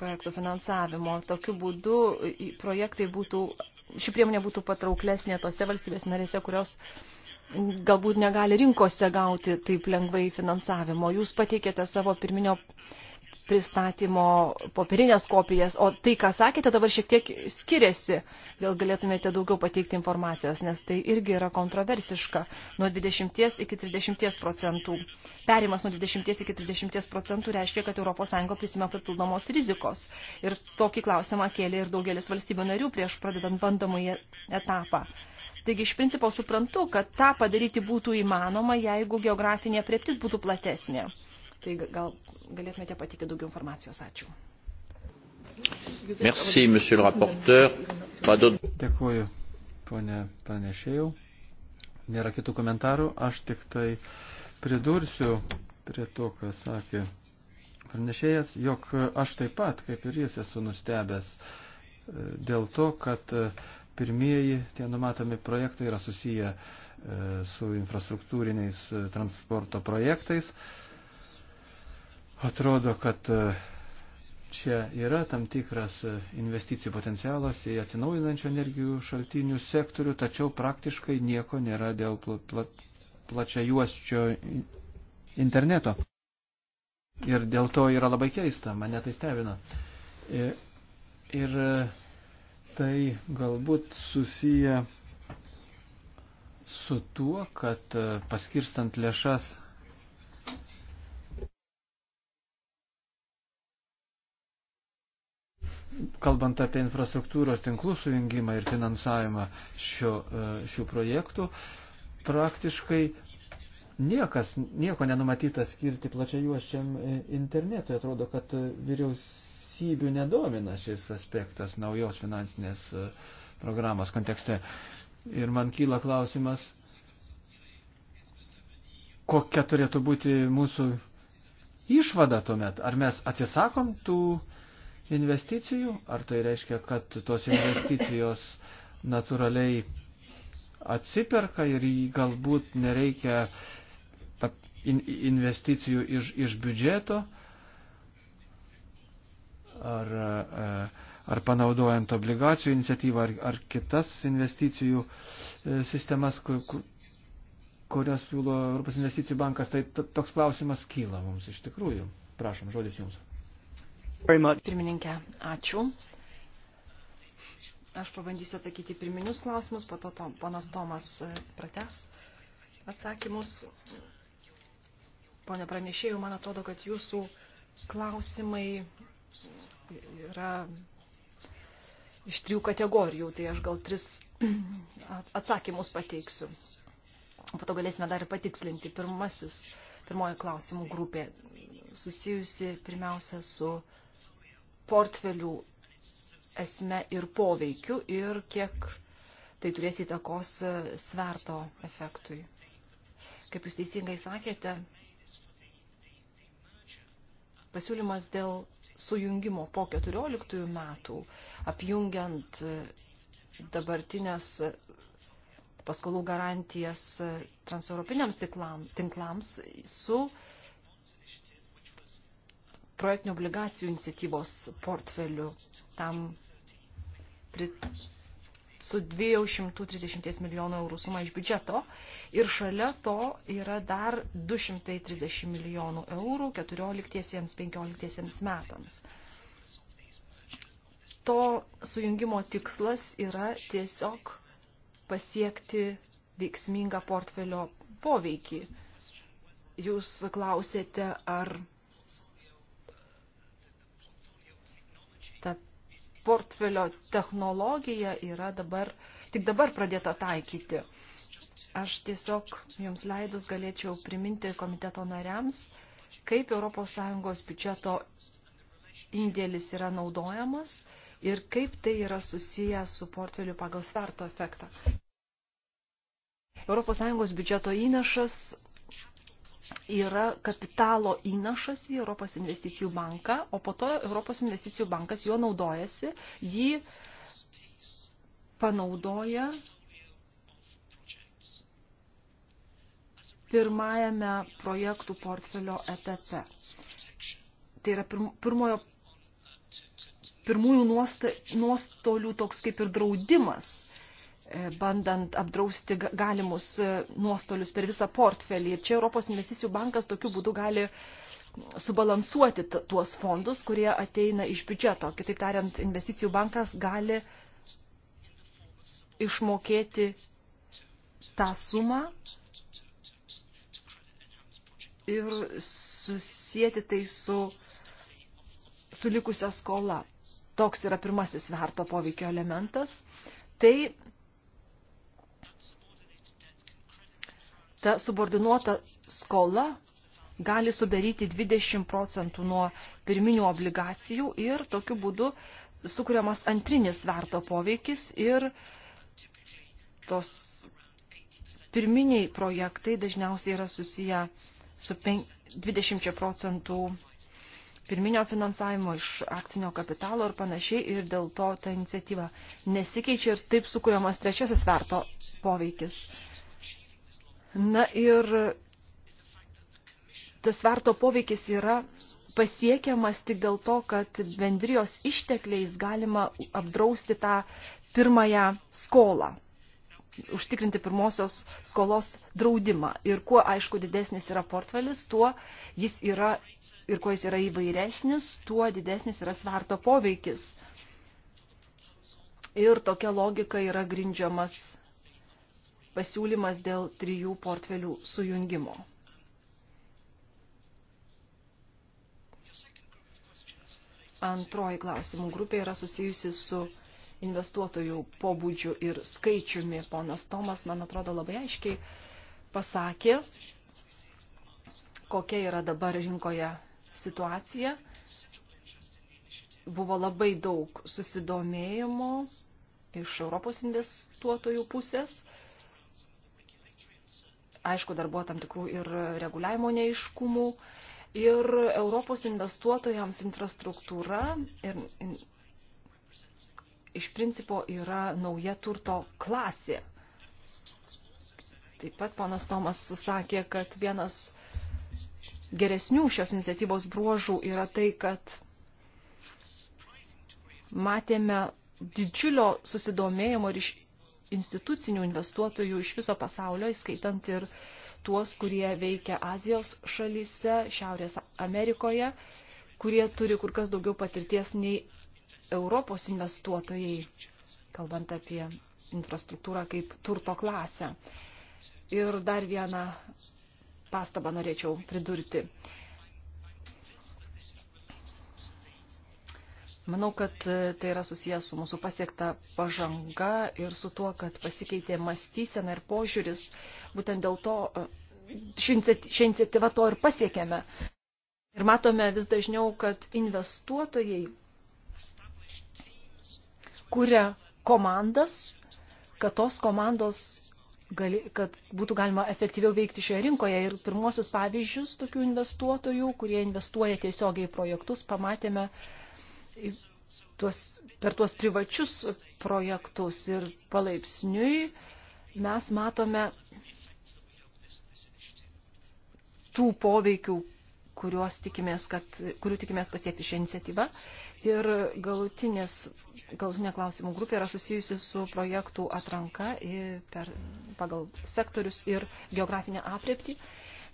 projektų finansavimo. Tokiu būdu projektai būtų, ši priemonė būtų patrauklesnė tose valstybės narėse, kurios galbūt negali rinkose gauti taip lengvai finansavimo. Jūs pateikėte savo pirminio pristatymo popierinės kopijas, o tai, ką sakėte, dabar šiek tiek skiriasi. Gal galėtumėte daugiau pateikti informacijos, nes tai irgi yra kontroversiška. Nuo 20 iki 30 procentų. Perimas nuo 20 iki 30 procentų reiškia, kad ES prisima papildomos rizikos. Ir tokį klausimą kėlė ir daugelis valstybių narių prieš pradedant bandomąjį etapą. Taigi iš principo suprantu, kad tą padaryti būtų įmanoma, jeigu geografinė prieptis būtų platesnė. Tai gal galėtumėte patikti daugiau informacijos. Ačiū. Merci, monsieur le rapporteur. Dėkuoju, ponė pranešėjau. Nėra kitų komentarų. Aš tik tai pridursiu prie to, ką sakė pranešėjas, jog aš taip pat, kaip ir jis, esu nustebęs e, dėl to, kad e, pirmieji tie numatomi projektai yra susiję e, su infrastruktūriniais transporto projektais. Atrodo, kad e, čia yra tam tikras e, investicijų potencialas į atsinaujinančių energijų šaltinių sektorių, tačiau praktiškai nieko nėra dėl pla, pla, plačiajuosčio interneto. Ir dėl to yra labai keista, mane tai stebina. E, ir, ir tai galbūt susiję su tuo, kad paskirstant lėšas kalbant apie infrastruktūros tinklų sujungimą ir finansavimą šio, e, šių projektų, praktiškai niekas, nieko nenumatyta skirti plačiajuoščiam e, internetui. Atrodo, kad vyriausybių nedomina šis aspektas naujos finansinės e, programos kontekste. Ir man kyla klausimas, kokia turėtų būti mūsų išvada tuomet. Ar mes atsisakom tų uh, investicijų, ar tai reiškia, kad tos investicijos natūraliai atsiperka ir galbūt nereikia investicijų iš, iš biudžeto, ar, e, ar panaudojant obligacijų iniciatyvą, ar, ar kitas investicijų e, sistemas, kur, kur, kurias siūlo Europos investicijų bankas, tai toks klausimas kyla mums iš tikrųjų. Prašom, žodis jums. Pirmininkė, ačiū. Aš pabandysiu atsakyti pirminius klausimus, po to, to ponas Tomas e, prates atsakymus. Pone pranešėjų, man atrodo, kad jūsų klausimai yra iš trijų kategorijų, tai aš gal tris atsakymus pateiksiu. Po to galėsime dar ir patikslinti. Pirmasis, pirmoji klausimų grupė susijusi pirmiausia su portfelių esme ir poveikiu ir kiek tai turės įtakos e, sverto efektui. Kaip jūs teisingai sakėte, pasiūlymas dėl sujungimo po 14 metų, apjungiant e, dabartinės e, paskolų garantijas transeuropiniams tinklam, tinklams su projektinių obligacijų iniciatyvos portfeliu tam prit, su 230 milijonų eurų suma iš biudžeto ir šalia to yra dar 230 milijonų eurų 14-15 metams. To sujungimo tikslas yra tiesiog pasiekti veiksmingą portfelio poveikį. Jūs klausėte, ar portfelio technologija yra dabar, tik dabar pradėta taikyti. Aš tiesiog jums leidus galėčiau priminti komiteto nariams, kaip ES biudžeto indėlis yra naudojamas ir kaip tai yra susiję su portfeliu pagal starto efektą. ES biudžeto įnašas yra kapitalo įnašas į Europos investicijų banką, o po to Europos investicijų bankas juo naudojasi, jį panaudoja pirmajame projektų portfelio etape. Tai yra pirmojo, pirmųjų nuostolių toks kaip ir draudimas E, bandant apdrausti galimus e, nuostolius per visą portfelį. Ir čia Europos investicijų bankas tokiu būdu gali subalansuoti tuos fondus, kurie ateina iš biudžeto. Kitaip tariant, investicijų bankas gali išmokėti tą sumą ir susijęti tai su, su likusią skolą. Toks yra pirmasis verto poveikio elementas. Tai ta subordinuota skola gali sudaryti 20 procentų nuo pirminių obligacijų ir tokiu būdu sukuriamas antrinis sverto poveikis ir tos pirminiai projektai dažniausiai yra susiję su 20 procentų pirminio finansavimo iš akcinio kapitalo ir panašiai ir dėl to ta iniciatyva nesikeičia ir taip sukūriamas trečiasis sverto poveikis. Na ir tas sverto poveikis yra pasiekiamas tik dėl to, kad bendrijos ištekliais galima apdrausti tą pirmąją skolą, užtikrinti pirmosios skolos draudimą. Ir kuo, aišku, didesnis yra portfelis, tuo jis yra ir kuo jis yra įvairesnis, tuo didesnis yra sverto poveikis. Ir tokia logika yra grindžiamas pasiūlymas dėl trijų portfelių sujungimo. Antroji klausimų grupė yra susijusi su investuotojų pobūdžiu ir skaičiumi. Ponas Tomas, man atrodo, labai aiškiai pasakė, kokia yra dabar rinkoje situacija. Buvo labai daug susidomėjimo iš Europos investuotojų pusės aišku, dar buvo tam tikrų ir reguliavimo neiškumų. Ir Europos investuotojams infrastruktūra ir in, iš principo yra nauja turto klasė. Taip pat ponas Tomas sakė, kad vienas geresnių šios iniciatyvos bruožų yra tai, kad matėme didžiulio susidomėjimo ir iš institucinių investuotojų iš viso pasaulio, įskaitant ir tuos, kurie veikia Azijos šalyse, Šiaurės Amerikoje, kurie turi kur kas daugiau patirties nei Europos investuotojai, kalbant apie infrastruktūrą kaip turto klasę. Ir dar vieną pastabą norėčiau pridurti. Manau, kad e, tai yra susijęs su mūsų pasiekta pažanga ir su tuo, kad pasikeitė mąstysena ir požiūris. Būtent dėl to e, šią iniciatyvą to ir pasiekėme. Ir matome vis dažniau, kad investuotojai kuria komandas, kad tos komandos gali, kad būtų galima efektyviau veikti šioje rinkoje. Ir pirmosius pavyzdžius tokių investuotojų, kurie investuoja tiesiogiai projektus, pamatėme uh, tuos, per tuos privačius projektus ir palaipsniui mes matome tų poveikių, kuriuos tikimės, kad, kurių tikimės pasiekti šią iniciatyvą. Ir galutinės, galutinė klausimų grupė yra susijusi su projektų atranka per, pagal sektorius ir geografinę apriepti.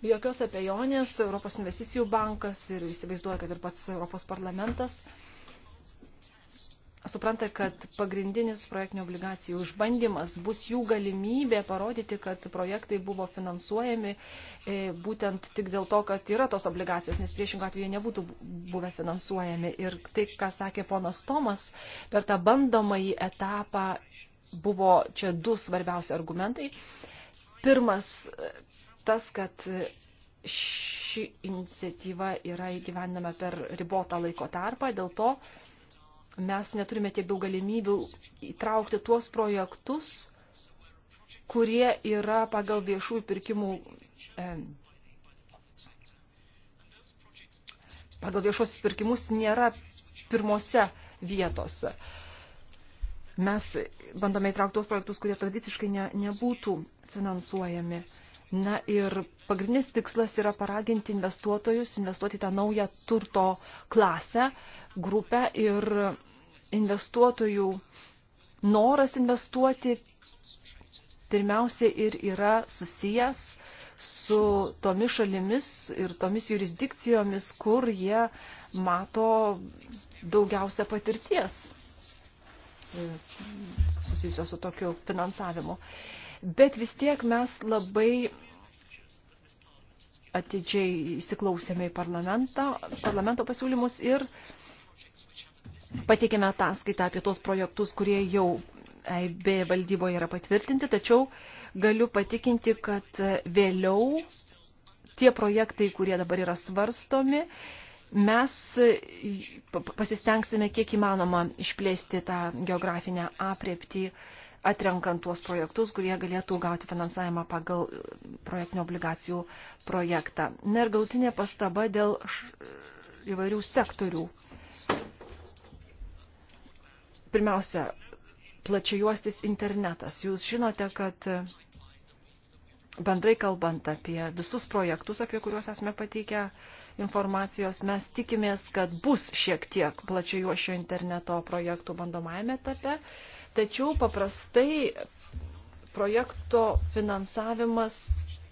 Be jokios abejonės Europos investicijų bankas ir įsivaizduoja, kad ir pats Europos parlamentas uh, supranta, kad pagrindinis projektinių obligacijų išbandymas bus jų galimybė parodyti, kad projektai buvo finansuojami e, būtent tik dėl to, kad yra tos obligacijos, nes priešingų atveju jie nebūtų buvę finansuojami. Ir tai, ką sakė ponas Tomas, per tą bandomąjį etapą buvo čia du svarbiausi argumentai. Pirmas tas, kad ši iniciatyva yra įgyvendama per ribotą laiko tarpą, dėl to mes neturime tiek daug galimybių įtraukti tuos projektus, kurie yra pagal viešųjų pirkimų pagal viešosius pirkimus nėra pirmose vietose. Mes bandome įtraukti tos projektus, kurie tradiciškai ne, nebūtų finansuojami. Na ir pagrindinis tikslas yra paraginti investuotojus investuoti tą naują turto klasę, grupę ir investuotojų noras investuoti pirmiausia ir yra susijęs su tomis šalimis ir tomis jurisdikcijomis, kur jie mato daugiausia patirties e, susijusios su tokiu finansavimu. Bet vis tiek mes labai atidžiai įsiklausėme į parlamentą, parlamento pasiūlymus ir uh, pateikėme ataskaitą apie tos projektus, kurie jau EIB valdyboje yra patvirtinti, tačiau galiu patikinti, kad vėliau tie projektai, kurie dabar yra svarstomi, mes pasistengsime kiek įmanoma išplėsti tą geografinę apriepti, atrenkant tuos projektus, kurie galėtų gauti finansavimą pagal projektinio obligacijų projektą. Na ir gautinė pastaba dėl š... įvairių sektorių Pirmiausia, plačiajuostis internetas. Jūs žinote, kad e, bendrai kalbant apie visus projektus, apie kuriuos esame pateikę informacijos, mes tikimės, kad bus šiek tiek plačiajuošio interneto projektų bandomajame etape, tačiau paprastai projekto finansavimas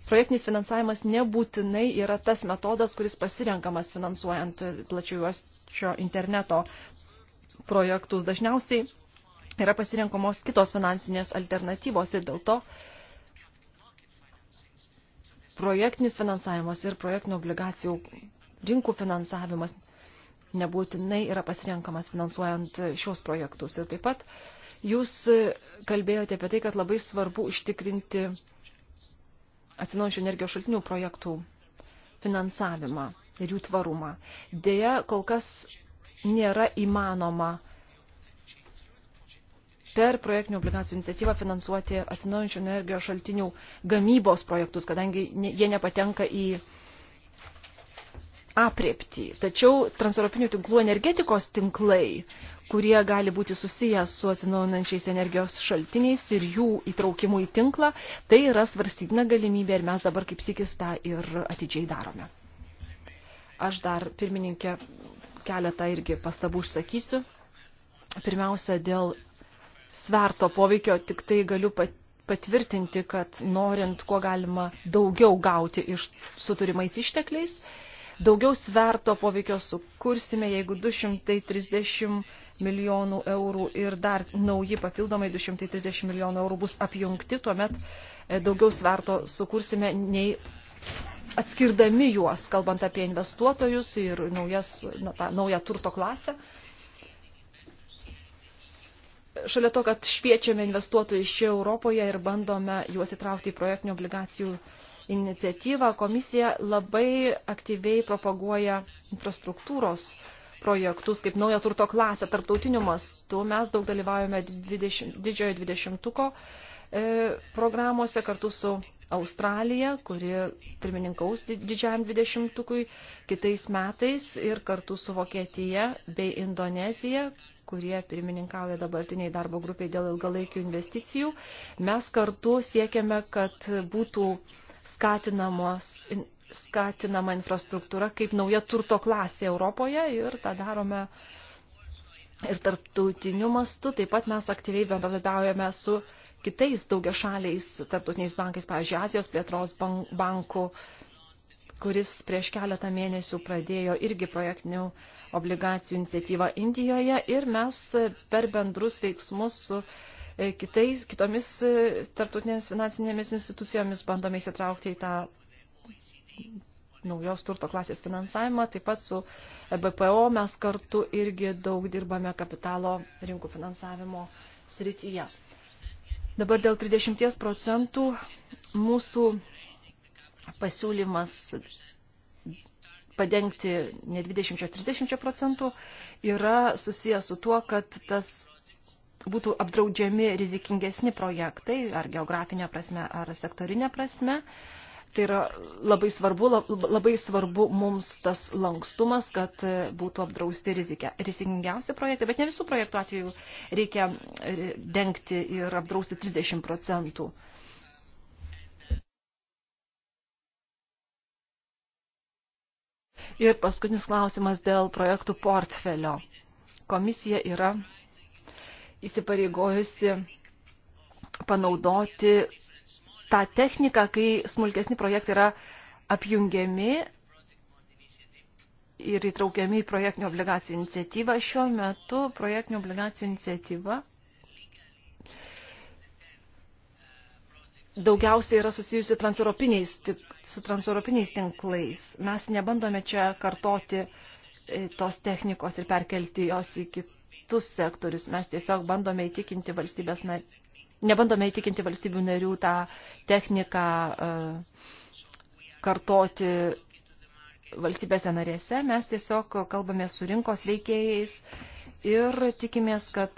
projektinis finansavimas nebūtinai yra tas metodas, kuris pasirenkamas finansuojant plačiuosčio interneto projektus, dažniausiai yra pasirinkomos kitos finansinės alternatyvos ir dėl to projektinis finansavimas ir projektinių obligacijų rinkų finansavimas nebūtinai yra pasirenkamas finansuojant šios projektus. Ir taip pat jūs kalbėjote apie tai, kad labai svarbu užtikrinti atsinaujančių energijos šaltinių projektų finansavimą ir jų tvarumą. Deja, kol kas nėra įmanoma per projektinių obligacijų iniciatyvą finansuoti atsinaujančių energijos šaltinių gamybos projektus, kadangi jie nepatenka į apriepti. Tačiau transeuropinių tinklų energetikos tinklai, kurie gali būti susiję su atsinaujinančiais energijos šaltiniais ir jų įtraukimu į tinklą, tai yra svarstytina galimybė ir mes dabar kaip sikis tą ir atidžiai darome. Aš dar, pirmininkė, keletą irgi pastabų užsakysiu. Pirmiausia, dėl sverto poveikio tik tai galiu patvirtinti, kad norint kuo galima daugiau gauti iš suturimais ištekliais, daugiau sverto poveikio sukursime, jeigu 230 milijonų eurų ir dar nauji papildomai 230 milijonų eurų bus apjungti, tuomet e, daugiau sverto sukursime nei atskirdami juos, kalbant apie investuotojus ir naujas, na, tą naują turto klasę. Šalia to, kad šviečiame investuotojus čia Europoje ir bandome juos įtraukti į projektinių obligacijų iniciatyvą, komisija labai aktyviai propaguoja infrastruktūros projektus kaip naują turto klasę tarptautiniu mastu. Mes daug dalyvaujame 20, didžiojo dvidešimtuko e, programuose kartu su Australija, kuri pirmininkaus didžiajam dvidešimtukui kitais metais ir kartu su Vokietija bei Indonezija, kurie pirmininkauja dabartiniai darbo grupiai dėl ilgalaikių investicijų. Mes kartu siekiame, kad būtų skatinamos skatinama infrastruktūra kaip nauja turto klasė Europoje ir tą darome ir tarptautiniu mastu. Taip pat mes aktyviai bendradarbiaujame su kitais daugia šaliais tarptautiniais bankais, pavyzdžiui, Azijos plėtros banku, kuris prieš keletą mėnesių pradėjo irgi projektinių obligacijų iniciatyvą Indijoje ir mes per bendrus veiksmus su e, kitais, kitomis e, tarptautinėmis finansinėmis institucijomis bandome įsitraukti į tą naujos turto klasės finansavimą. Taip pat su e BPO mes kartu irgi daug dirbame kapitalo rinkų finansavimo srityje. Dabar dėl 30 procentų mūsų pasiūlymas padengti ne 20-30 procentų yra susijęs su tuo, kad tas būtų apdraudžiami rizikingesni projektai, ar geografinė prasme, ar sektorinė prasme. Uh, Tai yra labai svarbu, labai svarbu mums tas lankstumas, kad būtų apdrausti rizikia. rizikingiausi projektai, bet ne visų projektų atveju reikia dengti ir apdrausti 30 procentų. Ir paskutinis klausimas dėl projektų portfelio. Komisija yra įsipareigojusi panaudoti tą techniką, kai smulkesni projektai yra apjungiami ir įtraukiami į projektinių obligacijų iniciatyvą. Šiuo metu projektinių obligacijų iniciatyva daugiausiai yra susijusi transeuropiniais, su transeuropiniais tinklais. Mes nebandome čia kartoti e, tos technikos ir perkelti jos į kitus sektorius. Mes tiesiog bandome įtikinti valstybės nebandome įtikinti valstybių narių tą techniką e, kartoti valstybėse narėse. Mes tiesiog kalbame su rinkos veikėjais ir tikimės, kad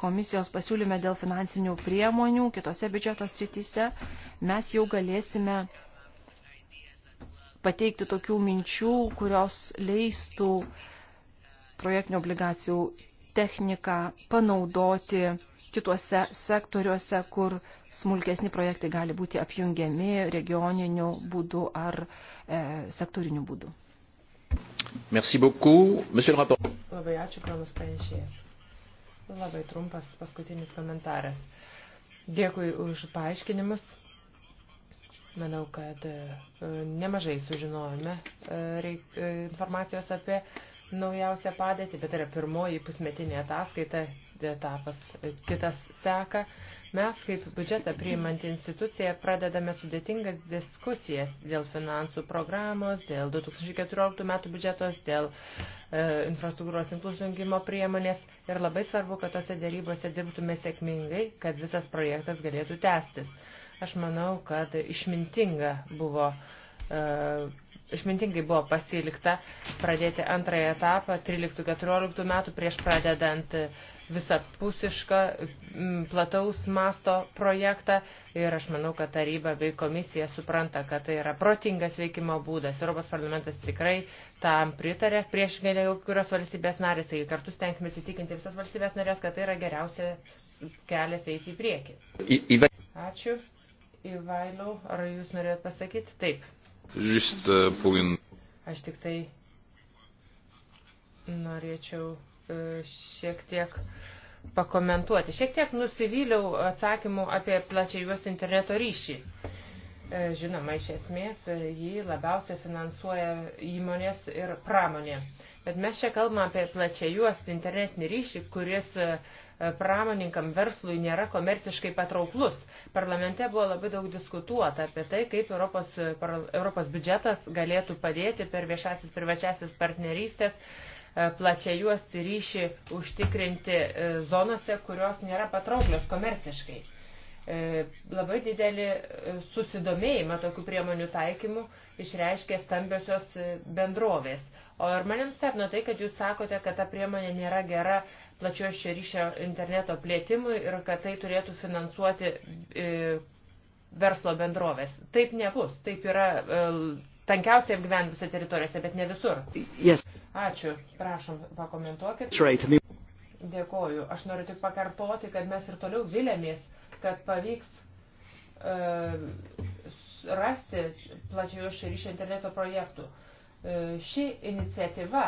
komisijos pasiūlyme dėl finansinių priemonių kitose biudžeto srityse mes jau galėsime pateikti tokių minčių, kurios leistų projektinių obligacijų techniką panaudoti kituose sektoriuose, kur smulkesni projektai gali būti apjungiami regioniniu būdu ar e, sektoriniu būdu. Merci beaucoup, monsieur le rapport. Labai ačiū, pranas pranešėjas. Labai trumpas paskutinis komentaras. Dėkui už paaiškinimus. Manau, kad e, nemažai sužinojome e, e, informacijos apie naujausią padėtį, bet tai yra pirmoji pusmetinė ataskaita, etapas e, kitas seka. Mes kaip biudžetą priimanti institucija pradedame sudėtingas diskusijas dėl finansų programos, dėl 2014 metų biudžetos, dėl e, infrastruktūros tinklų žengimo priemonės ir labai svarbu, kad tose dėrybose dirbtume sėkmingai, kad visas projektas galėtų tęstis. Aš manau, kad išmintinga buvo e, išmintingai buvo pasilikta pradėti antrąją etapą 13-14 metų prieš pradedant e, visapusišką plataus masto projektą ir aš manau, kad taryba bei komisija supranta, kad tai yra protingas veikimo būdas. Europos parlamentas tikrai tam pritarė priešingai negu kurios valstybės narės, taigi kartu stengsime įtikinti visas valstybės narės, kad tai yra geriausia kelias eiti į priekį. Ačiū. Ivailau, ar jūs norėjot pasakyti? Taip. Just, uh, Aš tik tai norėčiau e, šiek tiek pakomentuoti. Šiek tiek nusivyliau atsakymu apie plačiai juos interneto ryšį. E, žinoma, iš esmės e, jį labiausiai finansuoja įmonės ir pramonė. Bet mes čia kalbame apie plačiai juos internetinį ryšį, kuris uh, E, pramoninkam verslui nėra komerciškai patrauklus. Parlamente buvo labai daug diskutuota apie tai, kaip Europos, e, Europos biudžetas galėtų padėti per viešasis privačiasis partnerystės e, plačia juosti ryšį užtikrinti zonose, kurios nėra patrauklios komerciškai labai didelį susidomėjimą tokių priemonių taikymų išreiškė stambiosios bendrovės. O ir manim stebino tai, kad jūs sakote, kad ta priemonė nėra gera plačio šio ryšio interneto plėtimui ir kad tai turėtų finansuoti e, verslo bendrovės. Taip nebus, taip yra e, tankiausiai apgyvendose teritorijose, bet ne visur. Yes. Ačiū, prašom, pakomentuokit. Dėkoju. Aš noriu tik pakartoti, kad mes ir toliau vilėmės, kad pavyks e, rasti plačiojo šio ryšio interneto projektų. Ši iniciatyva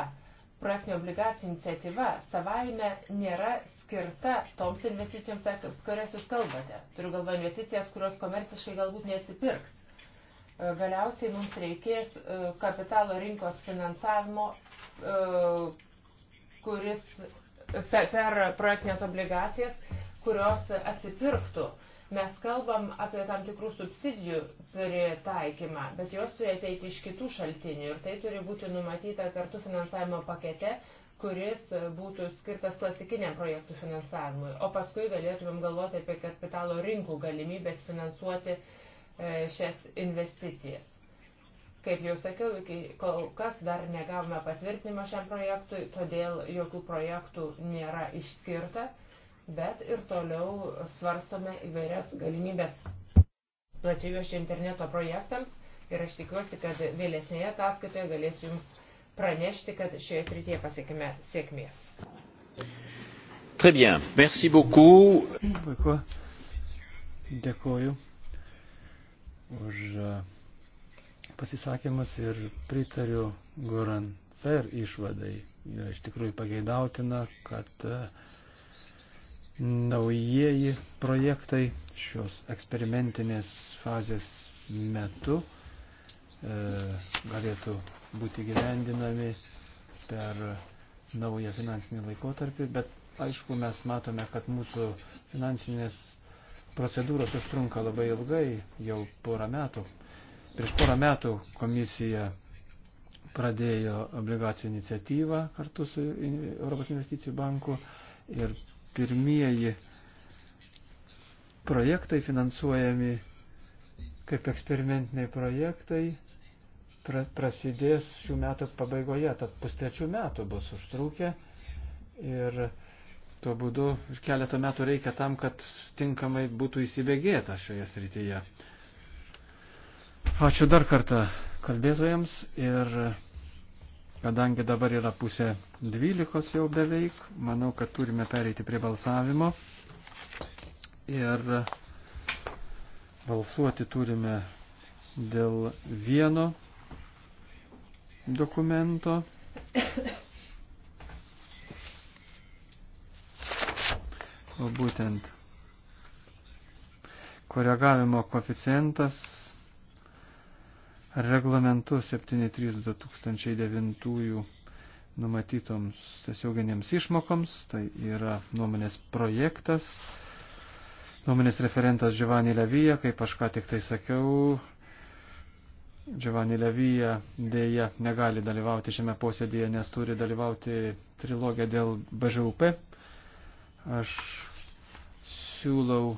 projektinių obligacijų iniciatyva savaime nėra skirta toms investicijoms, apie kurias jūs kalbate. Turiu galvą investicijas, kurios komerciškai galbūt neatsipirks. E, galiausiai mums reikės e, kapitalo rinkos finansavimo, e, kuris per projektinės obligacijas, kurios atsipirktų Mes kalbam apie tam tikrų subsidijų taikymą, bet jos turi ateiti iš kitų šaltinių ir tai turi būti numatyta kartu finansavimo pakete, kuris būtų skirtas klasikiniam projektų finansavimui. O paskui galėtumėm galvoti apie kapitalo rinkų galimybės finansuoti e, šias investicijas. Kaip jau sakiau, iki kol kas dar negavome patvirtinimo šiam projektui, todėl jokių projektų nėra išskirta bet ir toliau svarstome įvairias galimybės plačiajuošio interneto projektams ir aš tikiuosi, kad vėlesnėje ataskaitoje galėsiu Jums pranešti, kad šioje srityje pasiekime sėkmės. Très bien, merci beaucoup. Dėkuoju, Dėkuoju už e, pasisakymus ir pritariu Goran Fer išvadai. Yra iš tikrųjų pageidautina, kad uh, naujieji projektai šios eksperimentinės fazės metu e, galėtų būti gyvendinami per naują finansinį laikotarpį, bet aišku, mes matome, kad mūsų finansinės procedūros užtrunka labai ilgai, jau porą metų. Prieš porą metų komisija pradėjo obligacijų iniciatyvą kartu su Europos investicijų banku ir pirmieji projektai finansuojami kaip eksperimentiniai projektai pra, prasidės šių metų pabaigoje, tad pustrečių metų bus užtrukę ir tuo būdu keletą metų reikia tam, kad tinkamai būtų įsibėgėta šioje srityje. Ačiū dar kartą kalbėtojams ir Kadangi dabar yra pusė dvylikos jau beveik, manau, kad turime pereiti prie balsavimo. Ir balsuoti turime dėl vieno dokumento. O būtent koregavimo koficijantas reglamentu 73-2009 numatytoms tiesioginėms išmokoms. Tai yra nuomonės projektas. Nuomonės referentas Giovanni Levyja, kaip aš ką tik tai sakiau, Giovanni Levyja dėja negali dalyvauti šiame posėdėje, nes turi dalyvauti trilogija dėl BŽUP. Aš siūlau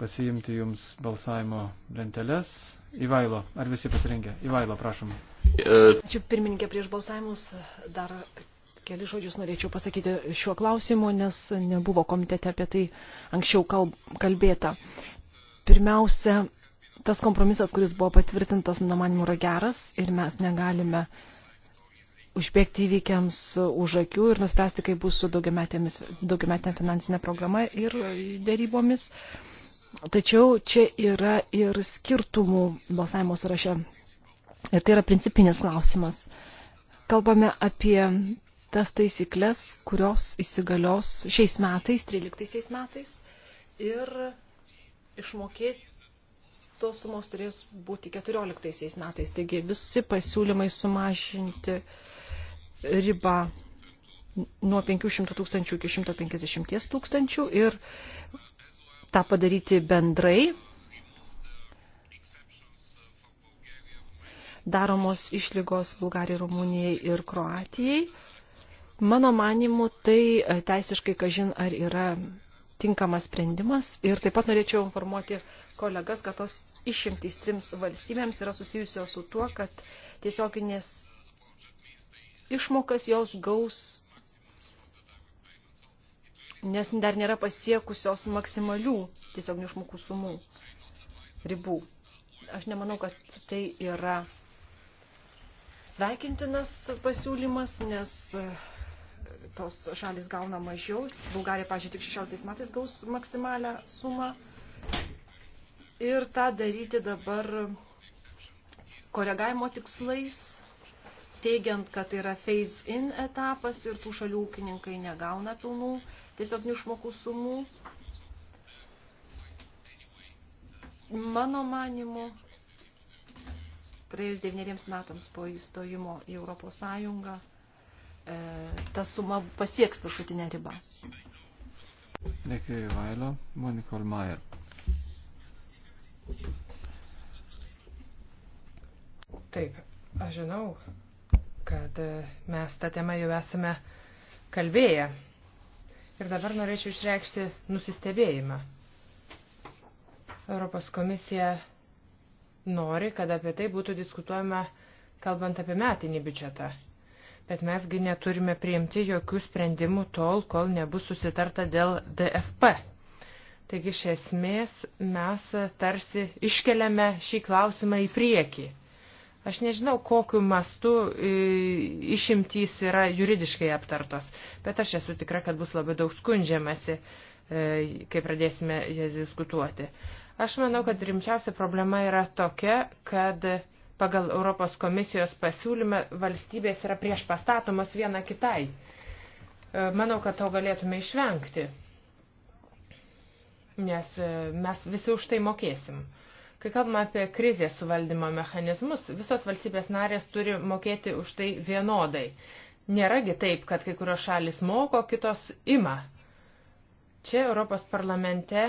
pasiimti jums balsavimo lenteles. Įvailo, ar visi pasirengę? Įvailo, prašom. Ačiū pirmininkė prieš balsavimus. Dar keli žodžius norėčiau pasakyti šiuo klausimu, nes nebuvo komitete apie tai anksčiau kalb, kalbėta. Pirmiausia, tas kompromisas, kuris buvo patvirtintas, mano manimu, yra geras ir mes negalime užbėgti įvykiams už akių ir nuspręsti, kaip bus su daugiametė finansinė programa ir dėrybomis. Tačiau čia yra ir skirtumų balsavimo sąraše. Ir tai yra principinis klausimas. Kalbame apie tas taisyklės, kurios įsigalios šiais metais, 13 metais. Ir išmokėtos sumos turės būti 14 metais. Taigi visi pasiūlymai sumažinti ribą nuo 500 tūkstančių iki 150 tūkstančių ir tą padaryti bendrai. Daromos išlygos Bulgarijai, Rumunijai ir Kroatijai. Mano manimu, tai e, teisiškai kažin ar yra tinkamas sprendimas. Ir taip pat norėčiau informuoti kolegas, kad tos išimtys trims valstybėms yra susijusios su tuo, kad tiesioginės išmokas jos gaus nes dar nėra pasiekusios maksimalių tiesiog išmokų sumų ribų. Aš nemanau, kad tai yra sveikintinas pasiūlymas, nes e, tos šalis gauna mažiau. Bulgarija, pažiūrėjau, tik 16 metais gaus maksimalią sumą. Ir tą daryti dabar koregavimo tikslais, teigiant, kad tai yra phase-in etapas ir tų šalių ūkininkai negauna pilnų tiesioginių išmokų sumų. Mano manimu, praėjus devyneriems metams po įstojimo į Europos Sąjungą, e, ta suma pasieks viršutinę ribą. Dėkui, Vailo. Monika Olmajer. Taip, aš žinau, kad mes tą temą jau esame kalbėję Ir dabar norėčiau išreikšti nusistebėjimą. Europos komisija nori, kad apie tai būtų diskutuojama, kalbant apie metinį biudžetą. Bet mesgi neturime priimti jokių sprendimų tol, kol nebus susitarta dėl DFP. Taigi iš esmės mes tarsi iškeliame šį klausimą į priekį. Aš nežinau, kokiu mastu e, išimtys yra juridiškai aptartos, bet aš esu tikra, kad bus labai daug skundžiamasi, e, kai pradėsime jas diskutuoti. Aš manau, kad rimčiausia problema yra tokia, kad pagal Europos komisijos pasiūlymą valstybės yra prieš pastatomos viena kitai. E, manau, kad to galėtume išvengti, nes mes visi už tai mokėsim. Kai kalbame apie krizės suvaldymo mechanizmus, visos valstybės narės turi mokėti už tai vienodai. Nėragi taip, kad kai kurios šalis moko, kitos ima. Čia Europos parlamente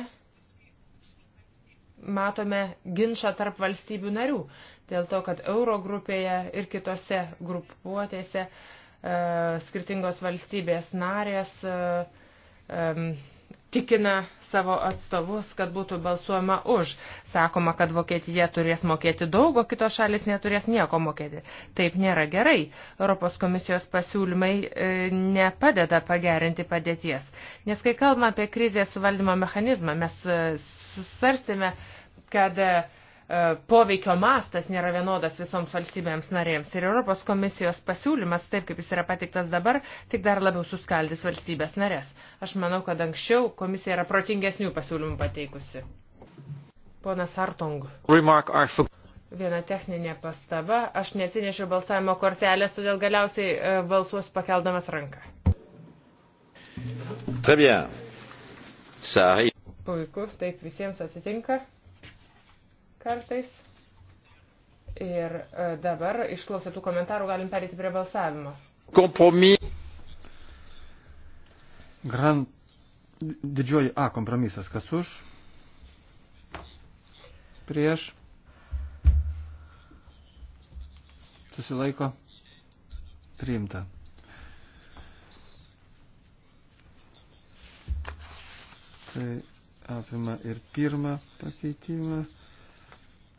matome ginčą tarp valstybių narių, dėl to, kad euro grupėje ir kitose grupuotėse e, skirtingos valstybės narės e, e, tikina savo atstovus, kad būtų balsuojama už. Sakoma, kad Vokietija turės mokėti daug, o kitos šalis neturės nieko mokėti. Taip nėra gerai. Europos komisijos pasiūlymai e, nepadeda pagerinti padėties. Nes kai kalbame apie krizės suvaldymo mechanizmą, mes e, susarstėme, kad e, E, poveikio mastas nėra vienodas visoms valstybėms narėms. Ir Europos komisijos pasiūlymas, taip kaip jis yra patiktas dabar, tik dar labiau suskaldys valstybės narės. Aš manau, kad anksčiau komisija yra protingesnių pasiūlymų pateikusi. Ponas Artong. Viena techninė pastaba. Aš nesinešiu balsavimo kortelės, todėl galiausiai e, balsuos pakeldamas ranką. Puiku, taip visiems atsitinka kartais. Ir e, dabar išklausę tų komentarų galim perėti prie balsavimo. Kompromis. Gran... Didžioji A kompromisas. Kas už? Prieš. Susilaiko. Priimta. Tai apima ir pirmą pakeitimą.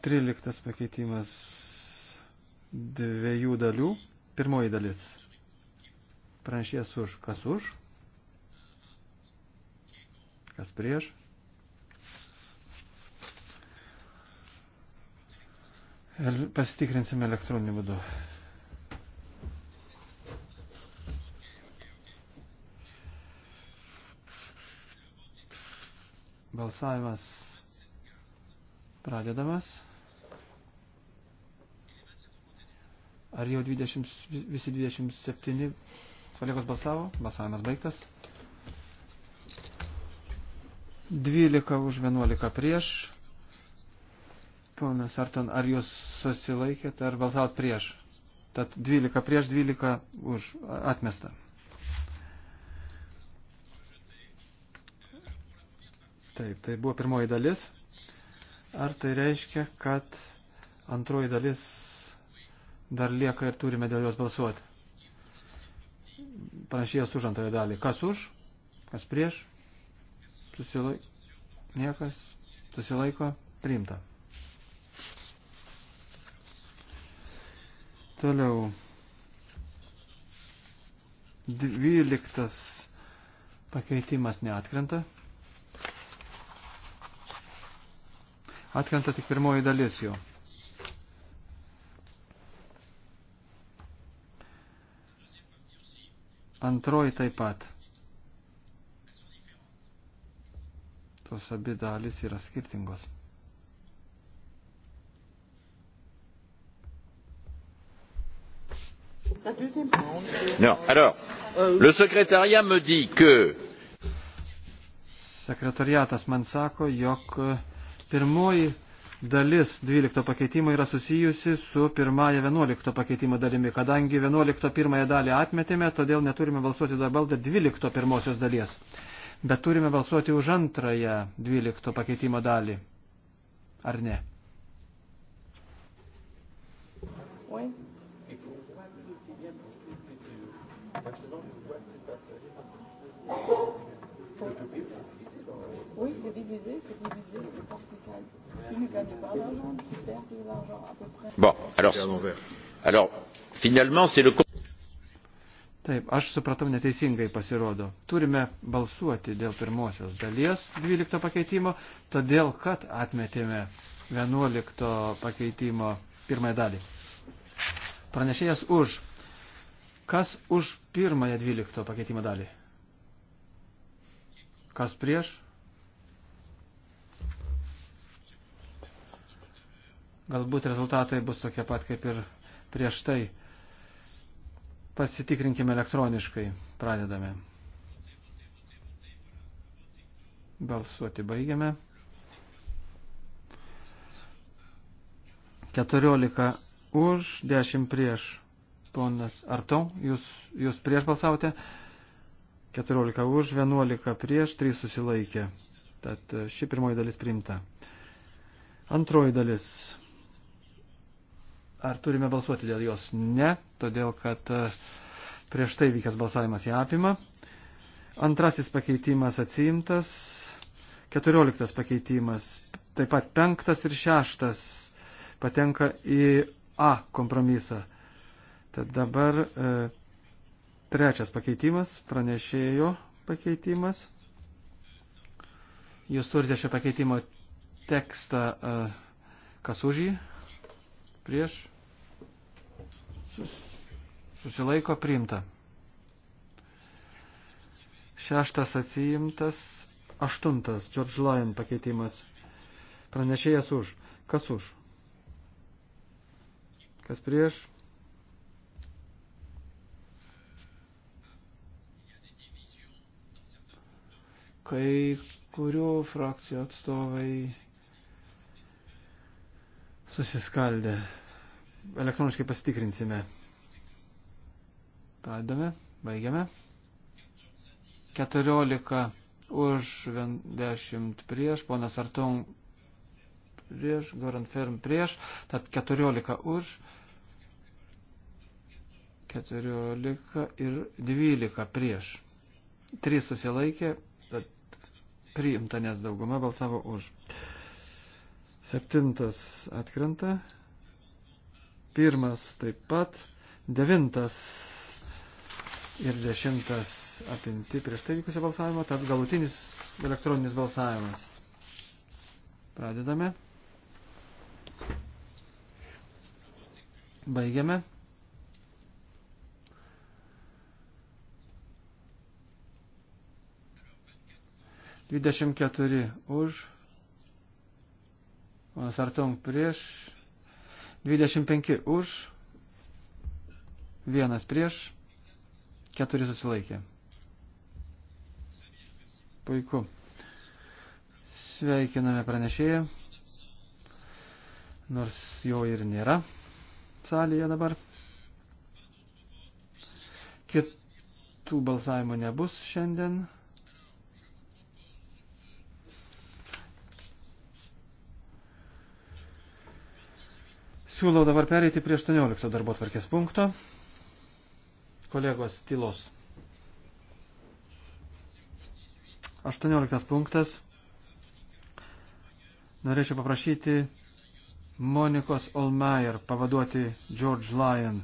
Tryliktas pakeitimas dviejų dalių. Pirmoji dalis. Pranešės už. Kas už? Kas prieš? Ir pasitikrinsime elektroninį būdu. Balsavimas pradedamas. Ar jau 20, visi 27 kolegos balsavo? Balsavimas baigtas. 12 už 11 prieš. Ponas Arton, ar jūs susilaikėt, ar balsavot prieš? Tad 12 prieš 12 už atmestą. Taip, tai buvo pirmoji dalis. Ar tai reiškia, kad antroji dalis dar lieka ir turime dėl jos balsuoti. Panašėjęs už antrąją dalį. Kas už, kas prieš, susilaiko, niekas, susilaiko, priimta. Toliau. Dvyliktas pakeitimas neatkrenta. Atkrenta tik pirmoji dalis jo. Antroji taip pat. Tos abi dalis yra skirtingos. Non, alors, le secrétariat me dit que. Sekretariatas man sako, jog e, pirmoji dalis 12 pakeitimo yra susijusi su pirmąją 11 pakeitimo dalimi. Kadangi 11 pirmąją dalį atmetėme, todėl neturime balsuoti dabar dėl 12 pirmosios dalies. Bet turime balsuoti už antrąją 12 pakeitimo dalį. Ar ne? c'est divisé, c'est divisé. Je pense qu'ils ne gagnent pas d'argent, ils perdent de l'argent à peu près. Bon, alors, alors finalement, c'est le. Taip, aš supratau neteisingai pasirodo. Turime balsuoti dėl pirmosios dalies 12 pakeitimo, todėl kad atmetėme 11 pakeitimo pirmąją dalį. Pranešėjas už. Kas už pirmąją 12 pakeitimo dalį? Kas prieš? galbūt rezultatai bus tokie pat kaip ir prieš tai. Pasitikrinkime elektroniškai. Pradedame. Balsuoti baigiame. 14 už, 10 prieš. Ponas Arton, jūs, jūs prieš balsavote. 14 už, 11 prieš, 3 susilaikė. Tad ši pirmoji dalis priimta. Antroji dalis Ar turime balsuoti dėl jos? Ne, todėl kad e, prieš tai vykęs balsavimas ją apima. Antrasis pakeitimas atsiimtas. Keturioliktas pakeitimas. Taip pat penktas ir šeštas patenka į A kompromisą. Tad dabar e, trečias pakeitimas, pranešėjo pakeitimas. Jūs turite šio pakeitimo tekstą, e, kas už jį, prieš, susilaiko priimta. Šeštas atsijimtas, aštuntas George Lyon pakeitimas. Pranešėjas už. Kas už? Kas prieš? Kai kurių frakcijų atstovai susiskaldė elektroniškai pasitikrinsime. Pradame, baigiame. 14 už 10 prieš, ponas Artung prieš, Goran Ferm prieš, tad 14 už, 14 ir 12 prieš. 3 susilaikė, tad priimta, nes dauguma balsavo už. Septintas atkrenta pirmas taip pat, devintas ir dešimtas apimti prieš tai vykusio balsavimo, tad galutinis elektroninis balsavimas. Pradedame. Baigiame. Dvidešimt keturi už. Sartung prieš. 25 už, vienas prieš, keturi susilaikė. Puiku. Sveikiname pranešėją, nors jo ir nėra salėje dabar. Kitų balsavimo nebus šiandien. Siūlau dabar pereiti prie 18 darbo tvarkės punkto. Kolegos tylos. 18 punktas. Norėčiau paprašyti Monikos Olmayer pavaduoti George Lyon,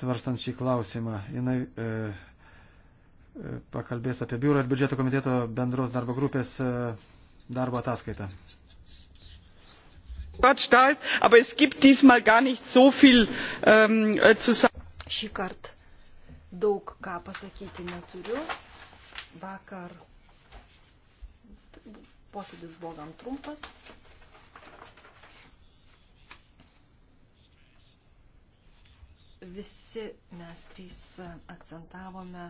svarstant šį klausimą. Jinai e, e, pakalbės apie biurą ir biudžeto komiteto bendros darbo grupės e, darbo ataskaitą quatsch da ist aber es gibt diesmal gar nicht so viel ähm, äh, zu sagen. šįkart daug ką pasakyti neturiu. Vakar posėdis buvo gan trumpas. Visi mes trys akcentavome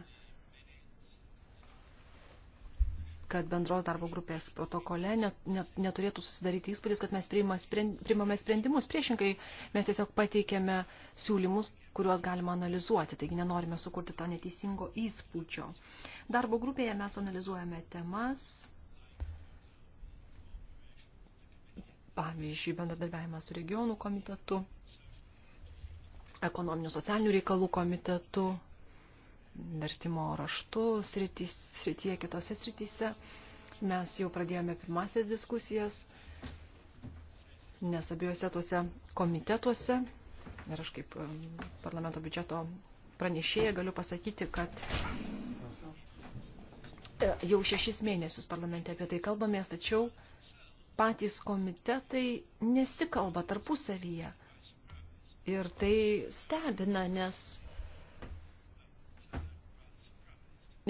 kad bendros darbo grupės protokole net, net, neturėtų susidaryti įspūdis, kad mes priimame sprendimus. Priešinkai, mes tiesiog pateikėme siūlymus, kuriuos galima analizuoti, taigi nenorime sukurti to neteisingo įspūdžio. Darbo grupėje mes analizuojame temas, pavyzdžiui, bendradarbiavimas su regionų komitetu, ekonominių socialinių reikalų komitetu, vertimo raštų sritys, srityje, kitose srityse. Mes jau pradėjome pirmasias diskusijas, nes abiejose tuose komitetuose ir aš kaip parlamento biudžeto pranešėja galiu pasakyti, kad e, jau šešis mėnesius parlamente apie tai kalbamės, tačiau patys komitetai nesikalba tarpusavyje. Ir tai stebina, nes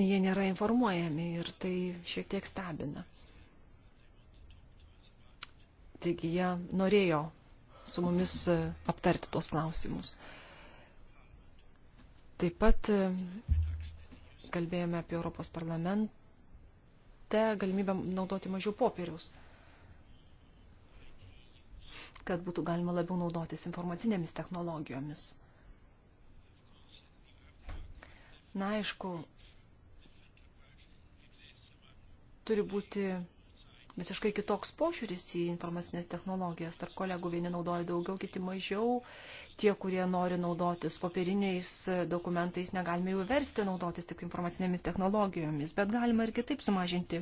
jie nėra informuojami ir tai šiek tiek stebina. Taigi jie norėjo su mumis e, aptarti tuos klausimus. Taip pat e, kalbėjome apie Europos parlamente galimybę naudoti mažiau popieriaus, kad būtų galima labiau naudotis informacinėmis technologijomis. Na, aišku, turi būti visiškai kitoks požiūris į informacinės technologijas. Tarp kolegų vieni naudoja daugiau, kiti mažiau. Tie, kurie nori naudotis popieriniais dokumentais, negalime jų versti naudotis tik informacinėmis technologijomis, bet galima ir kitaip sumažinti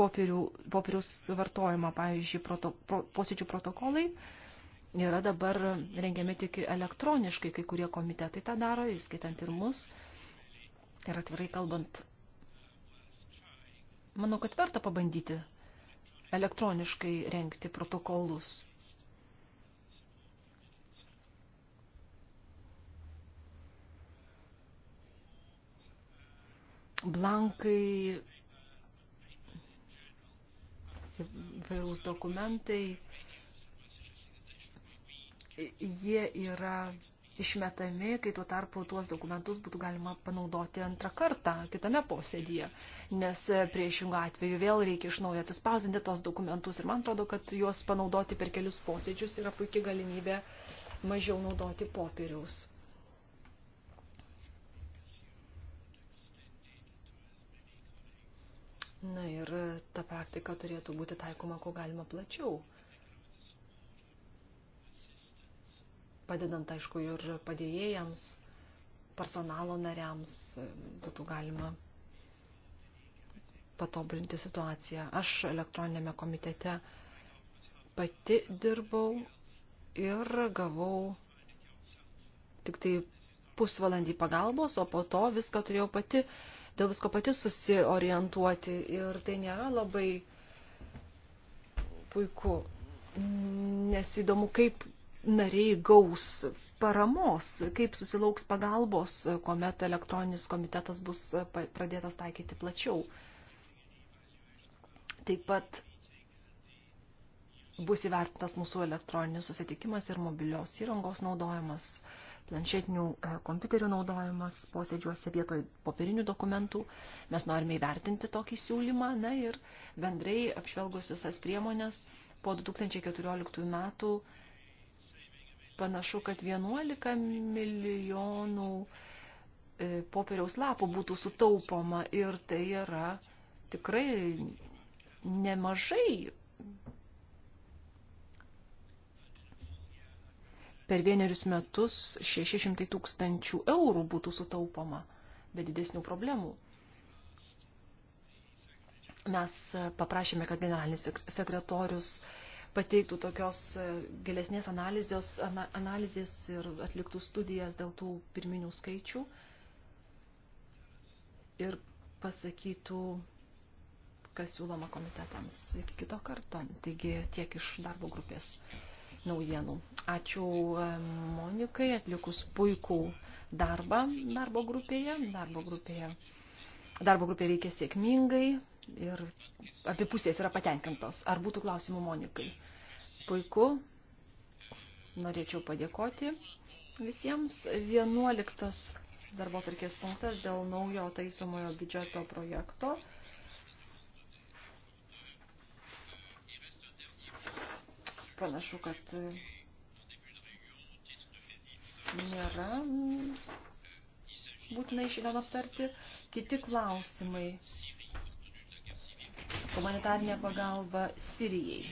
popierių, popierius vartojimą. Pavyzdžiui, proto, pro, posėdžių protokolai yra dabar rengiami tik elektroniškai, kai kurie komitetai tą daro, įskaitant ir mus. Ir atvirai kalbant, Manau, kad verta pabandyti elektroniškai renkti protokolus. Blankai, vairūs dokumentai, jie yra išmetami, kai tuo tarpu tuos dokumentus būtų galima panaudoti antrą kartą kitame posėdyje, nes priešingų atveju vėl reikia iš naujo atsispausdinti tos dokumentus ir man atrodo, kad juos panaudoti per kelius posėdžius yra puikia galimybė mažiau naudoti popieriaus. Na ir ta praktika turėtų būti taikoma, ko galima plačiau. padedant, aišku, ir padėjėjams, personalo nariams būtų galima patobulinti situaciją. Aš elektroninėme komitete pati dirbau ir gavau tik tai pusvalandį pagalbos, o po to viską turėjau pati, dėl visko pati susiorientuoti ir tai nėra labai puiku, nes įdomu, kaip nariai gaus paramos, kaip susilauks pagalbos, kuomet elektroninis komitetas bus e, pradėtas taikyti plačiau. Taip pat bus įvertintas mūsų elektroninis susitikimas ir mobilios įrangos naudojimas, planšetinių e, kompiuterių naudojimas posėdžiuose vietoj popierinių dokumentų. Mes norime įvertinti tokį siūlymą na, ir bendrai apžvelgus visas priemonės po 2014 metų panašu, kad 11 milijonų e, popieriaus lapų būtų sutaupoma ir tai yra tikrai nemažai. Per vienerius metus 600 tūkstančių eurų būtų sutaupoma be didesnių problemų. Mes paprašėme, kad generalinis sekretorius uh, pateiktų tokios e, gilesnės analizės, analizės ir atliktų studijas dėl tų pirminių skaičių ir pasakytų, kas siūloma komitetams iki kito karto. Taigi tiek iš darbo grupės naujienų. Ačiū e, Monikai atlikus puikų darbą darbo grupėje. Darbo grupėje, darbo grupėje veikia sėkmingai ir abi pusės yra patenkintos. Ar būtų klausimų Monikai? Puiku. Norėčiau padėkoti visiems. 11 darbo tarkės punktas dėl naujo taisomojo biudžeto projekto. Panašu, kad nėra būtinai šiandien aptarti. Kiti klausimai humanitarinę pagalbą Sirijai.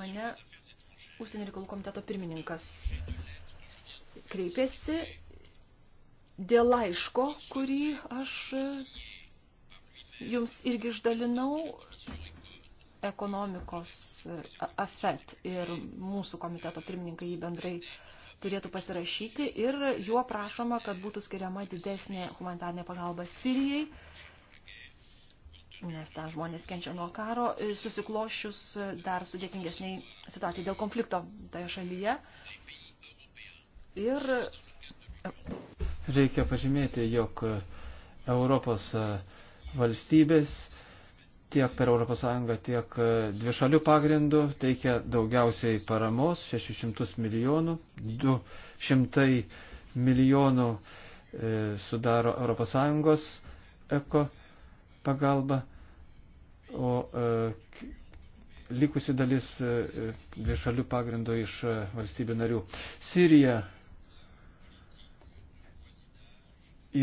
Mane užsienio reikalų komiteto pirmininkas kreipėsi dėl laiško, kurį aš jums irgi išdalinau ekonomikos afet ir mūsų komiteto pirmininkai jį bendrai turėtų pasirašyti ir juo prašoma, kad būtų skiriama didesnė humanitarnė pagalba Sirijai, nes ten žmonės kenčia nuo karo, e, susiklošius e, dar sudėtingesniai situacijai dėl konflikto toje šalyje. Ir... E, Reikia pažymėti, jog Europos valstybės tiek per ES, tiek e, dvišalių pagrindų teikia daugiausiai paramos - 600 milijonų, 200 milijonų e, sudaro ES eko pagalba, o e, likusi dalis e, dvišalių pagrindų iš e, valstybių narių. Sirija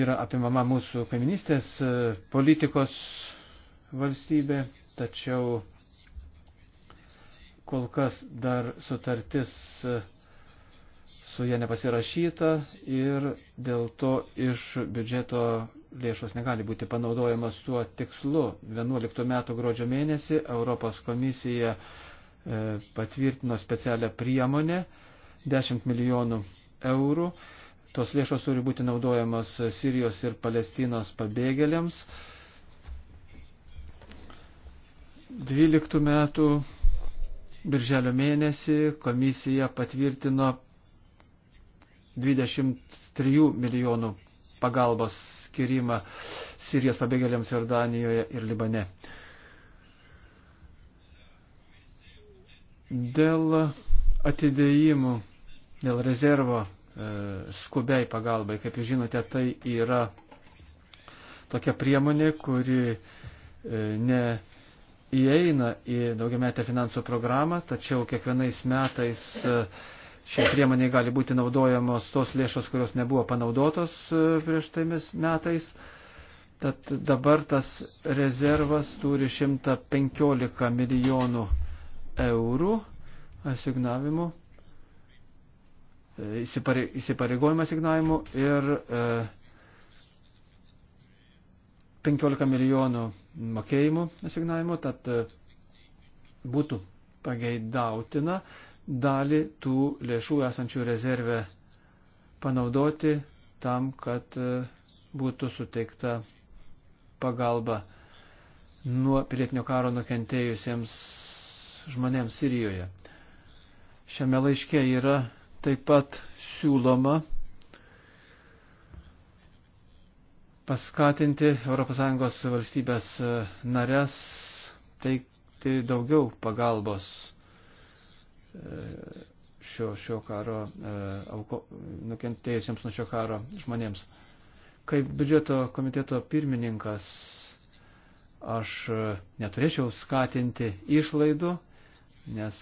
yra apimama mūsų kaiminystės e, politikos valstybė, tačiau kol kas dar sutartis e, su jie nepasirašyta ir dėl to iš biudžeto lėšos negali būti panaudojamas tuo tikslu. 11 metų gruodžio mėnesį Europos komisija e, patvirtino specialią priemonę 10 milijonų eurų. Tos lėšos turi būti naudojamos Sirijos ir Palestinos pabėgėliams. 12 metų birželio mėnesį komisija patvirtino 23 milijonų pagalbos skirimą Sirijos pabėgėliams Jordanijoje ir Libane. Dėl atidėjimų, dėl rezervo e, skubiai pagalbai, kaip jūs žinote, tai yra tokia priemonė, kuri e, ne įeina į daugiametę finansų programą, tačiau kiekvienais metais e, šie priemoniai gali būti naudojamos tos lėšos, kurios nebuvo panaudotos e, prieš taimis metais. Tad dabar tas rezervas turi 115 milijonų eurų asignavimų, e, įsipareigojimą asignavimų ir e, 15 milijonų mokėjimų asignavimų, tad e, būtų pageidautina dalį tų lėšų esančių rezervę panaudoti tam, kad e, būtų suteikta pagalba nuo pilietinio karo nukentėjusiems žmonėms Sirijoje. Šiame laiške yra taip pat siūloma paskatinti ES valstybės e, narės teikti daugiau pagalbos e, šio, šio karo, e, auko, nukentėjusiems nuo šio karo žmonėms. Kaip biudžeto komiteto pirmininkas aš neturėčiau skatinti išlaidų, nes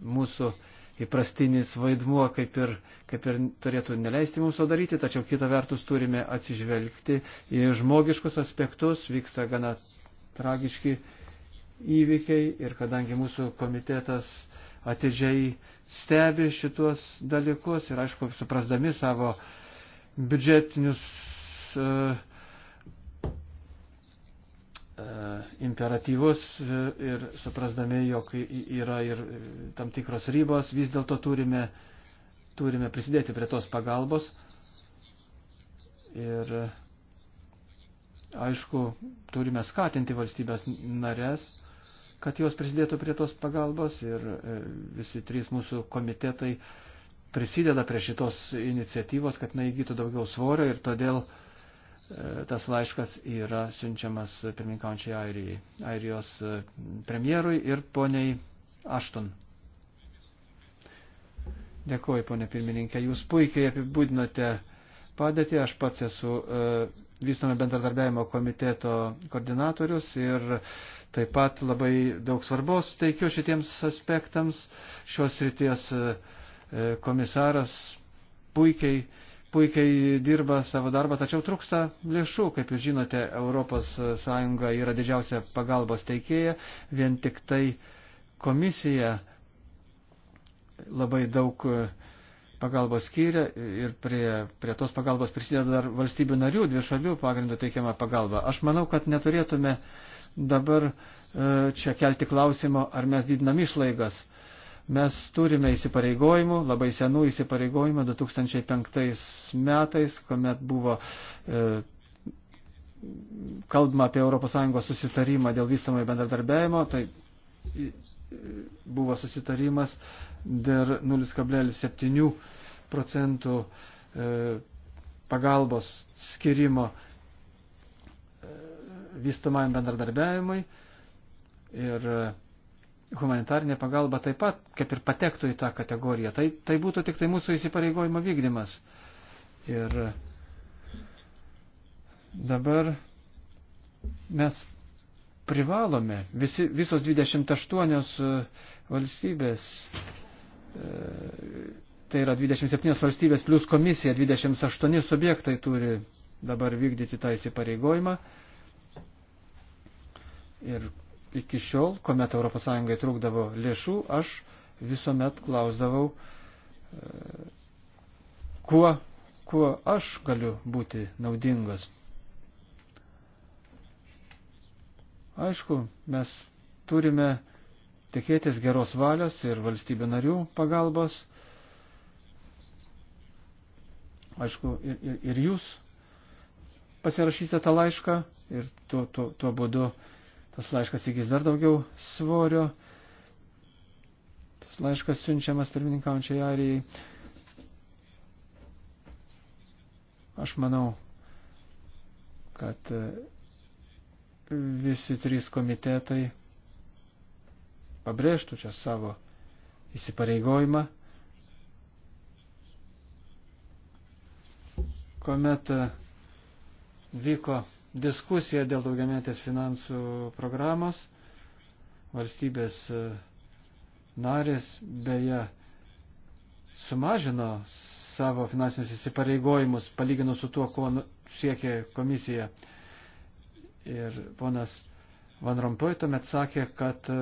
mūsų uh, įprastinis vaidmuo, kaip ir, kaip ir turėtų neleisti mums to daryti, tačiau kita vertus turime atsižvelgti į žmogiškus aspektus, vyksta gana tragiški įvykiai ir kadangi mūsų komitetas atidžiai stebi šituos dalykus ir aišku, suprasdami savo biudžetinius uh, E, imperatyvus e, ir suprasdami, jog yra ir e, tam tikros ribos, vis dėlto turime, turime prisidėti prie tos pagalbos. Ir aišku, turime skatinti valstybės narės, kad jos prisidėtų prie tos pagalbos ir visi trys mūsų komitetai prisideda prie šitos iniciatyvos, kad jinai įgytų daugiau svorio ir todėl uh, tas laiškas yra siunčiamas pirmininkaujančiai Airijai, Airijos e, premjerui ir poniai Ašton. Dėkuoju, ponė pirmininkė, jūs puikiai apibūdinote padėtį, aš pats esu e, vystome bendradarbiavimo komiteto koordinatorius ir taip pat labai daug svarbos teikiu šitiems aspektams. Šios ryties e, komisaras puikiai puikiai dirba savo darbą, tačiau trūksta lėšų. Kaip jūs žinote, ES yra didžiausia pagalbos teikėja, vien tik tai komisija labai daug e, pagalbos skiria ir prie, prie tos pagalbos prisideda dar valstybių narių, dvišalių pagrindų teikiama pagalba. Aš manau, kad neturėtume dabar e, čia kelti klausimo, ar mes didinam išlaigas Mes turime įsipareigojimų, labai senų įsipareigojimų 2005 metais, kuomet buvo e, kalbama apie ES susitarimą dėl vystamai bendradarbiajimo, tai e, buvo susitarimas dėl 0,7 procentų e, pagalbos skirimo e, vystamajam bendradarbiajimui. Ir humanitarinė pagalba taip pat, kaip ir patektų į tą kategoriją. Tai, tai būtų tik tai mūsų įsipareigojimo vykdymas. Ir dabar mes privalome, visi, visos 28 e, valstybės, e, tai yra 27 valstybės plus komisija, 28 subjektai turi dabar vykdyti tą įsipareigojimą. Ir iki šiol, kuomet ES trūkdavo lėšų, aš visuomet klausdavau, e, kuo, kuo aš galiu būti naudingas. Aišku, mes turime tikėtis geros valios ir valstybių narių pagalbos. Aišku, ir, ir, ir jūs pasirašysite tą laišką ir tuo, tuo, tuo būdu uh, tas laiškas įgis dar daugiau svorio. Tas laiškas siunčiamas pirmininkaujančiai arijai. Aš manau, kad e, visi trys komitetai pabrėžtų čia savo įsipareigojimą, kuomet e, vyko diskusiją dėl daugiametės finansų programos. Valstybės e, narės beje sumažino savo finansinius įsipareigojimus palyginus su tuo, ko nu, siekė komisija. Ir ponas Van Rompuy tuomet sakė, kad e,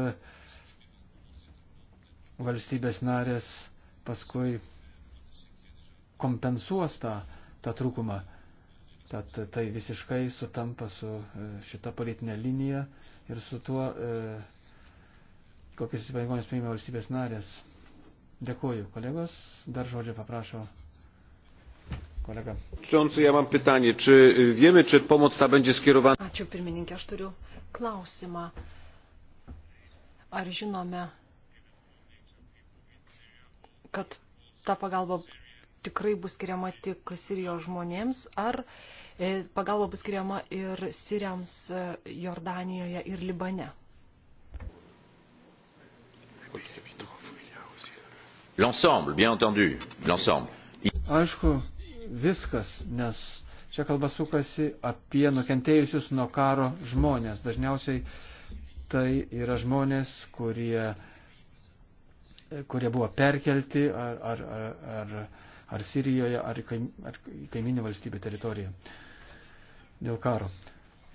valstybės narės paskui kompensuos tą, tą trūkumą. Tad tai visiškai sutampa su e, šita politinė linija ir su tuo, e, kokius įsipareigojimus priima valstybės narės. Dėkuoju, kolegos. Dar žodžio paprašo kolega. Przewodniczący, ja mam pytanie, czy wiemy, czy pomoc ta będzie skierowana... Ačiū pirmininkė, aš turiu klausimą. Ar žinome, kad ta pagalba tikrai bus skiriama tik Sirijos žmonėms, ar e, pagalba bus skiriama ir Siriams e, Jordanijoje ir Libane? L'ensemble, bien entendu, l'ensemble. Aišku, viskas, nes čia kalba sukasi apie nukentėjusius nuo karo žmonės. Dažniausiai tai yra žmonės, kurie, kurie buvo perkelti ar, ar, ar, ar ar Sirijoje, ar, kaim, ar kaiminė valstybė teritorija dėl karo.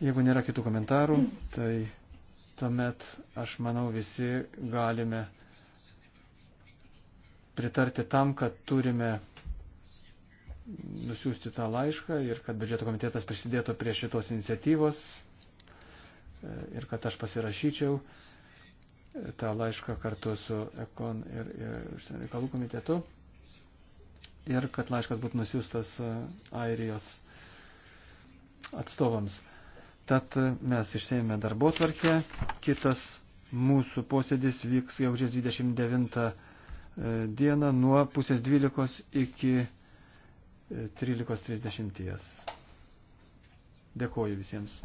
Jeigu nėra kitų komentarų, tai tuomet aš manau visi galime pritarti tam, kad turime nusiųsti tą laišką ir kad biudžeto komitetas prisidėtų prie šitos iniciatyvos e, ir kad aš pasirašyčiau e, tą laišką kartu su Ekon ir, ir užsienio reikalų komitetu ir kad laiškas būtų nusiųstas e, Airijos atstovams. Tad e, mes išsėjome darbo tvarkę. Kitas mūsų posėdis vyks gegužės 29 e, dieną nuo pusės 12 iki 13.30. Dėkuoju visiems.